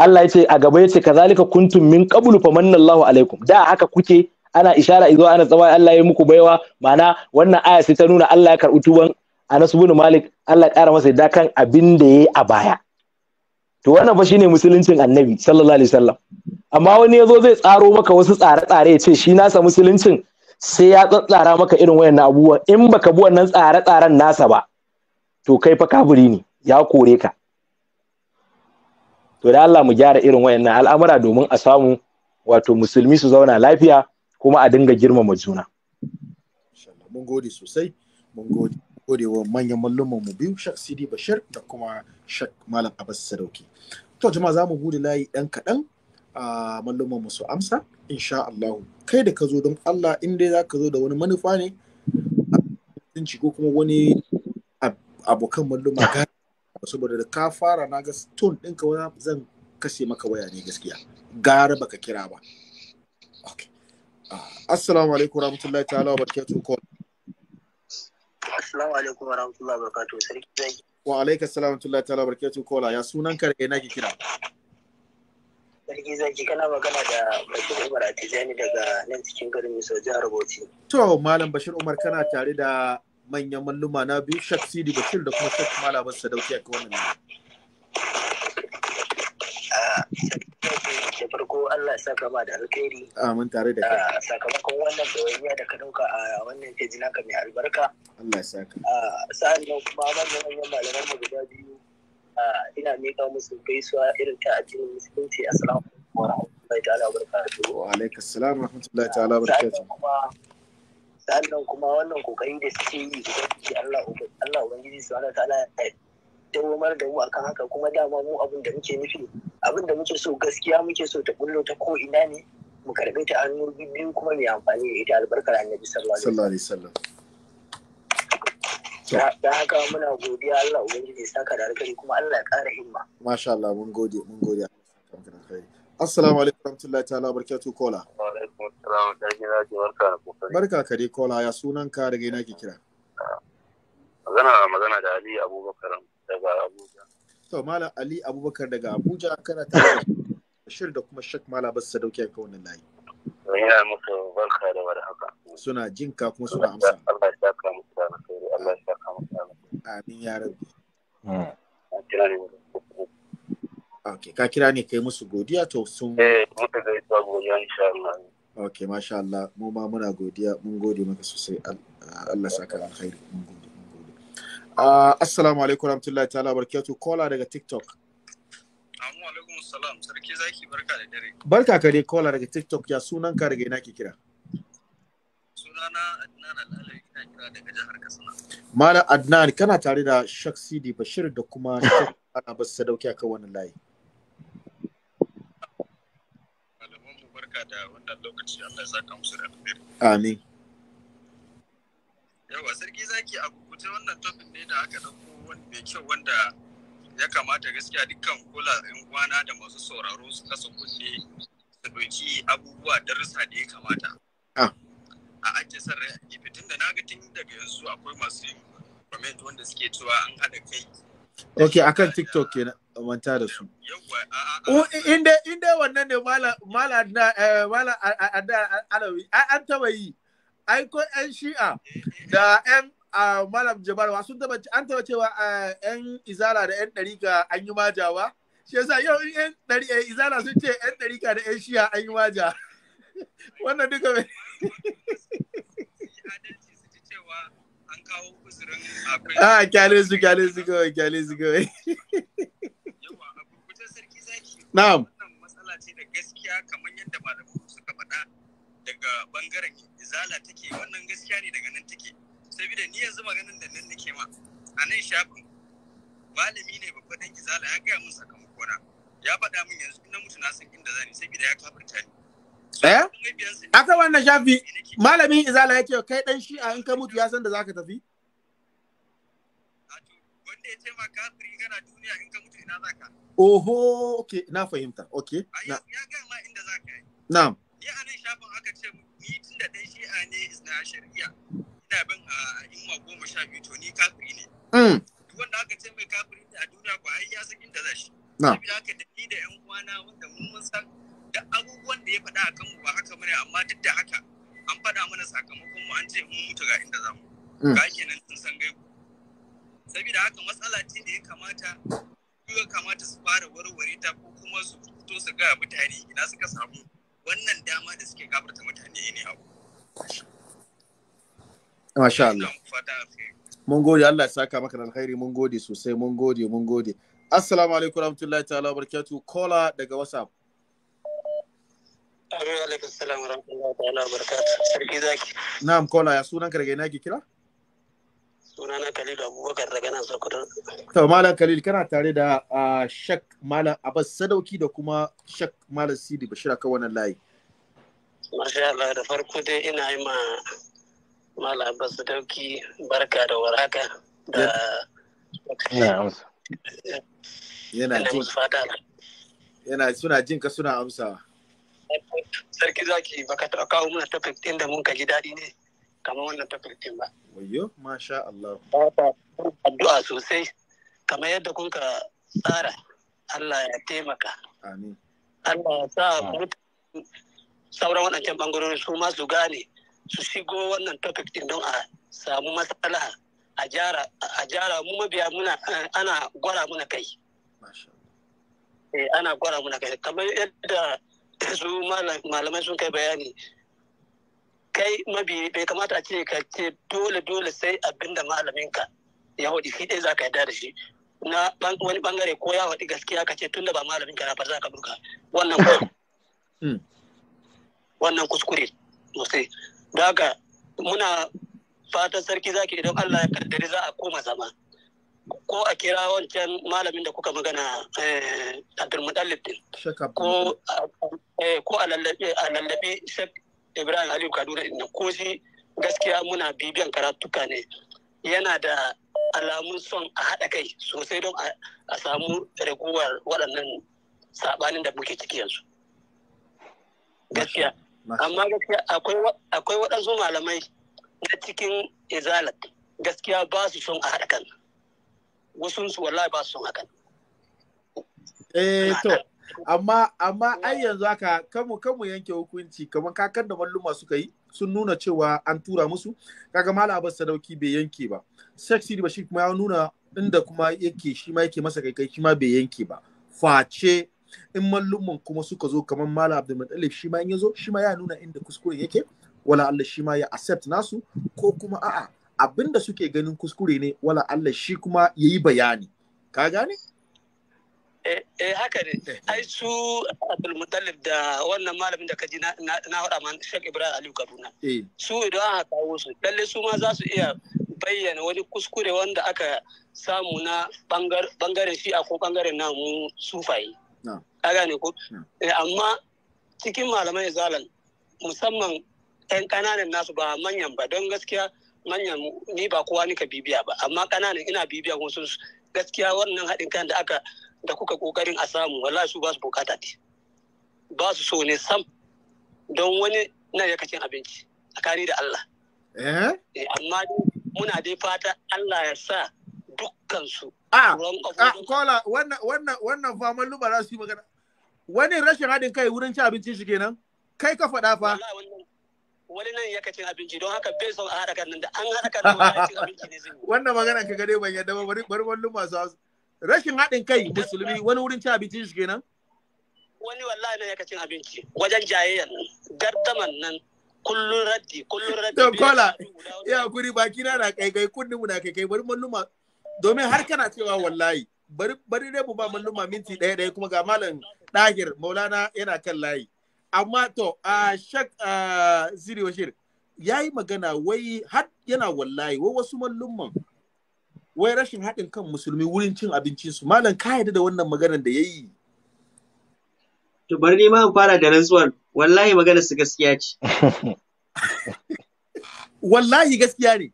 Allah ya ce a gaba ya ce kazalika kuntum min qablu Allahu alaikum da haka kuke ana ishara izuwa ana tsawa Allah ya muku baiwa ma'ana wannan aya sai ta nuna Allah ya karɓi tuban Anas ibn Malik Allah ya ƙara masa da kan abin da yayi a baya to wannan fa shine musuluncin annabi sallallahu alaihi wasallam amma wani yazo zai tsaro maka wasu tsare-tsare ya ce shi nasa musuluncin sai ya tsatsara maka irin wayannan abubuwan in baka bi wannan tsare-tsaren nasa ba to kai fa kaburi ne ya kore ka to da Allah mu gyara irin wayannan al'amura domin a samu wato musulmi su zauna lafiya kuma a dinga girmama juna mun gode sosai mun gode godewa manyan malluman mu biyu Shak Sidi Bashir da kuma Shak Malam Abbas Sadauki. To jama'a za mu bude layi ɗan kaɗan a mallumman mu su amsa insha allahu Kai da ka zo don Allah in dai za ka zo da wani manufa ne a ko kuma wani abokan malluma ga saboda da ka fara na ga stone ɗinka wani zan kashe maka waya ne gaskiya gara baka kira ba. Ah, assalamu alaikum warahmatullahi ta'ala wa barakatuh Assalamu alaikum wa rahmatullahi wa barakatuhu sarki zaki. Wa alaikum salam wa rahmatullahi ta'ala wa kola ya sunan ka na ki kira. Sarki zaki kana magana da Bashir Umar Atijani daga nan cikin garin Musa jihar Bauchi. To malam Bashir Umar kana tare da manyan malluma na biyu Shak Sidi Bashir da kuma Shak Malamin Sadauki a wannan. ce farko Allah saka ma da alkhairi amin tare da kai ah, sakamakon wannan dawaiya da ka dauka a wannan feji naka mai albarka Allah ya saka ah, sa'an nan kuma manyan wannan malaman mu guda biyu ah, ina miƙa musu gaisuwa irin ta addinin musulunci assalamu alaikum wa rahmatullahi ta'ala wa barakatuhu wa alaikum assalam wa rahmatullahi ta'ala wa barakatuhu sa'an nan kuma wannan kokari da suke yi Allah ubangiji subhanahu wa ta'ala dawamar da mu akan haka kuma dama mu abin da muke nufi abin da muke so gaskiya muke so ta bullo ta ko ina ne mu karbe ta hannu biyu kuma mai amfani da ita albarkar annabi sallallahu alaihi wasallam da haka muna godiya Allah ubangiji ya saka da alkhairi kuma Allah ya ƙara himma masha Allah mun gode mun gode Assalamu alaikum warahmatullahi ta'ala barkatu kola. Wa alaikum assalam barka da Barka ka dai kola ya sunan ka daga ina ke kira. Magana magana da Ali Abubakar daga Abuja. To Malam Ali Abubakar daga Abuja kana ta shir da kuma Sheikh Malam Bassa dauke a kawunan layi. Ina musu barka da warhaka. Suna jinka kuma suna amsa. Allah ya saka musu da alheri. Allah ya saka musu da alheri. Amin ya rabbi. Hmm. Okay, ka kira ne kai musu godiya to sun. Eh, muka gaisuwa godiya insha Allah. Ok, masha Allah, mu ma muna godiya, mun gode maka sosai. Allah saka alkhairi, mun gode. Uh, assalamu alaikum rahmatullahi ta'ala barkatu kola daga TikTok. Amu alaikum salam sarki zaki barka da dare. Barka kare kola daga TikTok ya sunan ka daga ina ke kira? Sunana Adnan Alalai ina kira daga jihar Katsina. Malam Adnan kana tare da Shak Sidi Bashir da kuma Shak Ana basu Sadauki akan wannan layi. Malaman mu barka da wannan lokaci Allah ya saka musu da alheri. Amin. yawa sarki zaki a kukuce wannan topic ne da aka dauko mai kyau wanda ya kamata gaskiya dukkan kula in kwana da masu sauraro su kasa kulle su doki abubuwa darussa da ya kamata ah. a ake son rai fitin da na ga tun daga yanzu akwai masu yin comment wanda suke cewa an hada kai Ok, akan TikTok kenan manta da su. Inde oh, inda wannan ne mala mala eh, mala alawi an taba yi. Aiko ko yan shi'a da yan malam jabarwa sun taba an taba cewa yan izara da yan ɗarika an yi majawa shi yasa yau in yan ɗari eh, izara sun ce yan ɗarika da yan shi'a an yi maja wannan duka mai an kawo a kyale su kyale su kawai kyale su kawai sarki zaki na'am wannan matsala ce da gaskiya kamar yadda malamu suka faɗa daga bangaren izala take wannan gaskiya ne daga nan take saboda ni yanzu maganin da nan nake ma a nan shafin malami ne babban dan izala ya gaya mun sakamakon ya faɗa min yanzu na mutu na san inda zani saboda ya kafirta ni eh aka wannan shafi malamin izala yake kai dan shi a in ka mutu ya san da zaka tafi wanda ya ce ma kafiri kana duniya in ka mutu ina zaka oho okay na fahimta okay na ya ga ma inda zaka yi na'am ni a nan shafin aka ce mu Mitin da ɗan shi'a ne na shari'a ina bin a imma goma sha biyu to ni kafiri ne. Mm. Duk wanda aka ce mai kafiri ne a duniya ko ai ya san inda za shi. Na. Saboda haka da ni da 'yan uwana wanda mun san da abubuwan da ya faɗa a kanmu ba haka bane amma duk da haka an faɗa mana sakamakon mu an ce mun mutu ga inda za mu. Ga mm. kenan sun san gaibu. Saboda haka matsala ce da ya kamata ya kamata su fara warware ta ko kuma su fito su ga mutane ina suka samu wannan dama da suke gabata mutane ne abu masha Allah mun gode Allah ya saka maka da alkhairi mun gode sosai mun gode mun gode assalamu alaikum warahmatullahi ta'ala barkatu kola daga whatsapp alaikum salam warahmatullahi ta'ala barkatu. sarki zaki na'am kola ya sunan ka daga ina ke kira sunana kalil Abubakar daga nan Sokoto. To Malam kalil kana tare da Shak Malam Abbas Sadauki da kuma Shak Malam Sidi Bashir kan wannan layi. Masha Allah da farko dai ina yi ma Malam Abbas Sadauki barka da waraka da Yana jin Yana suna jin ka suna amsawa. Sarki zaki baka ta kawo muna topic ɗin da mun ka ji ne. kamar wannan takarkin ba. Wayo, masha Allah. Addu'a sosai, kamar yadda kun ka tsara, Allah ya taimaka. Amin. Allah ya sa sauran waɗancan ɓangarori su ma su gane su shigo wannan topic don a samu matsala a jara mu mabiya muna ana gwara muna kai. Eh, ana gwara muna kai kamar yadda su malamai sun kai bayani kai mabi bai kamata a ce ka ce dole dole sai abinda malaminka ya hudu shi ɗaya za ka yarda da shi na wani bangare ko ya hudu gaskiya ka ce tunda ba malamin ka na farza ka duka wannan ko hmm. wannan kuskure sosai da muna fatan sarki zaki idan Allah ya kaddare za a koma zama ko a kira wancan malamin da kuka magana eh, Abdul Mutallib din ko a eh, lallabe ibrahim aliyu kaduna inda ko shi gaskiya muna bibiyan karatuka ne yana da alamun son a haɗa kai sosai don a samu raguwar waɗannan saɓanin da muke ciki yanzu gaskiya amma gaskiya akwai waɗansu malamai na cikin izalat gaskiya ba su son a haɗa kan wasunsu wallahi ba su son hakan eh to amma amma ai yanzu haka kamu kamu yanke hukunci kamar kakan da malluma suka yi sun nuna cewa an tura musu kaga malam abbas sadauki bai yanke ba sexy ba shi kuma ya nuna inda kuma yake shi ma yake masa kai shi ma bai yanke ba face in malluman kuma suka zo kamar malam abdulmutalib shi ma in ya zo shi ma ya nuna inda kuskure yake wala Allah shi ma ya accept nasu ko kuma a'a abinda suke ganin kuskure ne wala Allah shi kuma yayi bayani ka gane Eh, eh haka ne ai su abdulmutallib da wannan malamin da kaji na hada man shek ibrahim aliyu kaduna eh. su idan aka kawo su lalle su ma za su iya bayyana wani kuskure wanda aka samu na bangaren shi a ko bangaren namu sufaye a gane ko eh, amma cikin malamai zalan musamman 'yan kananan nasu ba manyan ba don gaskiya manyan ni ba kowa ni ka bibiya ba amma kananan ina bibiya wasu gaskiya wannan haɗin kan da aka da kuka kokarin a samu wallahi su ba su bukata ne ba su so ne sam don wani na ya kacin abinci tsakani da Allah Eh. eh amma muna dai fata Allah ya sa dukkan su a kola wannan wannan wannan fa mallu ba za su yi magana wani rashin hadin kai wurin cin abincin shi kenan kai ka faɗa fa wani nan ya kacin abinci don haka bai son a haɗa kan nan da an haɗa kan nan abinci ne zai wannan magana ka gare ban yadda ba bari bari mallu masu rashin haɗin kai musulmi wani wurin cin abinci shi kenan wani wallahi ne yaka cin abinci wajen jayayyan gardaman nan kullun raddi kullun raddi to kola ya kuri baki na na kai kai mu na kai kai bari malluma domin har kana cewa wallahi bari bari ne mu ba malluma minti ɗaya ɗaya kuma ga malam dahir maulana yana kan layi amma to a shak ziri ya yi magana wai har yana wallahi wai wasu malluman wai rashin haɗin kan musulmi wurin cin abincinsu malam ka yarda da wannan maganar da ya yi to bari ni ma in fara da rantsuwar wallahi maganar su gaskiya ce wallahi gaskiya ne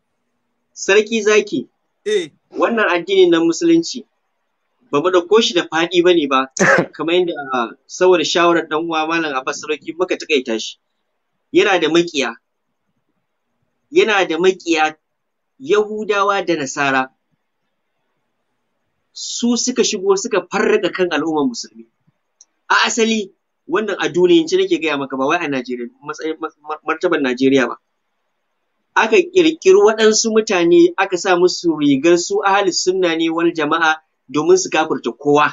sarki zaki eh wannan addini na musulunci ba mu da shi da faɗi ba ne ba kamar yadda saboda shawarar dan uwa malam Abbas Sarki muka takaita shi yana da makiya yana da makiya Yahudawa da Nasara su suka shigo suka farraka kan al'ummar musulmi a asali wannan a ce nake gaya maka ba wai a Najeriya matsayin martaban Najeriya ba aka kirkiri waɗansu mutane aka sa musu rigar su ahli sunna ne wal jama'a domin su kafirta kowa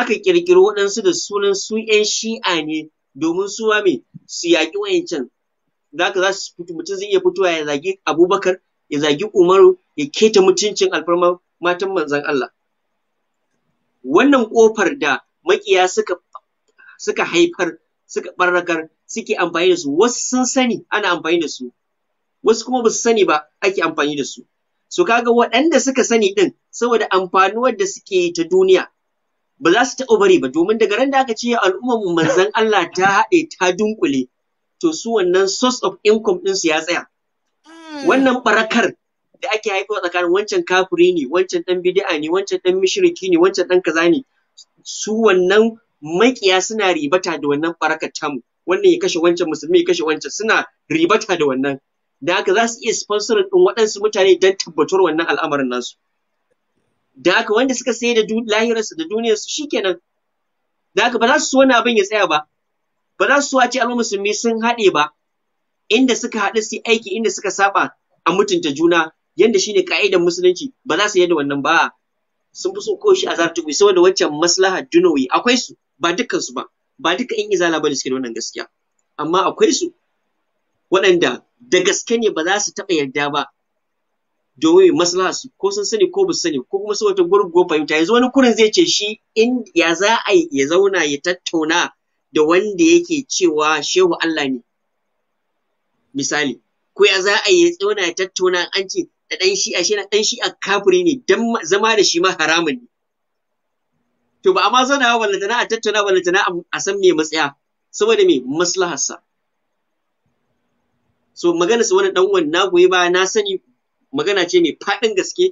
aka kirkiri waɗansu da sunan su yan shi'a ne domin su ma me su yaƙi wayancan zaka za su mutum zai iya fitowa ya zagi Abubakar ya zagi Umaru ya keta mutuncin alfarma matan manzan Allah wannan kofar da makiya suka suka haifar suka ɓarragar suke amfani da su wasu sun sani ana amfani da su wasu kuma ba su sani ba ake amfani da su so kaga waɗanda suka sani ɗin saboda amfanuwar da suke ta duniya ba za su taɓa bari ba domin daga ran da aka ce al'ummar manzon Allah ta haɗe ta dunkule to su wannan source of income ɗinsu ya tsaya hmm. wannan barakar da ake haifarwa tsakanin wancan kafiri ne wancan dan bid'a ne wancan dan mushriki ne wancan dan kaza ne su wannan makiya suna ribata da wannan barakar tamu wannan ya kashe wancan musulmi ya kashe wancan suna ribata da wannan da haka za su iya sponsorin din waɗansu mutane don tabbatar wannan al'amarin nasu da haka wanda suka sayar da lahirarsu da duniyarsu shikenan da haka ba za su so wani abin ya tsaya ba ba za su so a ce al'ummar musulmi sun haɗe ba inda suka haɗu su aiki inda suka saba a mutunta juna yanda shine ka'idar musulunci ba za su yadda wannan ba sun fi so ko shi a zartubi saboda waccan maslaha dunawi akwai su ba dukkan su ba ba duka in izala ba da suke da wannan gaskiya amma akwai su waɗanda da gaske ne ba za su taɓa yarda ba domin maslaha su ko sun sani ko ba sani ko kuma su wata gurguwar fahimta yanzu wani kurin zai ce shi in ya za a yi ya zauna ya tattauna da wanda yake cewa shehu Allah ne misali ko ya za a yi ya zauna ya tattauna an ce da ɗan shi'a shi na ɗan shi'a kafiri ne dan zama da shi ma haramun ne to ba amma zauna wa ballantana a tattauna ballantana a san me matsaya saboda me maslaharsa so magana su wani dan uwan na goyi ba na sani magana ce mai faɗin gaske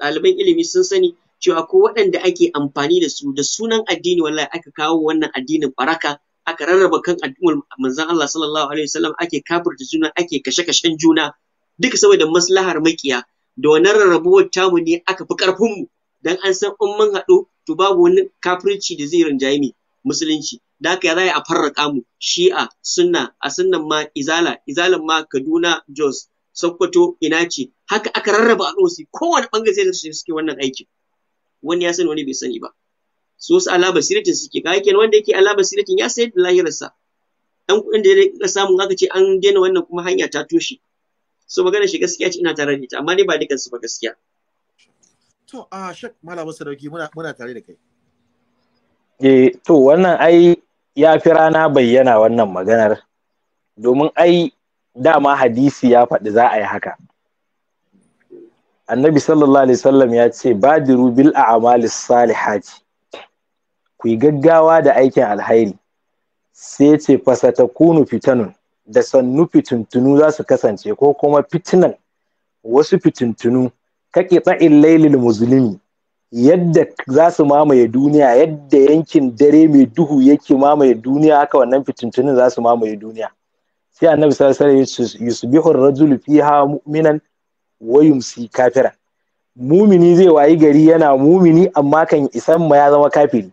ɗaliban ilimi sun sani cewa ko waɗanda ake amfani da su da sunan addini wallahi aka kawo wannan addinin baraka aka rarraba kan addinin manzon Allah sallallahu alaihi wasallam ake kafirta juna ake kashe-kashen juna duk saboda maslahar makiya da wannan rarrabuwar tamu ne aka fi karfin mu dan an san in mun haɗu to babu wani kafirci da zai rinjaye mu musulunci da haka za a farraka mu shi'a sunna a sunnan ma izala izalan ma kaduna jos sokoto ina ce haka aka rarraba a ko kowane ɓangare da su suke wannan aikin wani ya sani wani bai sani ba su wasu alaba suke ka kenan wanda yake alaba basiratin ya sayar da lahirarsa dan kuɗin da ya samu aka ce an daina wannan kuma hanya ta toshe so magana shi gaskiya ce ina tare da ita amma ne ba dukan su ba gaskiya to a shak malama sadauki muna muna tare da kai eh to wannan ai ya fi rana bayyana wannan maganar domin ai dama hadisi ya faɗi za a yi haka annabi sallallahu alaihi wasallam ya ce badiru bil a'malis salihat ku yi gaggawa da aikin alhairi sai ce fasata kunu fitanun da sannu fitintunu za su kasance ko kuma fitinan wasu fitintunu kake tsa'in lailil musulmi yadda za su mamaye duniya yadda yankin dare mai duhu yake mamaye duniya haka wannan fitintunin za su mamaye duniya sai annabi sallallahu alaihi wasallam yusbihu ar-rajulu fiha mu'minan wa yumsi kafiran mumini zai wayi gari yana mumini amma kan isan ma ya zama kafiri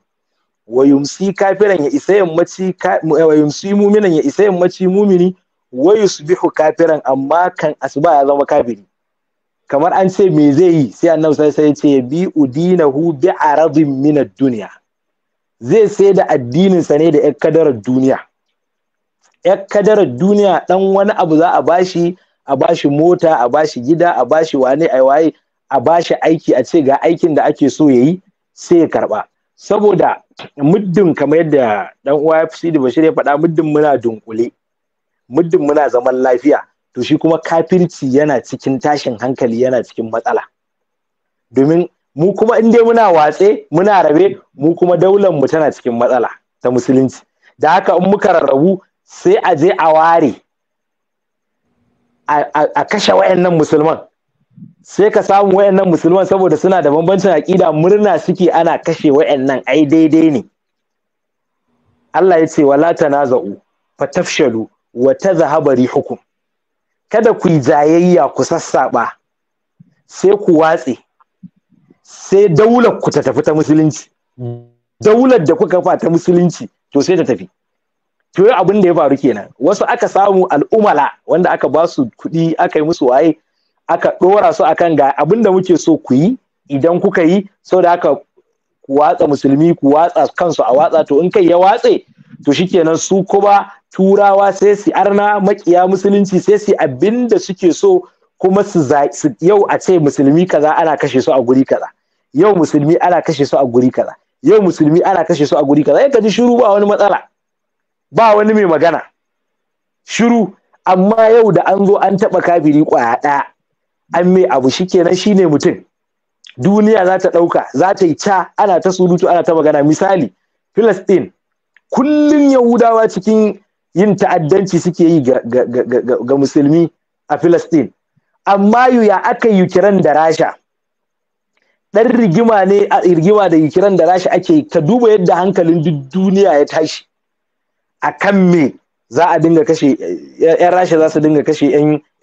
wa yumsi kafiran ya isa yammaci eh, wa yumsi muminan ya isa yammaci mumini wa yusbihu kafiran amma kan asuba ya zama kafiri kamar an ce me zai yi sai annabi sai sai ce bi udinahu bi aradin min ad-dunya zai sai da addinin sa ne da yar kadarar duniya yar kadarar duniya dan wani abu za a bashi a bashi mota a bashi gida a bashi wane ai waye a bashi aiki a ce ga aikin da ake so yayi sai ya karɓa. saboda muddin kamar yadda dan uwa fi da ya faɗa muddin muna dunkule muddin muna zaman lafiya to shi kuma kafirci yana cikin tashin hankali yana cikin matsala domin mu kuma in dai muna watse muna rabe mu kuma daular mu tana cikin matsala ta musulunci da haka in muka rarrabu sai a je a ware a kashe wayannan musulman sai ka samu wayannan musulman saboda suna da bambancin aƙida murna suke ana kashe wayannan ai daidai ne Allah ya ce wala tanaza'u fatafshalu wa habari hukum. kada ku yi jayayya ku sassaba sai ku watse sai daular ku ta tafi ta musulunci daular da kuka fa ta musulunci to sai ta tafi to abin da ya faru kenan wasu aka samu al'umala wanda aka ba su kuɗi aka yi musu waye aka ɗora su akan ga abin da muke so ku yi idan kuka yi sau da aka ku watsa musulmi ku watsa kansu a watsa to in kai ya watse to shikenan su ba turawa sai su arna makiya musulunci sai su abin da suke so kuma su yau a ce musulmi kaza ana kashe su a guri kaza yau musulmi ana kashe su a guri kaza yau musulmi ana kashe su a guri kaza ka ji shiru ba wani matsala ba wani mai magana shiru amma yau da an zo an taɓa kafiri ƙwaya ɗaya an mai abu shikenan shine mutum duniya za ta ɗauka za ta yi ca ana ta surutu ana ta magana misali Filistin kullum Yahudawa cikin yin ta'addanci suke yi ga, musulmi a Filistin amma ya aka yi Ukraine da Rasha ɗan rigima ne a rigima da Ukraine da Rasha ake ta duba yadda hankalin duk duniya ya tashi a kan me za a dinga kashe 'yan eh, Rasha za su dinga kashe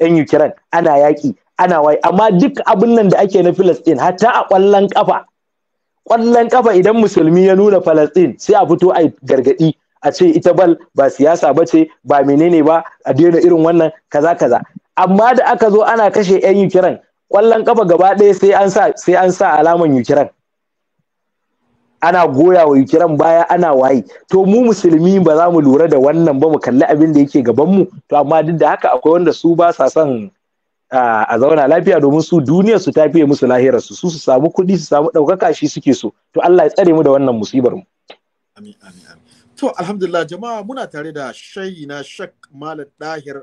'yan Ukraine ana yaƙi ana wai amma duk abin nan da ake na Filistin hatta a ƙwallon kafa ƙwallon kafa idan musulmi ya nuna Filistin sai a fito a gargadi a ce ita bal ba siyasa ba ce ba menene ba a daina irin wannan kaza kaza amma da aka zo ana kashe yan yukiran ƙwallon kafa gaba ɗaya sai an sa sai an sa alaman yukiran ana goya wa yukiran baya ana waye to mu musulmi ba za mu lura da wannan ba mu kalli abin da yake gaban mu to amma duk da haka akwai wanda su ba sa son a zauna lafiya domin su duniyar su ta fiye musu lahirar su su su samu kuɗi su samu ɗaukaka shi suke so to Allah ya tsare mu da wannan musibar mu amin amin amin to alhamdulillah jama'a muna tare da na shak malam dahir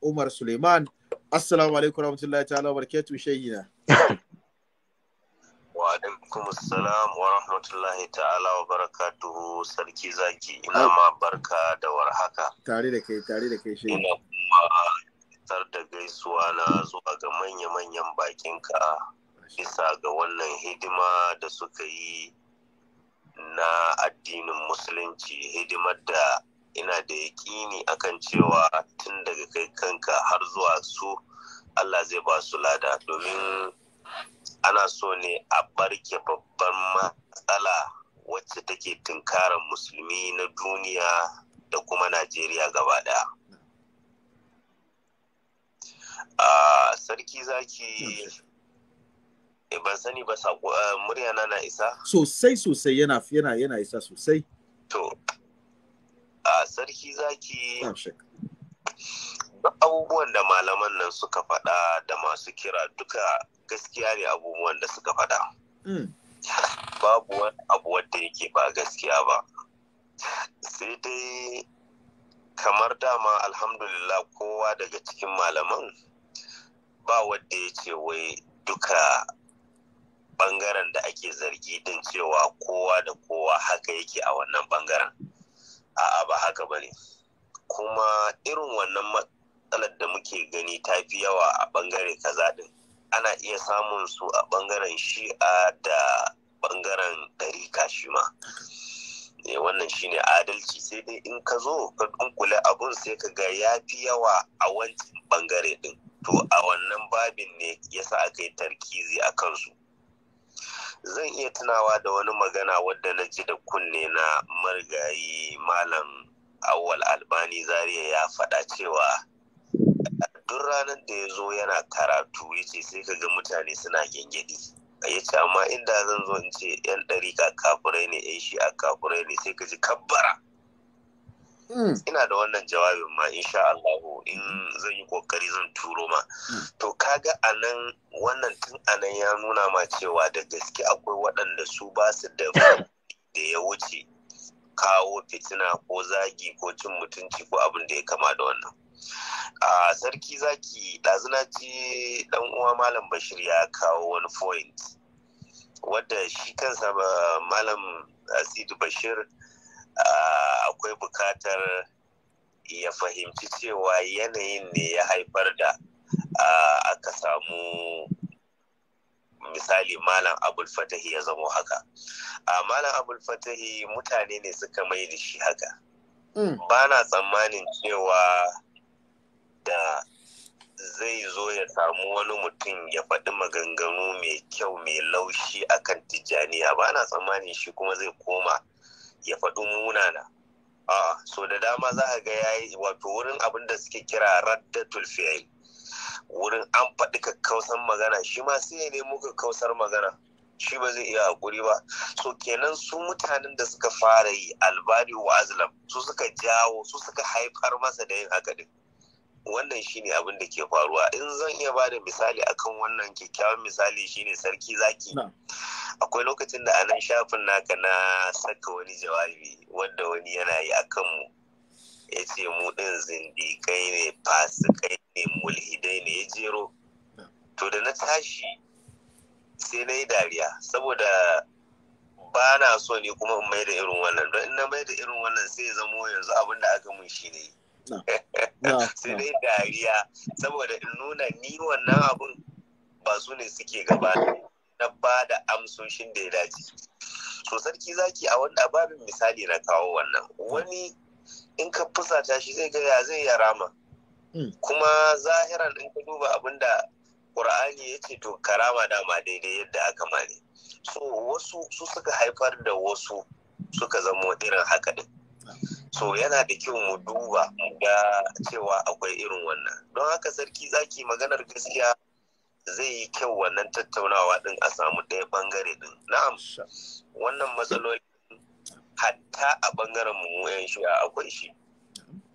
Umar Suleiman assalamu alaikum warahmatullahi ta'ala barakatuh na wa alaikum assalam wa rahmatullahi ta'ala wa barakatuh sarki zaki ina ma barka da warhaka tare da kai tare da kai shayina fitar da gaisuwa na zuwa ga manya-manyan bakinka bisa ga wannan hidima da suka yi na addinin musulunci hidimar da ina da yaƙini akan cewa tun daga kai kanka har zuwa su Allah zai ba su lada domin ana so ne a barke babban matsala wacce take tunkarar musulmi na duniya da kuma Najeriya gaba ɗaya. sarki zaki eh, ban sani ba eh, murya na na isa sosai sosai yana yana yana isa sosai to a sarki zaki abubuwan da malaman nan suka faɗa da masu kira duka gaskiya ne abubuwan da suka faɗa hmm. babu wani abu wadda yake ba gaskiya ba sai dai kamar dama alhamdulillah kowa daga cikin malaman ba wanda ya ce wai duka bangaren da ake zargi din cewa kowa da kowa haka yake a wannan bangaren a'a ba haka bane kuma irin wannan matsalar da muke gani ta fi yawa a bangare kaza din ana iya samun su a bangaren shi'a da bangaren ɗarika shi ma eh wannan shine adalci sai dai in ka zo ka dunkule abun sai ka ga ya fi yawa a wancan bangare din to a wannan babin ne yasa aka yi tarkizi a kansu zan iya tunawa da wani magana wadda na ji da kunne na margayi malam awwal albani zariya ya faɗa cewa duk ranar da ya zo yana karatu ya ce sai ka ga mutane suna gyangyaɗi ya ce amma inda zan zo in ce yan ɗarika kafurai ne yan shi a kafurai ne sai ka ji kabbara hmm. ina da wannan jawabin ma insha Allah in zan yi kokari zan turo ma hmm. to kaga anan wannan tun anan ya nuna ma cewa da gaske akwai waɗanda su ba su da da ya wuce kawo fitina ko zagi ko cin mutunci ko abin da ya kama da wannan a sarki zaki ɗazuna ce ɗan uwa malam bashir ya kawo wani point wadda shi kansa ba malam asidu bashir akwai bukatar ya fahimci cewa yanayin ne ya haifar da aka samu misali malam Abulfatahi ya zamo haka a malam Abulfatahi mutane ne suka mai da shi haka mm. ba na tsammanin cewa da zai zo ya samu wani mutum ya faɗi maganganu mai kyau mai laushi akan tijjaniya ba na tsammani shi kuma zai koma ya faɗi munana a so da dama za a ga yayi wato wurin abin da suke kira raddatul fi'il wurin an faɗi kakkausar magana shi ma sai ya nemo kakkausar magana shi ba zai iya hakuri ba so kenan su mutanen da suka fara yi albari wa azlam su suka jawo su suka haifar masa da yin haka din wannan shine abin da ke faruwa in zan iya ba da misali akan wannan kyakkyawan misali shine sarki zaki akwai lokacin da anan shafin naka na saka wani jawabi wanda wani yana yi akan mu ya ce mu ɗin zindikai ne fasikai ne mulhidai ne ya jero to da na tashi sai na yi dariya saboda ba na so ne kuma in mai da irin wannan don in na mai da irin wannan sai zamo yanzu abin da aka mun shi ne sai dai dariya saboda in nuna ni wannan abun ba su ne suke gaba na ba da amsoshin da ya dace to sarki zaki a wanda babin misali na kawo wannan wani in ka fusata shi zai gaya zai ya rama hmm. kuma zahiran in ka duba abinda da ƙur'ani ya ce to karama dama daidai yadda aka mani so wasu su suka haifar da wasu suka zamo irin haka din so yana da kyau mu duba ga cewa akwai irin wannan don haka sarki zaki maganar gaskiya zai yi kyau wannan tattaunawa din a samu ɗaya bangare din na'am wannan matsaloli hatta a bangaren mu yan shi akwai shi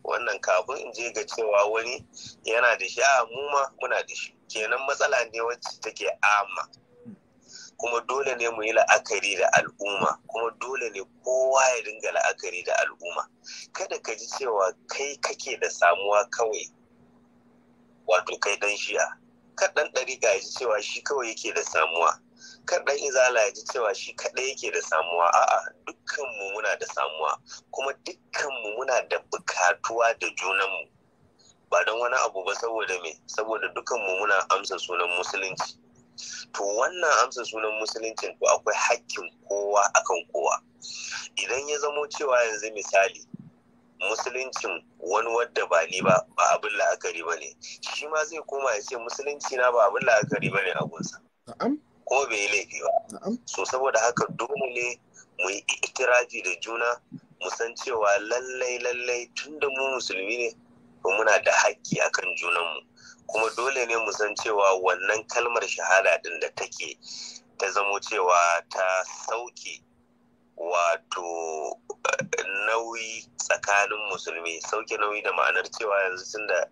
wannan kafin in je ga cewa wani yana da shi a mu ma muna da shi kenan matsala ne wacce take Amma? kuma dole ne mu yi la'akari da al'umma kuma dole ne kowa ya dinga la'akari da al'umma kada ka ji cewa kai kake da samuwa kawai wato kai dan shi'a kar ɗari ga ya ji cewa shi kawai yake da samuwa kar izala ya ji cewa shi kaɗai yake da samuwa a'a dukkanmu muna da samuwa kuma dukkanmu muna da bukatuwa da junanmu ba don wani abu ba saboda me saboda dukkanmu muna amsa sunan musulunci to wannan amsa sunan musuluncin ko akwai hakkin kowa akan kowa idan ya zamo cewa yanzu misali musuluncin wani wadda ba ni ba ba abin la'akari ba ne shi ma zai koma ya ce musulunci na ba abin la'akari ba ne a gunsa ko bai yi laifi ba so saboda haka dole ne mu yi itiraji da juna mu san cewa lallai lallai tunda mu musulmi ne to muna da hakki akan junanmu kuma dole ne mu san cewa wannan kalmar shahada din da take ta zamo cewa ta sauke wato eh, nauyi tsakanin musulmi sauke nauyi da ma'anar cewa yanzu da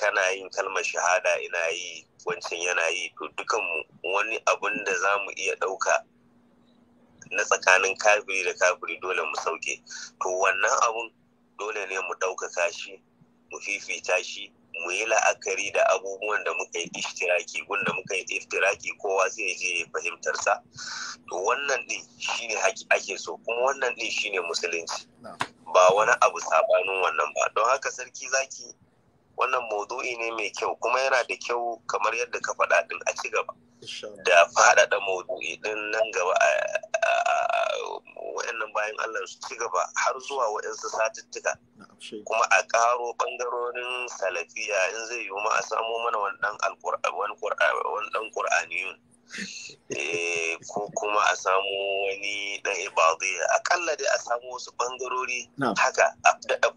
kana yin kalmar shahada ina yi wancan yana yi to dukanmu wani abun da za mu iya ɗauka na tsakanin kafiri da kafiri dole mu sauke to wannan abun dole ne mu ɗaukaka shi mu fifita shi mu yi la'akari da abubuwan da muka yi iftiraki gunda muka yi iftiraki kowa zai je ya fahimtar sa to wannan din shine ake so kuma wannan din shine musulunci ba wani abu sabanin wannan ba don haka sarki zaki wannan maudu'i ne mai kyau kuma yana da kyau kamar yadda ka faɗa din a ci gaba da faɗaɗa maudu'i din nan gaba wa'annan bayan Allah su ci gaba har zuwa wa'ansu satuttuka kuma a ƙaro ɓangarorin salafiya in zai yiwu ma a samo mana wani ɗan ƙur'aniyun Eh, ko kuma a samu wani dan ibadu akalla dai a samu wasu bangarori haka a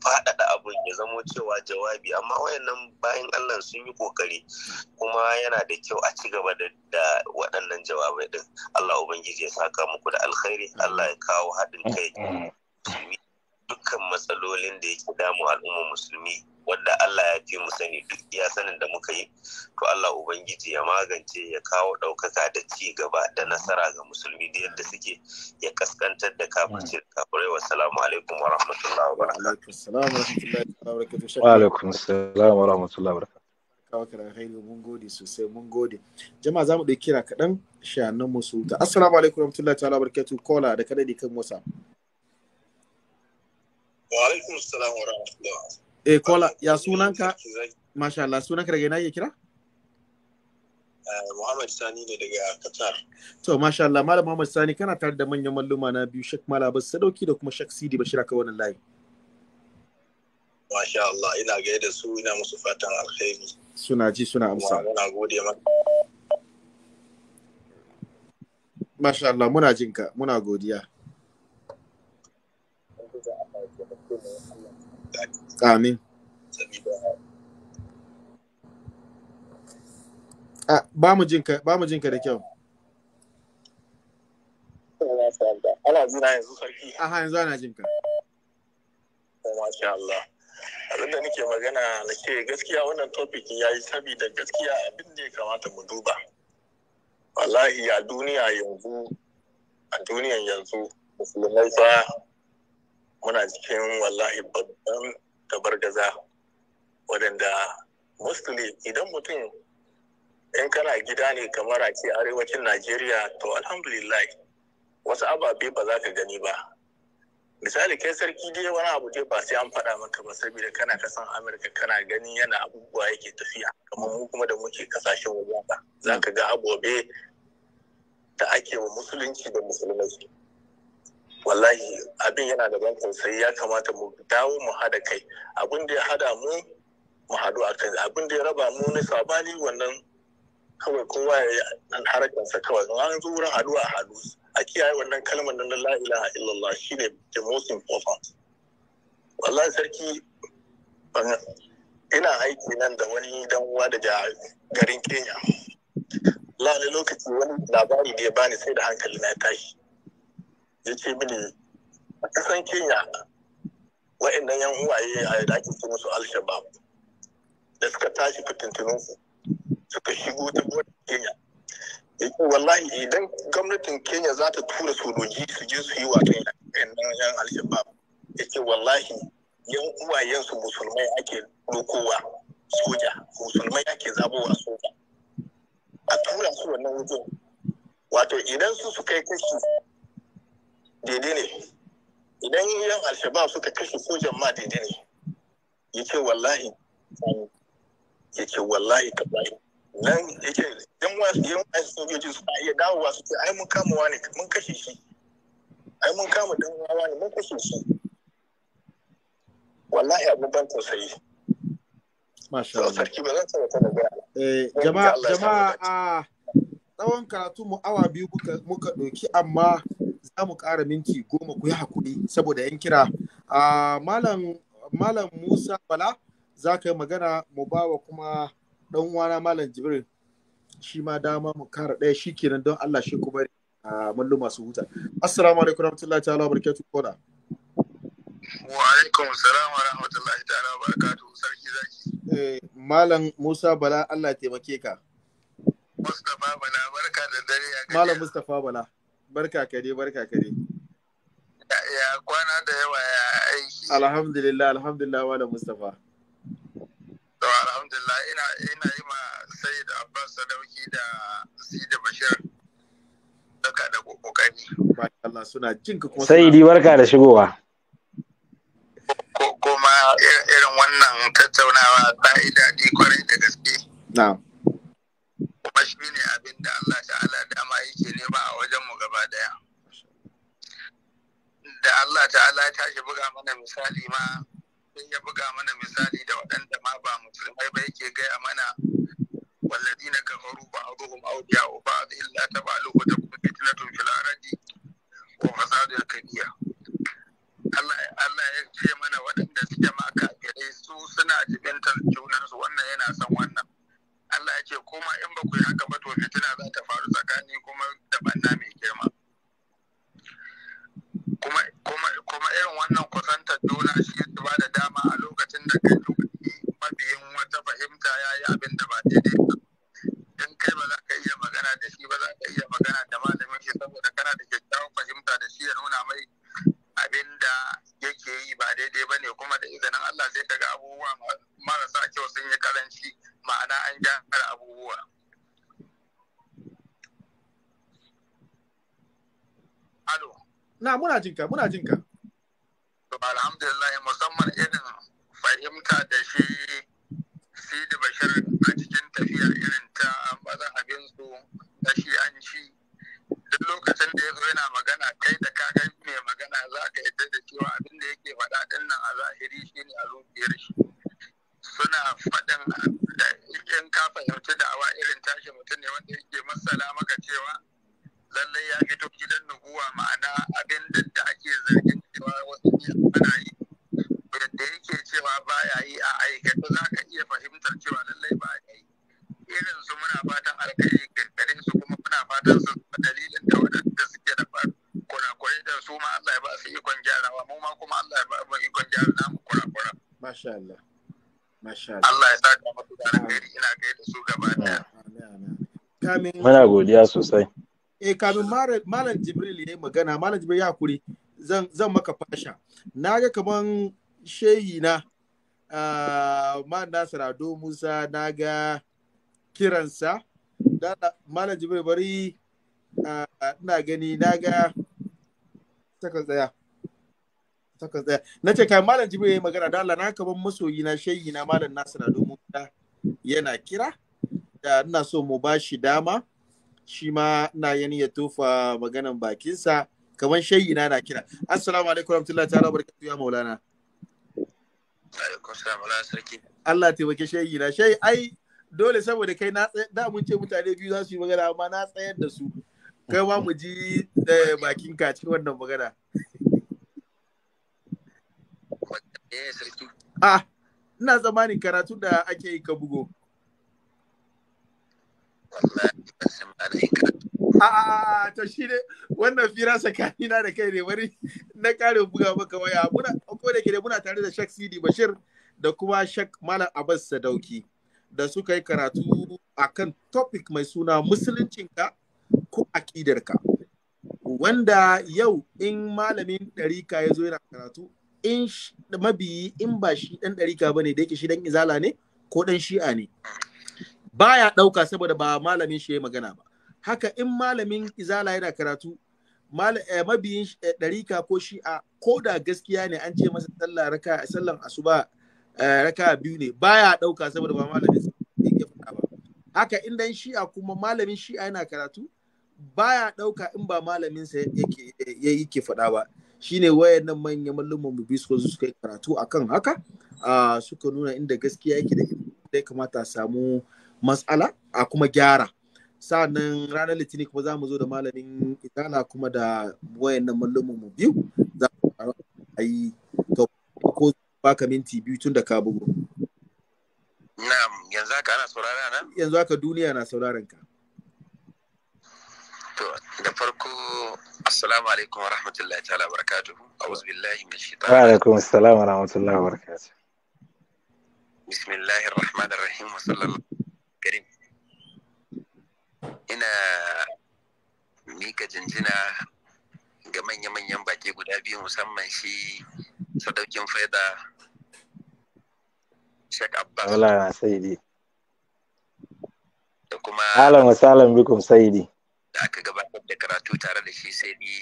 faɗaɗa abin ya zamo cewa jawabi amma wayannan bayan allah sun yi kokari kuma yana da kyau a ci gaba da waɗannan jawabai din allah ubangiji ya saka muku da alkhairi allah ya kawo haɗin kai mm-hmm. dukkan matsalolin da yake damu al'ummar musulmi wanda Allah ya fi mu sani duk iya sanin da muka yi to Allah ubangiji ya magance ya kawo ɗaukaka da ci gaba da nasara ga musulmi da yadda suke ya kaskantar da kafirci da kafirai wassalamu alaikum wa rahmatullahi wa barakatuh wa alaikum salam wa rahmatullahi wa barakatuh kawakar alheri mun gode sosai mun gode jama'a za mu ɗauki kira kaɗan shanan musu ta assalamu alaikum wa rahmatullahi wa barakatuh kola da kaɗai kan wasa Wa alaikum salam wa rahmatullah. Eh kola ya sunanka? Masha Allah sunanka daga ina ya kira? Eh, Muhammad Sani ne daga Qatar. To masha Allah Malam Muhammad Sani kana tare da manyan malluma na biyu Sheikh mala Abbas Sadauki da kuma Sheikh Sidi Bashir aka wannan layi. Masha Allah ina da su ina musu fatan alkhairi. Suna ji suna amsa. Muna gode maka. Masha Allah muna jinka muna godiya. Amin. Ah, ba mu jinka da kyau. Ana zina yanzu sarki. Aha yanzu ana jinka. Oh, Masha Allah. abin da nake magana na ke gaskiya wannan topic ya yi saboda gaskiya abin da ya kamata mu duba wallahi a duniya yanzu a duniyan yanzu musulmai fa muna cikin wallahi babban gaza waɗanda mostly idan mutum in kana gida ne kamar a ce arewacin najeriya to alhamdulillah wasu ababe ba za ka gani ba misali kai sarki dai wani abu dai ba sai an faɗa maka ba saboda kana kasan amurka kana gani yana abubuwa yake tafiya kamar mu kuma da muke kasashen wajen ba za ka ga abubuwa da ake wa musulunci da musulmai wallahi abin yana da ban sai ya kamata mu dawo mu hada kai abin da ya hada mu mu hadu a kai abin da ya raba mu na sabani wannan kawai kowa ya yi an harakansa kawai an zo wurin haduwa a hadu a kiyaye wannan kalmar nan na la ilaha illallah shine the most important wallahi sarki ina aiki nan da wani dan uwa daga garin Kenya lani lokaci wani labari da ya bani sai da hankali na tashi ya ce mini a kasan kenya wa'annan yan uwaye a da ake ce musu al-shabab da suka tashi fitintunansu suka shigo ta gwamnatin kenya ya ce wallahi idan gwamnatin kenya za ta tura sojoji su je su yi wato yan yan al-shabab ya ce wallahi yan uwayensu musulmai ake rokowa soja musulmai ake zabowa soja a tura su wannan wajen wato idan su suka yi kashi daidai ne idan yan alshabab suka kashe ko jama'a daidai ne ya ce wallahi ya ce wallahi bayi nan ya ce yan wasu yan wasu sojojin suna iya dawowa su ce ai mun kama wani mun kashe shi ai mun kama dan wawa ne mun kashe shi wallahi abu ban tausayi Sarki ba zan taɓa ta da eh, Jama'a, jama'a, tsawon karatu mu awa biyu muka ɗauki amma za mu ƙara minti goma ku yi hakuri saboda yan kira malam musa bala za ka yi magana mu ba wa kuma ɗan uwana malam jibril shi ma dama mu kara ɗaya shi kenan don allah shi kuma mallu masu huta assalamu alaikum rahmatullahi ta'ala wa barakatuh kola wa alaikum salam wa rahmatullahi ta'ala wa barakatuh sarki zaki eh, malam musa bala allah taimake ka Mustapha Bala, barka da dare. Malam Mustapha Bala. barka kare barka kare ya kwana da yawa ya aiki alhamdulillah alhamdulillah wala mustafa to alhamdulillah ina ina yi ma sayyid abbas sadauki da sayyid bashir daga da kokari Allah suna jin ka kuma sayyidi barka da shigowa kuma irin wannan tattaunawa ta yi daɗi kwarai da gaske na'am kuma shi ne abin da Allah ta'ala dama yake nema a wajen mu gaba daya da Allah ta'ala ya tashi buga mana misali ma sai ya buga mana misali da waɗanda ma ba musulmai ba yake gaya mana والذين كفروا بعضهم أولياء بعض إلا تفعلوه تكون فتنة في الأرض وفساد كبير Allah ya ce mana waɗanda suke ma kafirai su suna jibintar junansu wannan yana son wannan Allah ya ce kuma in ba ku yi haka ba to fitina za ta faru tsakani kuma da banna mai girma kuma irin wannan kwasantar juna shi ya ba da dama a lokacin da kai mabiyin wata fahimta ya yi abin da ba daidai ba in kai ba za ka iya magana da shi ba za ka iya magana da malamin shi saboda kana da kyakkyawan fahimta da shi ya nuna mai abin da yake yi ba daidai ba ne kuma da izinin Allah zai daga abubuwa marasa kyau sun yi karanci ma'ana an gyara abubuwa. Alo. Na muna jinka, muna jinka. To alhamdulillah musamman irin fahimta da shi Sidi Bashir a cikin tafiya irin ta mazhabin su da shi an ci duk lokacin da ya zo yana magana kai da kagan magana za ka yadda da cewa abin da yake faɗa ɗin nan a zahiri shi ne a zuciyar shi suna faɗin da in ka fahimci dawa irin tashi mutum ne wanda yake masala maka cewa lallai ya fito gidan nubuwa ma'ana abin da ake zargin cewa wasu ne ana yi da yake cewa ba ya yi a aikata za ka iya fahimtar cewa lallai ba ya yi irin su muna fatan alkai gargarin su kuma muna fatan su dalilin da waɗanda suke da faru kurakurai da su ma Allah ya ba su ikon gyarawa mu ma kuma Allah ya ba mu ikon gyara namu kurakura masha Allah masha Allah Allah ya saka musu da gari, ina gai da su gaba daya kamin muna godiya sosai eh kamin malam Jibril yayi magana malam Jibril ya hakuri zan zan maka fasha naga kaman shehi na uh, ah, man Nasir Ado Musa na ga kiransa Malam Jibril bari ah, na gani na ga takan tsaya takan tsaya na ce kai malam yayi magana da Allah na kaban masoyi na shehi na malam nasir ado musa yana kira da ina so mu ba shi dama shi ma ina yani ya tofa maganan bakinsa kaman shehi na na kira assalamu alaikum warahmatullahi ta'ala barakatuhu ya maulana Allah ta yi sarki Allah taimake na shehi ai dole saboda kai na da mun ce mutane biyu za su yi magana amma na tsayar da su kai ma mu ji eh, bakin kaci wannan magana ah ina tsammanin karatu da ake yi ka bugo A'a, ah, to shi ne wannan fira tsakanina da kai ne wani na kare buga maka waya. Muna ko da ke da muna tare da Shak Sidi Bashir da kuma Shak Malam Abbas Sadauki da suka yi karatu akan topic mai suna musuluncinka ko akidarka wanda yau in malamin ɗarika ya zo yana karatu in mabiyi in ba shi ɗan ɗarika ba ne da yake shi ɗan izala ne ko ɗan shi'a ne baya ɗauka saboda ba malamin shi ya magana ba haka in malamin izala yana karatu eh, mabiyin eh, ɗarika ko shi'a ko da gaskiya ne an ce masa sallah raka sallan asuba eh, raka biyu ne baya ɗauka saboda ba malamin yake faɗa ba haka in dan shi'a kuma malamin shi'a yana karatu baya ɗauka in ba malaminsa ya yake ke faɗa ba shine wayan nan manyan malluman mu bisko suka yi karatu akan haka suka nuna inda gaskiya yake da ya kamata a samu matsala a kuma gyara sa'annan ranar litinin kuma za mu zo da malamin itala kuma da wayan nan malluman mu biyu za mu a yi ko baka minti biyu tun da ka bugu. Na'am yanzu haka ana saurara na? Yanzu haka duniya na sauraron ka. To, da farko, Assalamu alaikum wa rahmatullahi ta'ala wa barakatuhu, a'udhu billahi min shaitan. Wa alaikum assalam wa rahmatullahi wa barakatuhu. Bismillahir Rahmanir Rahim wa sallallahu karim. Ina mika jinjina ga manya-manyan baki guda biyu musamman shi sadaukin faida Sheikh Abbas. Wala na sayyidi. Da kuma Alan wa salam bikum sayidi. da aka gabatar da karatu tare da shi sai ni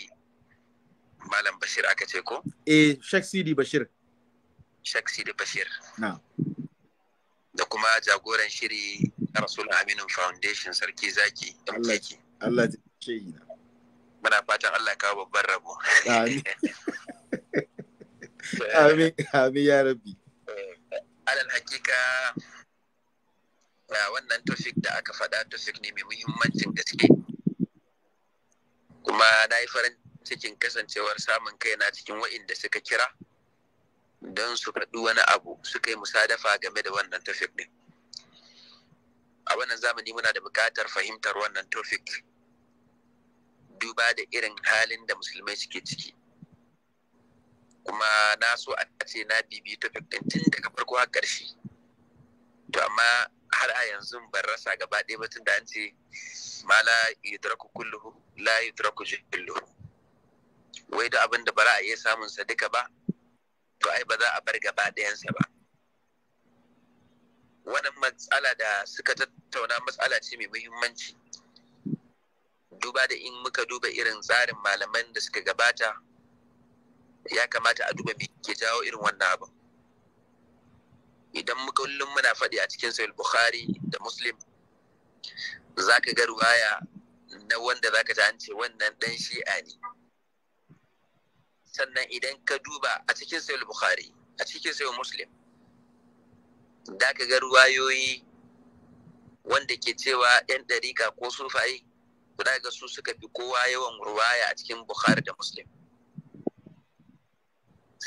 malam bashir aka ce ko eh shek sidi bashir shek sidi bashir na da kuma jagoran shiri na rasul aminun foundation sarki zaki mkk Allah ta ce yi na muna fatan Allah kawo babban rabo amin amin ya rabbi alal hakika wannan tofik da aka faɗa tofik ne mai muhimmancin gaske kuma na yi farin cikin kasancewar samun kai na cikin wa'inda suka kira don su faɗi wani abu suka yi musadafa game da wannan tofik ɗin a wannan zamani muna da buƙatar fahimtar wannan tofik duba da irin halin da musulmai suke ciki kuma na so a ce na bibi tofik ɗin tun daga farko har ƙarshe to amma har a yanzu ban rasa gaba ɗaya batun da an ce ma yudraku kulluhu la yudraku wai da abin da ba za a iya samun sa duka ba to ai ba za a bar gaba ɗayansa ba wannan matsala da suka tattauna matsala ce mai muhimmanci duba da in muka duba irin tsarin malaman da suka gabata ya kamata a duba me ke jawo irin wannan abin idan kullum muna faɗi a cikin sahih bukhari da muslim zaka ga ruwaya na wanda zaka ka an ce wannan dan shi'a ne sannan idan ka duba a cikin sahih bukhari a cikin sahih muslim ka ga ruwayoyi wanda ke cewa yan ɗarika ko sufai guda ga su suka fi kowa yawan ruwaya a cikin bukhari da muslim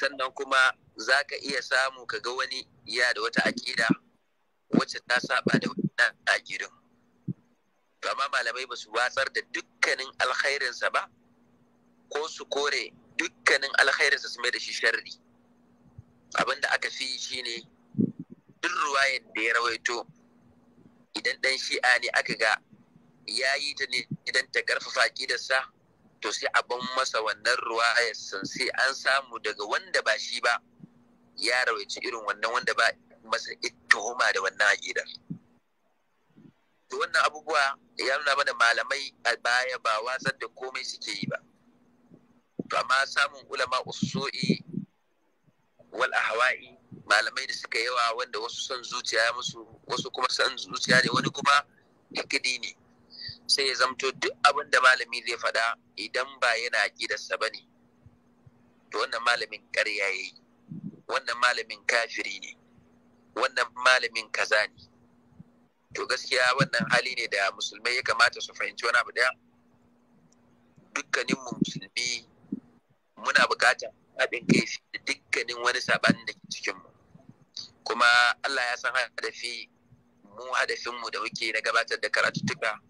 sannan kuma za ka iya samu ka ga wani ya da wata aƙida wacce ta saba da wannan gidan amma malamai ba su watsar da dukkanin alkhairinsa ba ko su kore dukkanin alkhairinsa su mai da shi sharri abinda aka fi shi ne duk ruwayar da ya rawaito idan ɗan shi'a ne aka ga ya yi ta ne idan ta ƙarfafa aƙidarsa to sai a ban masa wannan ruwayar sai an samu daga wanda ba shi ba ya rawaici irin wannan wanda ba masa tuhuma da wannan aƙidar. To wannan abubuwa ya nuna mana malamai a baya ba watsar da komai suke yi ba. To amma samun ulama usu'i wal ahwa'i malamai da suka yawa wanda wasu son zuciya musu wasu kuma son zuciya ne wani kuma hikidi ne. sai ya zamto duk abin da malami zai faɗa idan ba yana aƙidarsa ba ne to wannan malamin ƙarya ya yi wannan malamin kafiri ne wannan malamin kaza ne to gaskiya wannan hali ne da musulmai ya kamata su fahimci wani abu daya dukkanin musulmi muna buƙatar haɗin kai da dukkanin wani saɓanin da ke cikinmu kuma Allah ya san hadafi mu hadafinmu da muke na gabatar da tuka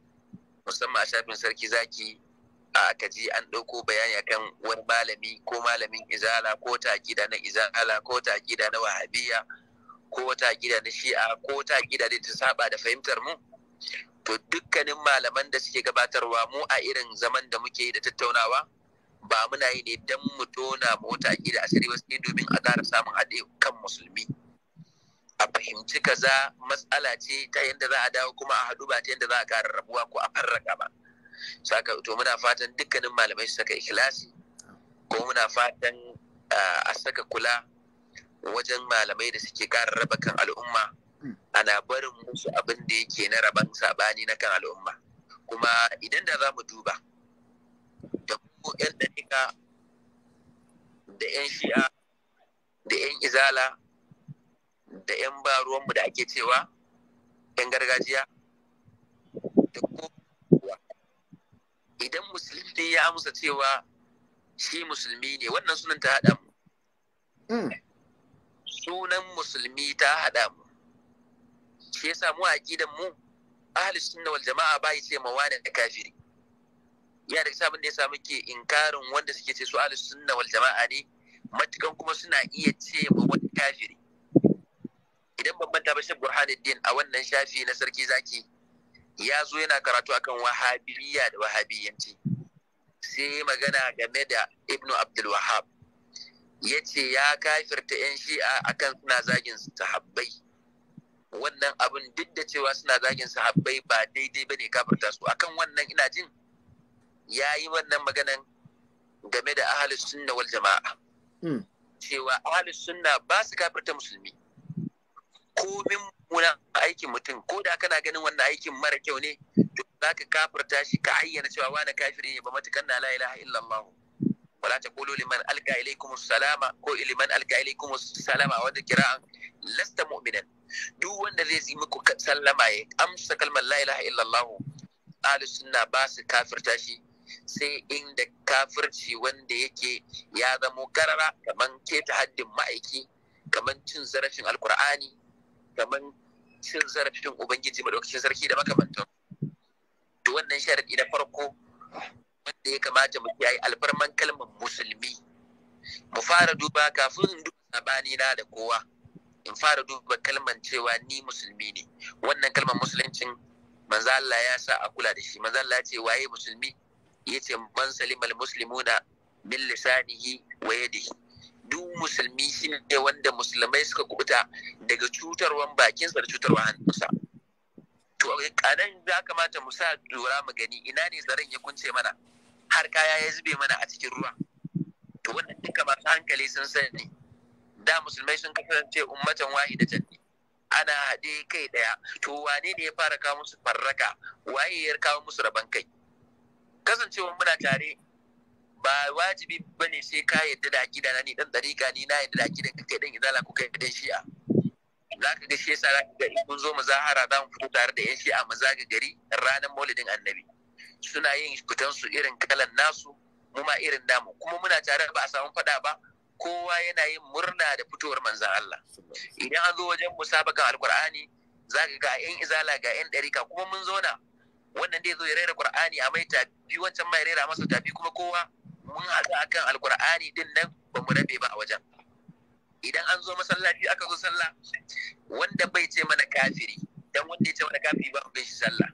musamman a shafin sarki zaki a kaji an ɗauko bayani akan wani malami ko malamin izala ko ta gida na izala ko ta gida na wahabiya ko ta gida na shi'a ko ta gida da ta saba da fahimtar mu to dukkanin malaman da suke gabatarwa mu a irin zaman da muke da tattaunawa ba muna yi ne don mu tona mu wata a asiri wasu ne domin a ƙara samun haɗe kan musulmi a fahimci kaza matsala ce ta yadda za a dawo kuma a haɗu ba ta yadda za a ƙara rabuwa ko a farraka ba saka to muna fatan dukkanin malamai su saka ikilasi ko muna fatan a saka kula wajen malamai da suke ƙara raba kan al'umma ana barin musu abin da yake na raban sabani na kan al'umma kuma idan da za mu duba da ku 'yan da 'yan shi'a da 'yan izala da 'yan ba ruwanmu da ake cewa 'yan gargajiya da kowa idan musulmi ne ya amsa cewa shi musulmi ne wannan sunan ta haɗa mu hmm. sunan musulmi ta haɗa mu shi yasa mu a gidan mu ahli sunna wal jama'a bai ce ma wani da kafiri ya da sabon da samu muke inkarin wanda suke ce su ahli sunna wal jama'a ne matukan kuma suna iya ce ma wani kafiri idan babban ta ba burhanuddin a wannan shafi na sarki zaki ya zo yana karatu akan wahabiyya da wahabiyyanci sai magana game da ibnu abdul wahab ya ce ya kafirta 'yan shi'a akan suna zagin sahabbai wannan abin duk da cewa suna zagin sahabbai ba daidai ba ne kafirta su akan wannan ina jin ya yi wannan maganan game da ahalus sunna wal jama'a hmm. cewa ahalus sunna ba su kafirta musulmi komin muna aikin mutum ko da kana ganin wannan aikin mara kyau ne to za ka kafirta shi ka ayyana cewa wani kafiri ne ba matukan na la ilaha illallah wala taqulu liman alqa ilaykum salama ko liman alqa ilaykum salama wanda kira'an lasta mu'minan duk wanda zai yi muku sallama ya amsa kalmar la ilaha illallah ahlus sunna ba su kafirta shi sai inda kafirci wanda yake ya zamo karara kaman keta haddin ma'aiki kamar cin zarafin alkur'ani kaman cin zarafin ubangiji maɗaukacin sarki da makamantan to wannan sharadi na farko wanda ya kamata mu yi alfarman kalmar musulmi mu fara duba kafin in duba sabani na da kowa in fara duba kalmar cewa ni musulmi ne wannan kalmar musuluncin manzo Allah ya sa a kula da shi manzo Allah ya ce waye musulmi yace man salimal muslimuna min lisanihi wa yadihi duk musulmi shi ne wanda musulmai suka kubuta daga cutarwan bakinsa da cutarwan hannunsa to kanan za kamata mu sa lura mu gani ina ne zaren ya kunce mana har kaya ya zube mana a cikin ruwa to wannan duka masu hankali sun sani da musulmai sun kasance ummatan da ne ana haɗe kai ɗaya to wane ne ya fara kawo musu farraka waye ya kawo musu rabon kai kasancewa muna tare ba wajibi ba ne sai ka yadda da akida na ni dan dariƙa ni na yadda da akidan kai dan izala ko kai dan shi'a za ka ga shi yasa za ka ga mun zo mu zahara za mu fito tare da yan shi'a mu zaga gari ranar maulidin annabi suna yin fitan su irin kalan nasu mu ma irin namu kuma muna tare ba a samu faɗa ba kowa yana yin murna da fitowar manzan Allah idan an zo wajen mu musabakan alkur'ani za ka ga yan izala ga yan ɗarika kuma mun zauna wannan dai zo ya rera qur'ani a mai tafi wancan mai rera masa tafi kuma kowa mun haɗu kan Alƙur'ani din nan ba mu rabe ba a wajen idan an zo masallaci aka zo sallah wanda bai ce mana kafiri dan wanda ya ce mana kafiri ba bai shi sallah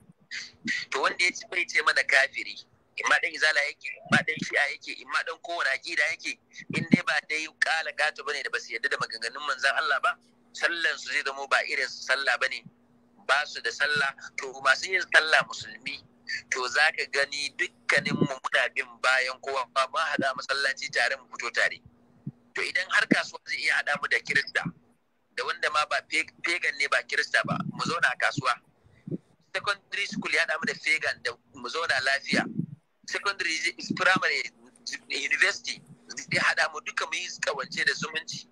to wanda ya ce bai ce mana kafiri in ma dan izala yake in ma dan shi'a yake in ma dan kowane aƙida yake in dai ba dai kala ba ne da basu yarda da maganganun manzan Allah ba sallan su zai zamo ba irin sallah ba ne, ba su da sallah to masu yin sallah musulmi to za ka gani dukkanin mu muna bin bayan kowa ba ma hada masallaci tare mu fito tare to idan har kasuwa zai iya hada mu da kirista da wanda ma ba pagan ne ba kirista ba mu zauna a kasuwa secondary school ya hada mu da pagan da mu zauna lafiya secondary primary university zai hada mu duka mu yi kawance da zumunci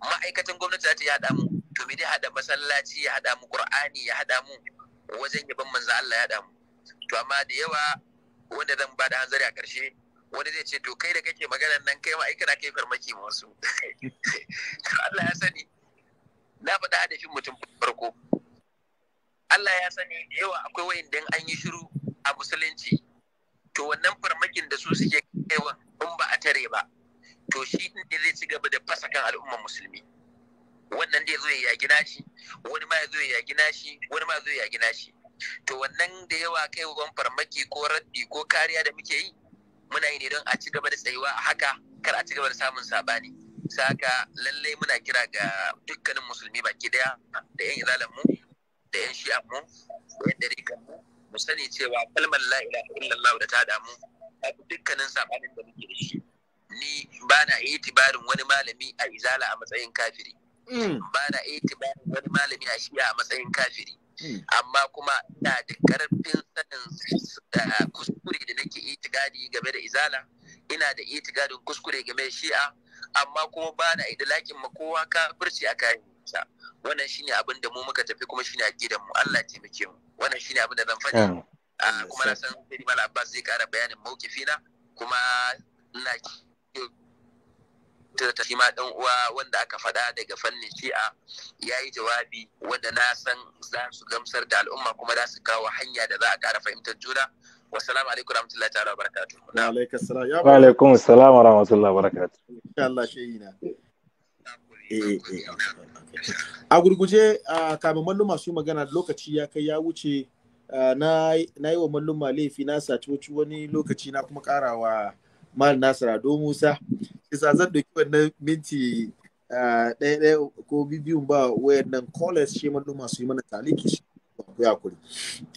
ma'aikatan gwamnati za ta yi hada mu to me dai hada masallaci ya hada mu qur'ani ya hada mu wajen yaban manzo Allah ya hada mu to amma da yawa wanda zan ba da hanzari a ƙarshe wani zai ce to kai da kake maganan nan kai ma kai farmaki ma wasu Allah ya sani na faɗa shi mutum farko Allah ya sani da yawa akwai dan an yi shiru a musulunci to wannan farmakin da su suke kaiwa in ba a tare ba to shi ne zai ci gaba da fasa kan al'ummar musulmi wannan dai zo ya gina shi, wani ma ya zo ya gina shi, wani ma ya zo ya gina shi. to wannan da yawa kai wan farmaki ko raddi ko kariya da muke yi muna yi ne don a ci gaba da tsayuwa a haka kar a ci gaba da samun sabani saka lallai muna kira ga dukkanin musulmi baki daya da yan izalan mu da yan shi'an mu da yan dariƙan mu mu sani cewa kalmar la ilaha illallah da ta damu a dukkanin sabanin da muke da shi ni ba na itibarin wani malami a izala a matsayin kafiri mm. ba na itibarin wani malami a shi'a a matsayin kafiri Mm. amma kuma da da karfin sanin da eh, kuskure da nake itigadi game da izala ina da itigadin kuskure game da shi'a amma kuma ba na idalakin makowa kowa birci a kayan sa wannan shine abin da mu muka tafi kuma shine aqidan mu Allah ya taimake mu wannan shine abin da zan faɗi ah, kuma na san Sayyid Abbas zai kara bayanin mawqifina kuma ina ta shi ma dan uwa wanda aka faɗa daga fannin shi'a ya yi jawabi wanda na san za su gamsar da al'umma kuma za su kawo hanya da za a ƙara fahimtar juna wasalamu alaikum rahmatullahi ta'ala wa barakatuh wa alaikum salam wa alaikum salam wa rahmatullahi wa barakatu insha Allah shehi na a gurguje kamin malluma su magana lokaci ya kai ya wuce na yi wa malluma laifi na saci wani lokaci na kuma karawa mal nasara do musa isa zan doki wannan minti ɗaya ɗaya ko bibiyun ba wayan nan college shi duma su yi mana taliki shi ku yakuri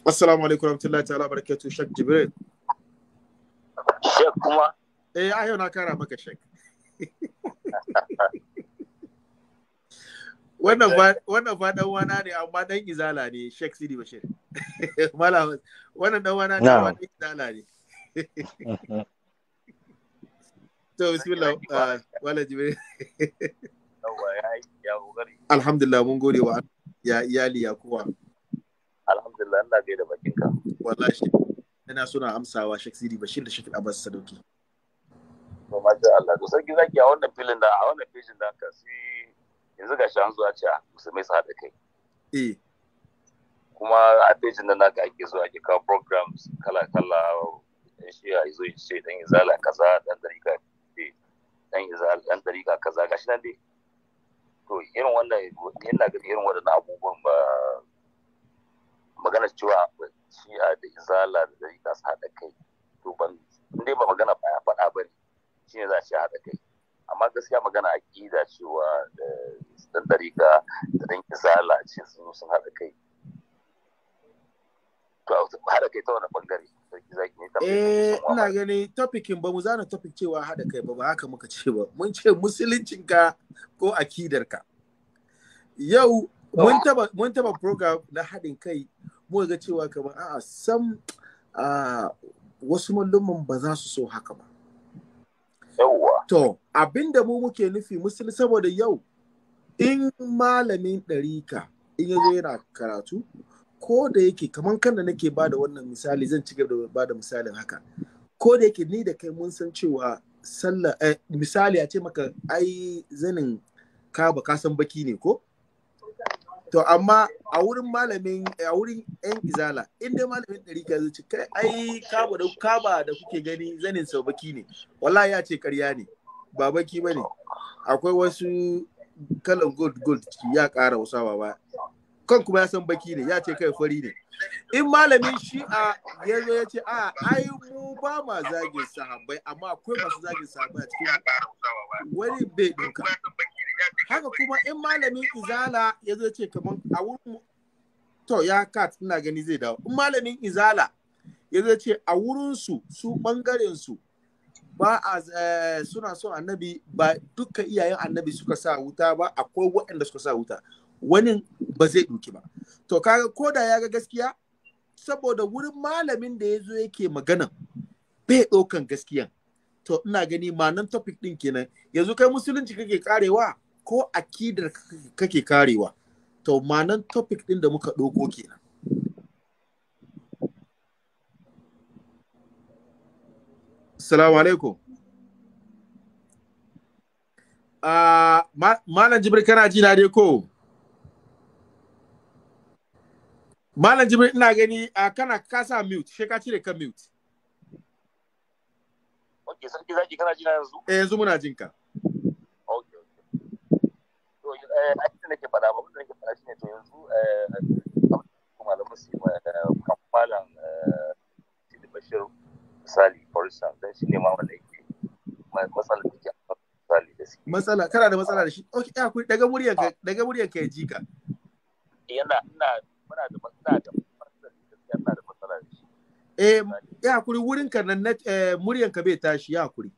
assalamu alaikum warahmatullahi ta'ala barakatuh shek jibril shek kuma eh a yau na kara maka shek wannan ba wannan ba dan wana ne amma dan izala ne shek sidi bashir malam wannan dan wana ne amma dan izala ne To bismillah wala ah, jibril. Alhamdulillah mun gode wa ya iyali ya kowa. Alhamdulillah Allah bai da bakin ka. Wallahi ina suna amsawa Sheikh Sidi Bashir da Sheikh Abbas Sadoki To ma masha Allah to sarki zaki a wannan filin da a wannan filin da ka si yanzu ga shan zuwa ce musulmai su haɗa kai. Eh. Kuma a pejin da naka ake zuwa ake kawo programs kala-kala shi a zo shi dan izala kaza dan dariƙa dan izal dan dariga kaza gashi nan dai to irin wannan ina ga irin wannan abubuwan ba magana cewa shi'a da izala da dariga su haɗa kai to ban dai ba magana ba ya faɗa ba ne ne za a hada haɗa kai amma gaskiya magana aƙida cewa da dan dariga da dan izala ce sun sun haɗa kai haɗa kai ta wani ɓangare eh ina gani topikin ba mu zana topic cewa haɗa kai ba ba haka muka ce ba mun ce musuluncinka ko akidarka yau mun taba program na haɗin kai mu ga cewa kamar a'a sam wasu mallumin ba za su so haka ba to abinda mu muke nufi musulun saboda yau in malamin ɗarika in yazo yana karatu ko da yake kamar kan da nake ba da wannan misali zan ci gaba da ba da misalin haka ko da yake ni da kai mun san cewa sallah eh, misali a ce maka ai zanin kaba ka san baki ne ko to amma a wurin malamin a wurin yan izala inda malamin ka zuci kai ai kaba da kaba da kuke gani zanin sau baki ne wallahi ya ce karya ne ba baki bane akwai wasu kalan gold gold ya ƙara wasawa ba kan kuma ya san baki ne ya ce kai fari ne in malamin shi'a ya zo ya ce a ai mu ba ma zagin sahabbai amma akwai masu zagin sahabbai a cikin wani bai doka haka kuma in malamin izala ya zo ya ce kamar a wurin to ya kat ina gani zai dawo in malamin izala ya zo ya ce a wurin su su bangaren su ba a eh, suna son annabi ba duka iyayen annabi suka sa wuta ba akwai waɗanda suka sa wuta wani ba zai ɗauki ba to kaga ko da ya ga gaskiya saboda wurin malamin da ya zo yake magana bai ɗaukan gaskiya. to ina gani ma'anan topic ɗin kenan yanzu kai musulunci kake karewa ko akidar kake karewa to ma'anan topic ɗin da muka ɗauko kenan Salamu alaikum. Uh, Malam Jibril kana ji na dai ko? Malam Jibril ina gani a kana kasa mute, she ka cire ka mute. Okay, sarki zaki kana jina yanzu? Eh yanzu muna jin ka. ok. To eh a cikin nake fada nake fada shine to yanzu eh, eh, eh, ke misali da kana da matsala da shi. Okay, ya ku daga muryar daga ji ka ya Yana ina muna da matsala da matsala da matsala da shi eh ya kuri wurin ka nan muryan ka bai tashi ya kuri.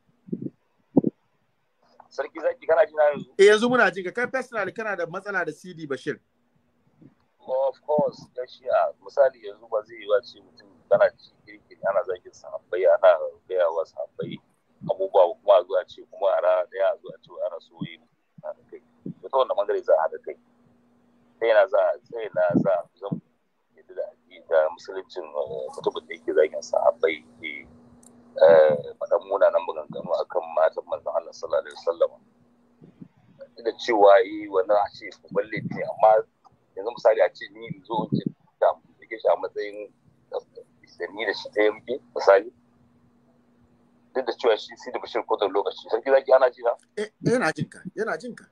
sarki zaki kana jina yanzu eh yanzu muna jin ka kai personal kana da matsala da CD Bashir of course da shi a misali yanzu ba zai yiwa ce mutum kana ci kirkiri ana zagin sahabbai ana gaya wa sahabbai abubuwa kuma a zuwa ce kuma a rana daya a zuwa ce ana da kai ta wanda bangare za a haɗa kai sai na za sai na za zan yadda da da musuluncin eh, mutumin da yake zagin sahabbai ke eh, faɗan munanan maganganu akan matan manzon Allah sallallahu alaihi wasallam da cewa yi eh, wannan a ce babban ne amma yanzu misali a ce ni in zo in ta muke shi a matsayin da ni da shi ɗaya muke misali duk da cewa shi sai da bashir kodon lokaci sarki zaki ana ji na yana jinka yana jinka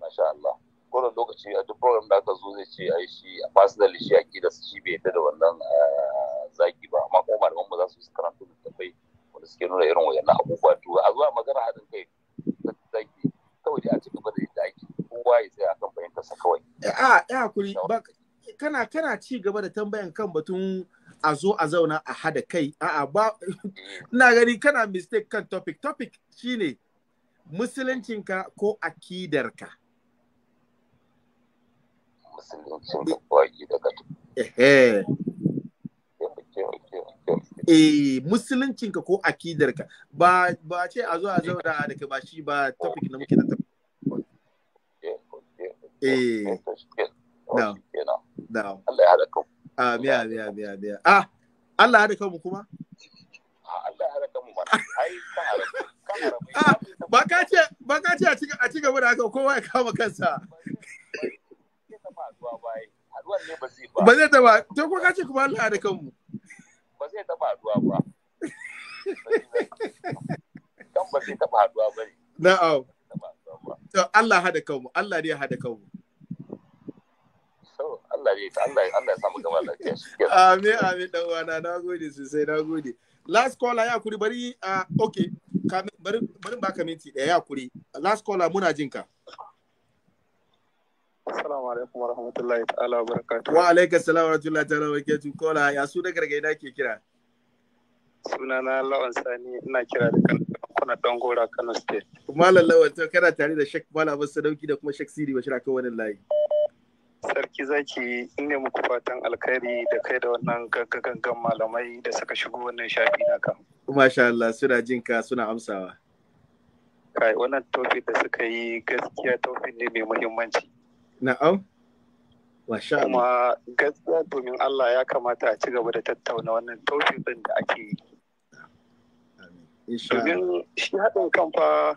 masha Allah kowane lokaci a duk program da aka zo zai ce yi shi a fasu da lishi akida su shi bai yadda da wannan ah, zaki ba amma kuma malaman ba za su yi da littattafai wanda suke nuna irin wayan abubuwa to a zuwa magana haɗin kai zaki kawai dai a ci gaba da yadda ake kowa ya tsaya akan fahimtarsa kawai. a ya hakuri kana kana ci gaba da tambayan kan batun a zo a zauna a hada kai a'a ba eh. ina gani kana mistake kan topic topic shine musuluncinka ko akidarka musulun eh, daga musuluncin ka ko akidar ka ba ba ce a zo a zauna da ka ba shi ba topic na muke da tafi. eh na na Allah ya haɗa kan biya biya biya biya ah Allah ya haɗa kuma ah, ba ka ce a ci gaba da haka kowa ya kama kansa ba zai taba to kace kuma Allah da kanmu ba zai taba haduwa ba ba zai taba haduwa ba na'am to Allah hada kanmu Allah ne ya hada kanmu Allah ya samu gama lafiya amin amin dan na gode sosai nagode last caller ya kuri bari uh, bari baka minti ɗaya ya kuri last caller muna jinka Assalamu alaikum wa rahmatullahi ta'ala wa barakatuhu. Wa alaikum salam wa rahmatullahi ta'ala wa barakatuhu. Kola ya su da gargaida ke kira. Sunana Lawan Sani ina kira da kan kuna don gora Kano State. Malam Lawan to kana tare da Sheikh Malam Sadauki da kuma Sheikh Siri Bashir akan wannan layi. Sarki zaki ina muku fatan alkhairi da kai da wannan gaggagan malamai da suka shigo wannan shafi naka. Masha Allah suna jinka suna amsawa. Kai wannan tofi da suka yi gaskiya tofi ne mai muhimmanci. Na'am. washa Kuma gaskiya domin Allah ya kamata a ci gaba da tattauna wannan taufin ɗin da ake yi. Domin shi haɗin kamfa,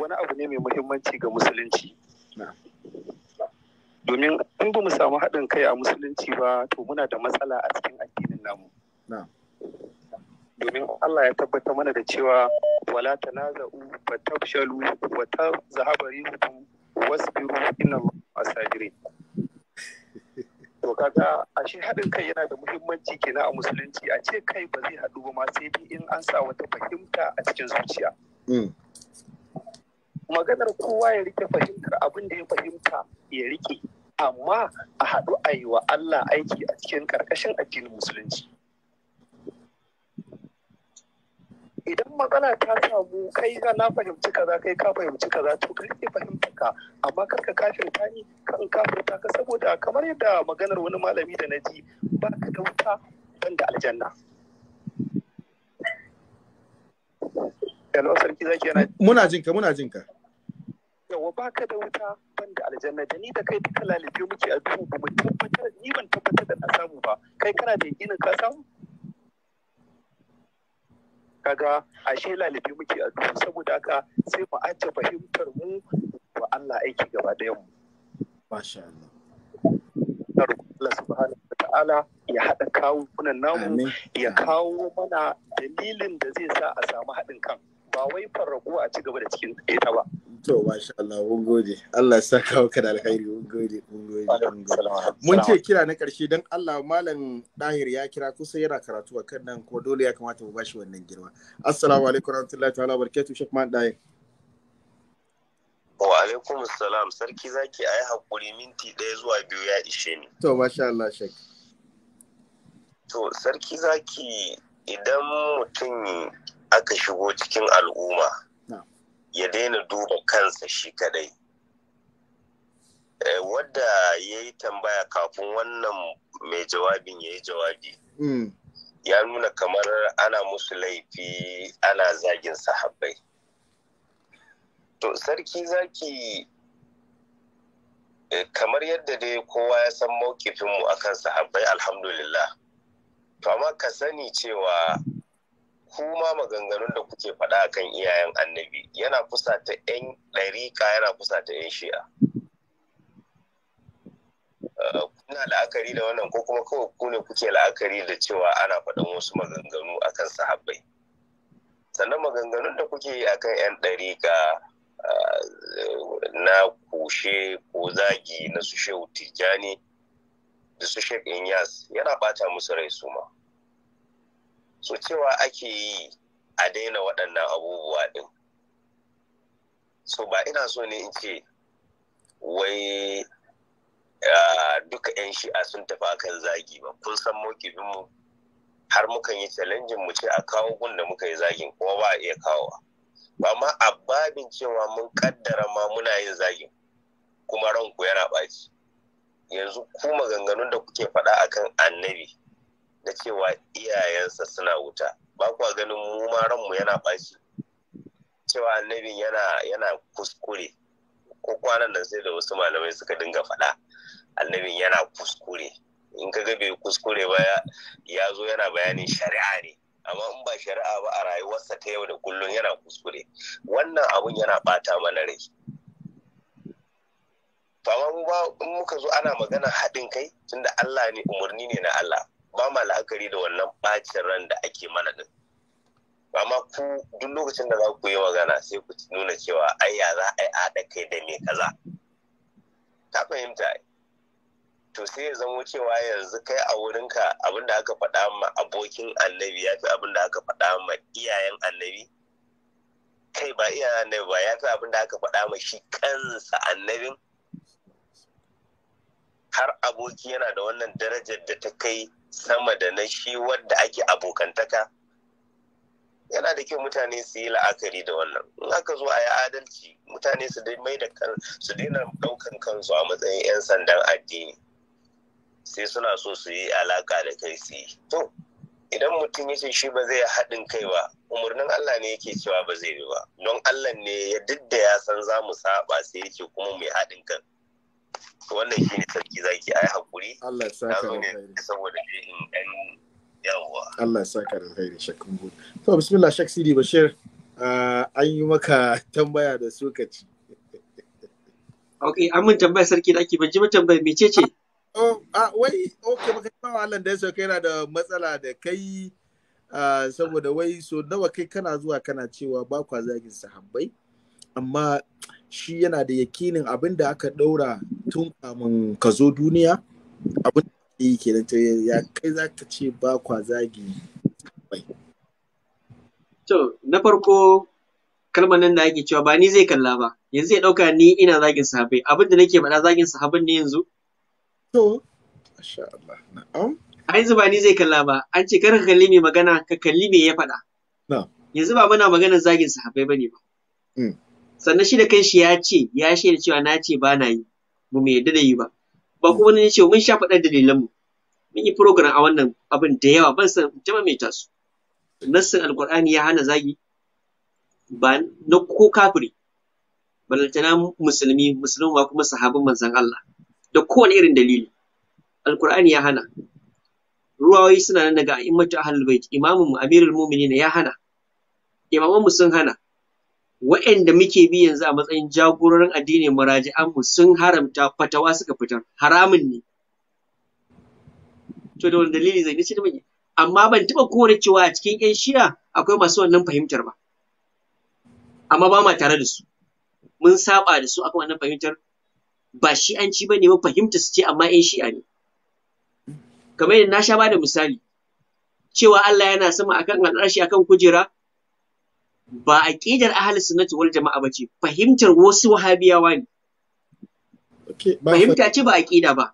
wani abu ne mai muhimmanci ga musulunci. Domin in ba mu samu haɗin kai a musulunci ba to muna da matsala a cikin addinin namu. Domin Allah ya tabbata mana da cewa wala ta fatabshalu wa wasu wasbiru inna Allah asajirin to kaga ashe haɗin kai yana da muhimmanci kenan a musulunci a ce kai ba zai haɗu ba ma sai dai in an sa wata fahimta a cikin zuciya mm. maganar kowa ya rike fahimtar abin da ya fahimta ya rike amma a haɗu a yi wa Allah aiki a cikin ƙarƙashin addinin musulunci idan matsala ta samu kai za na fahimci kaza kai ka fahimci kaza to ka ke fahimta ka amma kar ka ta ni kan kafirta ka saboda kamar yadda maganar wani malami da na ji ba ka da wuta ban da aljanna Hello sarki zaki yana muna jinka muna jinka yawa baka da wuta ban da aljanna da ni da kai duka lalace muke a duhu ba mu tabbatar ni ban tabbatar da na samu ba kai kana da yakinin ka samu kaga ashe lalibi muke a duhu saboda haka sai mu ajiye fahimtar mu wa Allah aiki gaba da mu masha Allah Allah subhanahu wa ta'ala ya haɗa kawo namu ya kawo mana dalilin da zai sa a samu haɗin kan. ba wai farrago a ci gaba da cikin ita ba to masha Allah mun gode Allah sa kawo ka da alkhairi mun gode mun gode mun ce kira na karshe dan Allah malam Dahir ya kira kusa yana karatu kan nan ko dole ya kamata mu bashi wannan girma assalamu alaikum warahmatullahi ta'ala barkatu Sheikh Mahan Dahir wa alaikum assalam sarki zaki ayi hakuri minti ɗaya zuwa biyu ya ishe ni to masha Allah Sheikh to sarki zaki idan mutum aka shigo cikin al'umma ya daina duba kansa shi kadai eh, wadda ya yi tambaya kafin wannan mai jawabin ya yi jawabi mm. ya nuna kamar ana musu laifi ana zagin sahabbai to sarki zaki eh, kamar yadda dai kowa ya san mawkifinmu akan sahabbai alhamdulillah to amma ka sani cewa kuma maganganun da kuke faɗa kan iyayen annabi yana kusa ta 'yan ɗarika yana kusa ta 'yan shi'a eh, kuna la'akari da wannan ko kuma kawai ku ne kuke la'akari da cewa ana faɗan wasu maganganu akan sahabbai sannan maganganun da kuke yi akan 'yan ɗarika eh, na kushe ko zagi na su shehu tijjani da su shek inyas yana ɓata musu rai su ma so cewa ake yi a daina waɗannan abubuwa ɗin so ba ina so ne in ce wai duka 'yan shi'a sun tafi kan zagi ba kun san mu har mukan yi challenge mu ce a kawo gun da muka yi zagin kuma ba a iya kawo ba ma a babin cewa mun kaddara ma muna yin zagin kuma ranku yana ɓaci yanzu ku maganganun da kuke faɗa akan annabi na cewa iyayensa suna wuta ba kuwa ganin mu ma ranmu yana ɓaci cewa annabin yana yana kuskure ko kwanan nan sai da wasu malamai suka dinga faɗa annabin yana kuskure in ka ga bai kuskure ba ya zo yana bayanin shari'a ne amma in ba shari'a ba a rayuwarsa ta yau da kullum yana kuskure wannan abun yana bata mana rai fama mu ba in muka zo ana magana haɗin kai tunda Allah ne umarni ne na Allah ba ma la'akari da wannan bacin ran da ake mana din amma ku duk lokacin da za ku yi magana sai ku nuna cewa ai ya za a yi haɗa kai da me kaza ta fahimta to sai ya zamo cewa yanzu kai a wurinka abinda aka faɗa ma abokin annabi ya fi abinda aka faɗa ma iyayen annabi kai ba iyayen annabi ba ya fi abinda aka faɗa ma shi kansa annabin har aboki yana da wannan darajar da ta kai sama da na shi wadda ake abokantaka yana da kyau mutane su yi la'akari da wannan in aka zo a yi adalci mutane su mai da kan su daina daukan kansu a matsayin 'yan sandan addini sai suna so su yi alaka da kai su yi to idan mutum ya ce shi ba zai haɗin kai ba umarnin Allah ne yake cewa ba zai yi ba don Allah ne ya duk ya san za mu saba sai yake kuma mu yi haɗin kan wannan shi ne sarki zaki ai hakuri Allah ya saka ne saboda in dan yawa Allah ya saka alkhairi shakkun gudu to bismillah shak sidi bashir ah, an yi maka tambaya da sokaci Ok, an mun tambaya sarki da ake ban ji ba tambaya mece ce? Oh, ah, wai, ok, baka yi bawa Allah da ya sauka yana da matsala da kai ah, saboda wai so nawa kai kana zuwa kana cewa ba kwa zagin sahabbai amma shi yana da yakinin abin da aka ɗaura tun kamun ka zo duniya abin da yi kenan ta ya kai za ka ce ba kwa zagi to na farko kalmar nan da ake cewa ba ni zai kalla ba yanzu ya ɗauka ni ina zagin sahabai abin da nake faɗa zagin sahabin ne yanzu to Allah na'am a yanzu ba ni zai kalla ba an ce kar ka kalli mai magana ka kalli me ya faɗa yanzu ba muna maganar zagin sahabai ne ba mm. sannan shi da kan shi ya ce ya da cewa na ce ba na yi mu mai yadda da yi ba ba kuma ne ce mun sha faɗar dalilan mu mun yi program a wannan abin da yawa ban san jama mai tasu nassin alqur'ani ya hana zagi ba na ko kafiri balantana musulmi ba kuma sahabin manzon Allah da kowane irin dalili alqur'ani ya hana ruwayoyi suna nan daga a'immatu ahlul bait imamu amirul mu'minin ya hana imamanmu sun hana waɗanda muke bi yanzu a matsayin jagororin addinin mu sun haramta fatawa suka fitar haramun ne to da wani dalili zai nace da mai amma ban taɓa kore cewa a cikin ƴan shi'a akwai masu wannan fahimtar ba amma ba ma tare da su mun saba da su akan wannan fahimtar ba shi ci ba ne ba fahimta su ce amma 'yan shi'a ne kamar yadda na sha ba da misali cewa Allah yana sama akan al'arshi akan kujera ba aqidar ahli sunnati wal jama'a bace fahimtar wasu wahabiyawa ne fahimta ce ba ƙida ba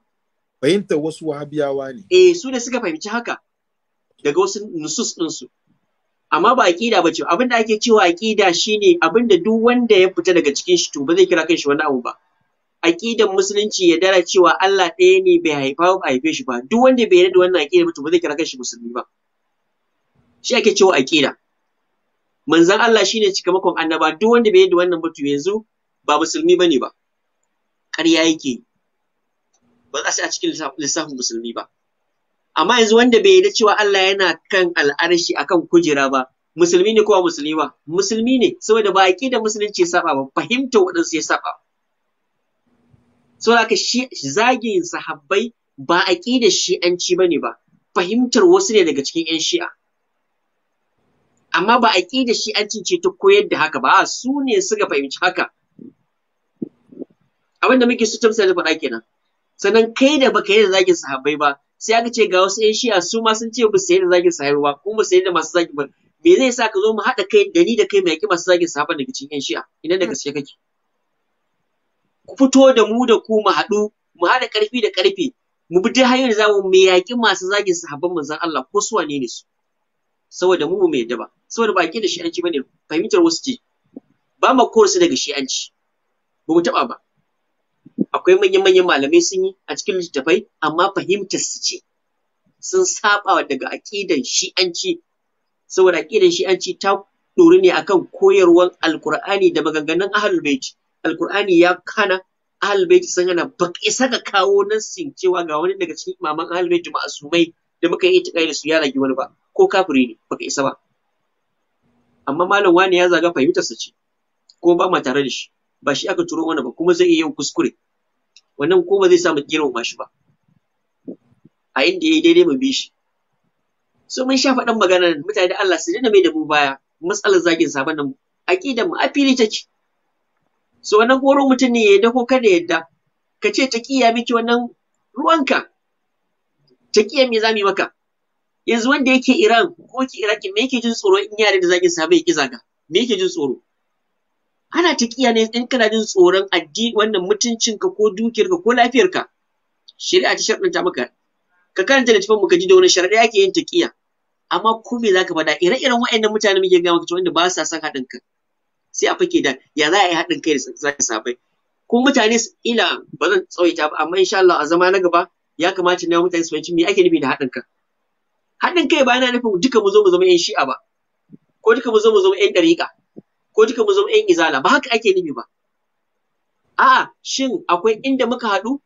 fahimtar wasu wahabiyawa ne eh su ne suka fahimci haka daga wasu nusus ɗinsu. amma ba aqida bace abinda ake cewa shi ne abinda duk wanda ya fita daga cikin shi to ba zai kira kanshi wani abu ba aƙidan musulunci ya dara cewa Allah ɗaya ne bai haifa ba haife shi ba duk wanda bai yarda da wannan aƙida ba to ba zai kira kanshi musulmi ba shi ake cewa aƙida Manzan Allah shine cikamakon annaba duk wanda bai yi da wannan batu yanzu ba musulmi bane ba ƙarya yake ba za su a cikin lissafin musulmi ba amma yanzu wanda bai yi cewa Allah yana kan al'arshi akan kujera ba musulmi ne ko musulmi ba musulmi ne saboda ba da musulunci ya saba ba fahimta waɗansu ya saba saboda haka shi zagin sahabbai ba da shi'anci bane ba fahimtar wasu ne daga cikin 'yan shi'a amma ba a da shi an cince ta koyar da haka ba su ne suka fahimci haka abin da muke su tamsa da faɗa kenan sannan kai da baka yi da zagin sahabbai ba sai aka ce ga wasu 'yan shi'a su ma sun ce ba su yi da zagin sahabbai ba kuma ba su yi da masu zagin ba me zai sa ka zo mu haɗa kai da ni da kai mai yaƙi masu zagin sahabban daga cikin 'yan shi'a idan da gaske kake ku fito da mu da ku mu haɗu mu haɗa ƙarfi da ƙarfe mu bi duk hanyar da za mu yaƙi masu zagin sahabban manzon Allah ko su wane ne su saboda mu mu mai yadda ba saboda ba da shi'anci bane fahimtar wasu ce ba ma korsu daga shi'anci ba mu taɓa ba akwai manyan-manyan malamai sun yi a cikin littattafai amma fahimtar su ce sun saba daga aƙidan shi'anci saboda aƙidan shi'anci ta ɗori ne akan koyarwar alkur'ani da maganganun ahlul bait alkur'ani ya kana ahlul bait sun hana ba isa kawo nan sin cewa ga wani daga cikin imaman ahlul bait ma'asumai da muka yi itikai da su ya rage wani ba ko kafiri ne baka isa ba amma malam wani ya zaga fahimtar sa ce ko ba ma tare da shi ba shi aka turo mana ba kuma zai iya yin kuskure wannan ko ba zai samu girmama shi ba a inda yayi daidai mu bi shi so mun sha faɗan magana mutane da Allah su daina mai da mu baya matsalar zagin sabon nan aqidar mu a fili take so wannan goro mutum ne ya yadda ko kada yadda ka ce ta kiya miki wannan ruwanka ta kiya me zamu yi maka yanzu wanda yake Iran ko ki Iraki me yake jin tsoro in yare da zaki samu ya kizaga me yake jin tsoro ana kiya ne in kana jin tsoron addini wannan mutuncin ka ko dukiyar ka ko lafiyar ka. shari'a ta sharɗanta maka ka karanta littafin muka ji da wani sharaɗi ake yin kiya amma ko me zaka faɗa ire-iren waɗannan mutane muke ga maka wanda ba sa son haɗin kai sai a fake da ya za a yi haɗin kai da zaki sabai ko mutane ila ba zan tsawaita ba amma insha Allah a zama na gaba ya kamata ne mutane su fahimci me ake nufi da haɗin kai haɗin kai ba yana nufin duka mu zo mu zama yan shi'a ba ko duka mu zo mu zama yan ɗariƙa ko duka mu zama yan izala ba haka ake nufi ba a'a shin akwai inda muka haɗu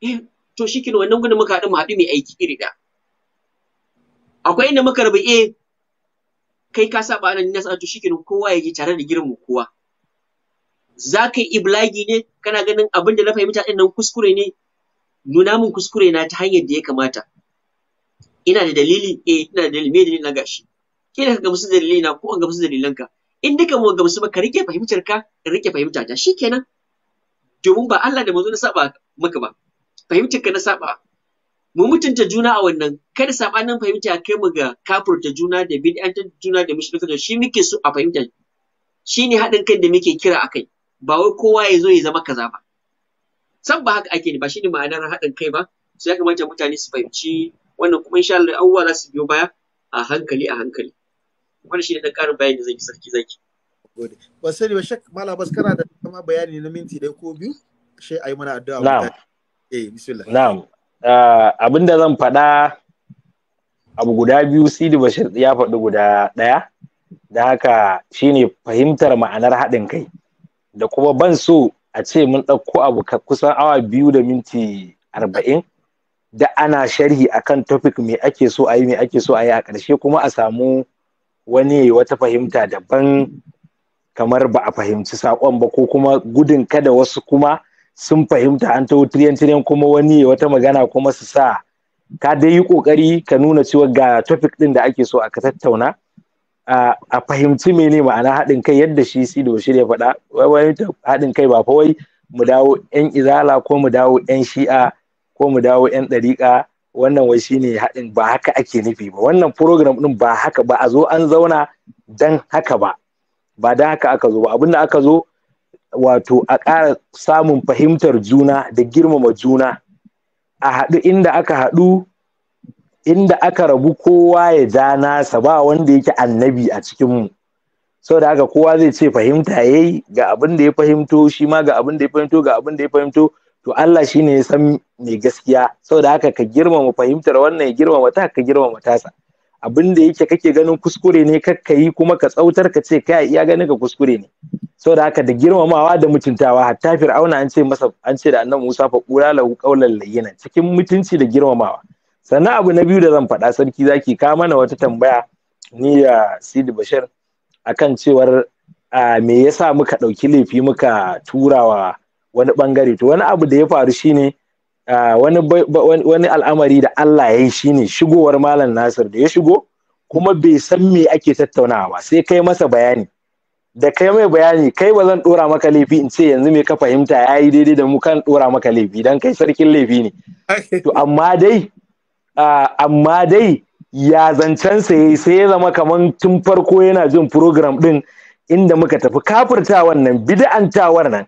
eh to shi kenan wannan gudun muka haɗu mu haɗu mai aiki iri ɗaya akwai inda muka rabu eh kai ka saba nan na sa'a to shi kenan kowa ya je tare da girmu kowa za ka yi iblagi ne kana ganin abin da na fahimta ɗin nan kuskure ne nuna min kuskure na ta hanyar da ya kamata ina da dalili eh ina da dalili me dalili na gashi ke da ka gamsu dalili na ko an gamsu dalilan ka in duka mu gamsu ba ka rike fahimtar ka rike fahimta ta shikenan domin ba Allah da manzo na saba maka ba fahimtar ka na saba mu mutunta juna a wannan kada sabanin fahimta kai mu ga kafurta juna da bid'antar juna da mushrikta da shi muke so a fahimta shine haɗin kan da muke kira akai ba wai kowa ya zo ya zama kaza ba san ba haka ake ne ba shine ma'anar haɗin kai ba sai ya kamata mutane su fahimci wannan kuma insha Allah abubuwa za su biyo baya a hankali a hankali wannan shi ne dan karin bayani da zan yi sarki zaki gode ba sani ba shak malam bas kana da kuma bayani na minti ɗaya ko biyu sai ayi mana addu'a na'am eh bismillah na'am ah, abinda zan faɗa abu guda biyu sidi bashir ya faɗi guda ɗaya da haka shine fahimtar ma'anar haɗin kai da kuma ban so a ce mun ɗauko abu kusan awa biyu da minti arba'in da ana sharhi akan topic me ake so a yi me ake so a yi a ƙarshe kuma a samu wani wata fahimta daban kamar ba a fahimci saƙon ba ko kuma gudun kada wasu kuma sun fahimta an ta tiriyan tiriyan kuma wani wata magana kuma su sa ka dai yi ƙoƙari ka nuna cewa ga topic ɗin da ake so aka tattauna a fahimci mene ma'ana haɗin kai yadda shi si da shirya faɗa haɗin kai ba fa wai mu dawo 'yan izala ko mu dawo 'yan shi'a ko mu dawo yan ɗariƙa wannan wai shine haɗin ba haka ake nufi ba wannan program ɗin ba haka ba a zo an zauna dan haka ba ba dan haka aka zo ba abinda aka zo wato a ƙara samun fahimtar juna da girmama juna a haɗu inda aka haɗu inda aka rabu kowa ya ja nasa ba wanda yake annabi a cikinmu sau da haka kowa zai ce fahimta ya yi ga abin da ya fahimto shi ma ga abin da ya fahimto ga abin da ya fahimto to Allah shi ne ya san mai gaskiya saboda haka ka girmama fahimtar wannan ya girmama ta ka girmama tasa abin da yake kake ganin kuskure ne kakka yi kuma ka tsautar ka ce kai iya ganin ka kuskure ne saboda haka da girmamawa da mutuntawa hatta fir'auna an ce masa an ce da annan Musa fa kula la qawlan layyinan cikin mutunci da girmamawa sannan abu na biyu da zan faɗa sarki zaki ka mana wata tambaya ni da Sidi Bashir akan cewar ah, me yasa muka ɗauki laifi muka turawa wani bangare to wani abu da ya faru shine wani wani al'amari da Allah ya yi shine shigowar malam Nasir da ya shigo kuma bai san me ake tattaunawa ba sai kai masa bayani da kai mai bayani kai ba zan dora maka laifi in ce yanzu me ka fahimta yayi daidai da mu kan dora maka laifi dan kai sarkin laifi ne to amma dai amma dai ya zancensa ya sai ya zama kaman tun farko yana jin program din inda muka tafi kafirta wannan bid'antawar nan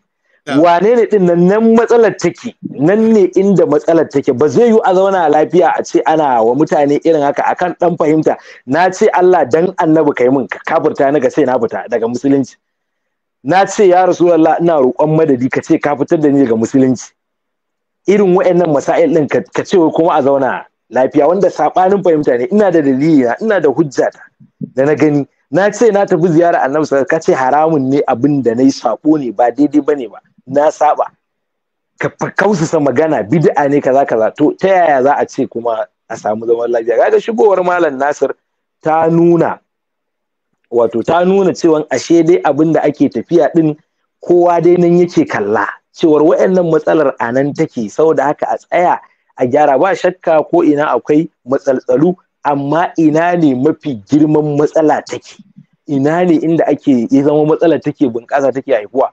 wane ne din nan nan matsalar take nan ne inda matsalar take ba zai yi a zauna lafiya a ce ana wa mutane irin haka akan dan fahimta na ce Allah dan annabi kai min ka kafirta ni ce na fita daga musulunci na ce ya rasulullah ina roƙon madadi ka ce ka fitar da ni daga musulunci irin waɗannan masail din ka ce kuma a zauna lafiya wanda sabanin fahimta ne ina da dalili na ina da hujjata da na gani na ce na tafi ziyara annabi ka ce haramun ne abin da nayi yi sabo ne ba daidai bane ba na saba ka kausasa magana bid'a ne kaza kaza to ta yaya za a ce kuma a samu zaman lafiya kaga shigowar malam Nasir ta nuna wato ta nuna cewa ashe dai abin da ake tafiya din kowa dai nan yake kalla cewar wayannan matsalar a nan take saboda haka a tsaya a gyara ba shakka ko ina akwai matsaltsalu amma ina ne mafi girman matsala take ina ne inda ake ya zama matsalar take bunƙasa take haihuwa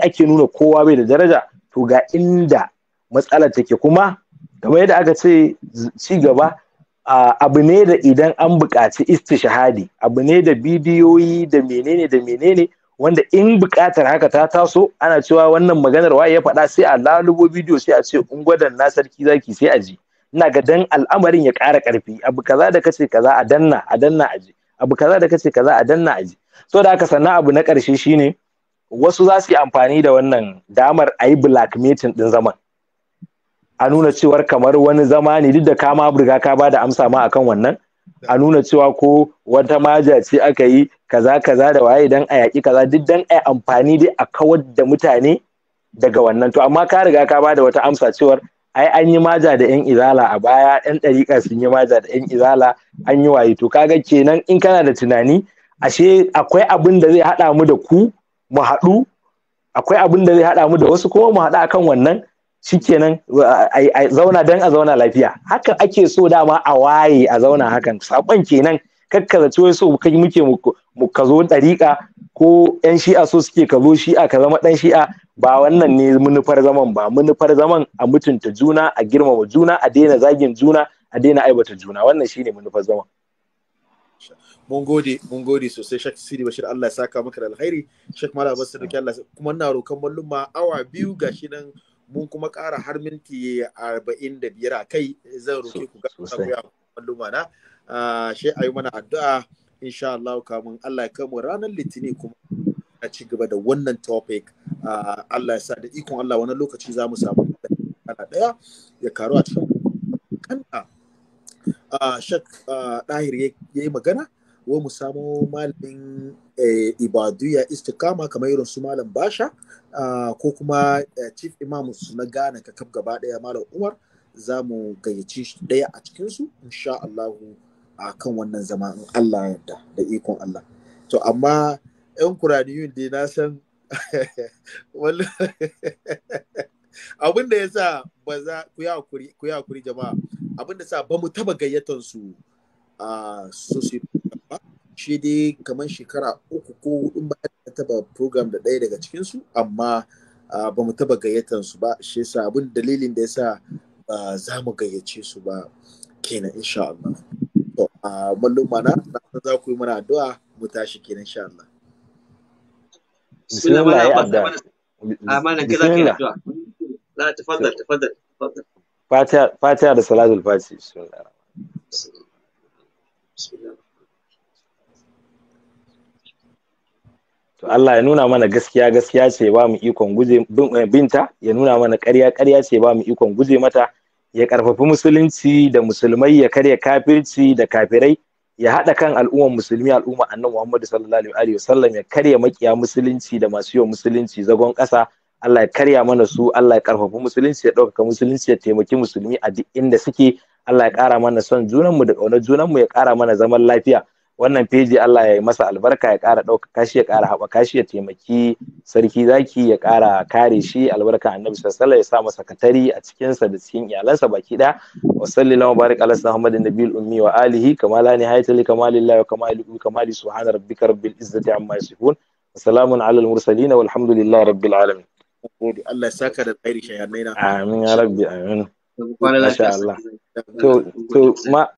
ake nuna kowa bai da daraja to ga inda matsalar take kuma kamar yadda aka ce ci gaba abu ne da idan an buƙaci istishahadi abu ne da bidiyoyi da menene da menene wanda in buƙatar haka ta taso ana cewa wannan maganar waye ya faɗa sai a lalubo bidiyo sai a ce in na sarki zaki sai a ji ina ga dan al'amarin ya ƙara ƙarfi abu kaza da kace kaza a danna a danna a ji abu kaza da kace kaza a danna a ji so haka sannan abu na ƙarshe shine wasu za su yi amfani da wannan damar a yi blackmating din zaman a nuna cewar kamar wani zama ne duk da kama burga ka ba da amsa ma akan wannan a nuna cewa ko wata maja ce aka yi kaza kaza da waye dan a yaƙi kaza duk dan a amfani dai a kawar da mutane daga wannan to amma ka riga ka ba da wata amsa cewar ai an yi maja da yan izala a baya yan ɗariƙa sun yi maja da yan izala an yi waye to kaga kenan in kana da tunani ashe akwai abin da zai haɗa mu da ku mu haɗu akwai abin da zai haɗa mu da wasu kuma mu haɗu akan wannan shikenan a zauna dan a zauna lafiya hakan ake so dama a waye a zauna hakan saban kenan kakkaza ciwo so kai muke mu ka zo ɗariƙa ko yan shi'a so suke ka zo shi'a ka zama ɗan shi'a ba wannan ne munufar zaman ba munufar zaman a mutunta juna a girmama juna a daina zagin juna a daina aibata juna wannan shine munufar zaman mun gode mun gode sosai shek sidi bashir Allah ya saka maka da alkhairi shek mala abbas sarki Allah kuma ina rokan malluma awa biyu gashi nan mun kuma kara har minti arba'in da biyar a kai zan roke ku ga malluma na ah, shi ayi mana addu'a insha Allah kamun Allah ya kama ranar litinin kuma a ci gaba da wannan topic ah, Allah ya sa da ikon Allah wani lokaci za mu samu kana daya ya karu a cikin kanta ah, shak dahir ya yi magana wa mu samu malamin eh, ibadu ya istikama kamar irin su malam basha ah, ko kuma eh, chief imam su na gane ka kaf gaba daya malam umar za mu gayyaci daya a cikinsu insha Allahu a kan wannan zama in Allah yarda da ikon Allah to amma yan kuraniyun dai na san abin da ya sa ba za ku yi hakuri jama'a abin da sa ba mu taba gayyatar su a sosai shi dai kamar shekara uku ko hudu ba ta taba program da ɗaya daga cikinsu amma ba mu taba gayyatar su ba shi yasa abin dalilin da yasa ba za mu gayyace su ba kenan insha Allah to a malluma na za ku yi mana addu'a mu tashi kenan insha Allah Bismillah الله يا عبدان أمانة كذا كذا لا تفضل to Allah ya nuna mana gaskiya gaskiya ce ba mu ikon guje eh, binta ya nuna mana ƙarya ƙarya ce ba mu ikon guje mata ya ƙarfafi musulunci da musulmai ya karya kafirci da kafirai ya haɗa kan al'ummar musulmi al'umma annabi Muhammadu sallallahu alaihi wasallam ya karya makiya musulunci da masu yawan musulunci zagon ƙasa Allah ya karya mana su Allah ya ƙarfafi musulunci ya ɗaukaka musulunci ya taimaki musulmi a duk inda suke Allah ya ƙara mana son junanmu da ƙaunar junanmu ya ƙara mana zaman lafiya wannan feji Allah ya yi masa albarka ya ƙara ɗaukaka shi ya ƙara haɓaka shi ya taimaki sarki zaki ya ƙara kare shi albarka annabi Sassala ya sa masa katari a cikinsa da cikin iyalansa baki ɗaya wa lama barik ala muhammadin nabiyil ummi wa alihi kama la nihayata li kamalillahi wa kamali kamali subhana rabbika rabbil izzati amma yasifun salamun ala al mursalin walhamdulillahi rabbil alamin Allah ya saka da tsairi shayanaina amin ya rabbi amin to to ma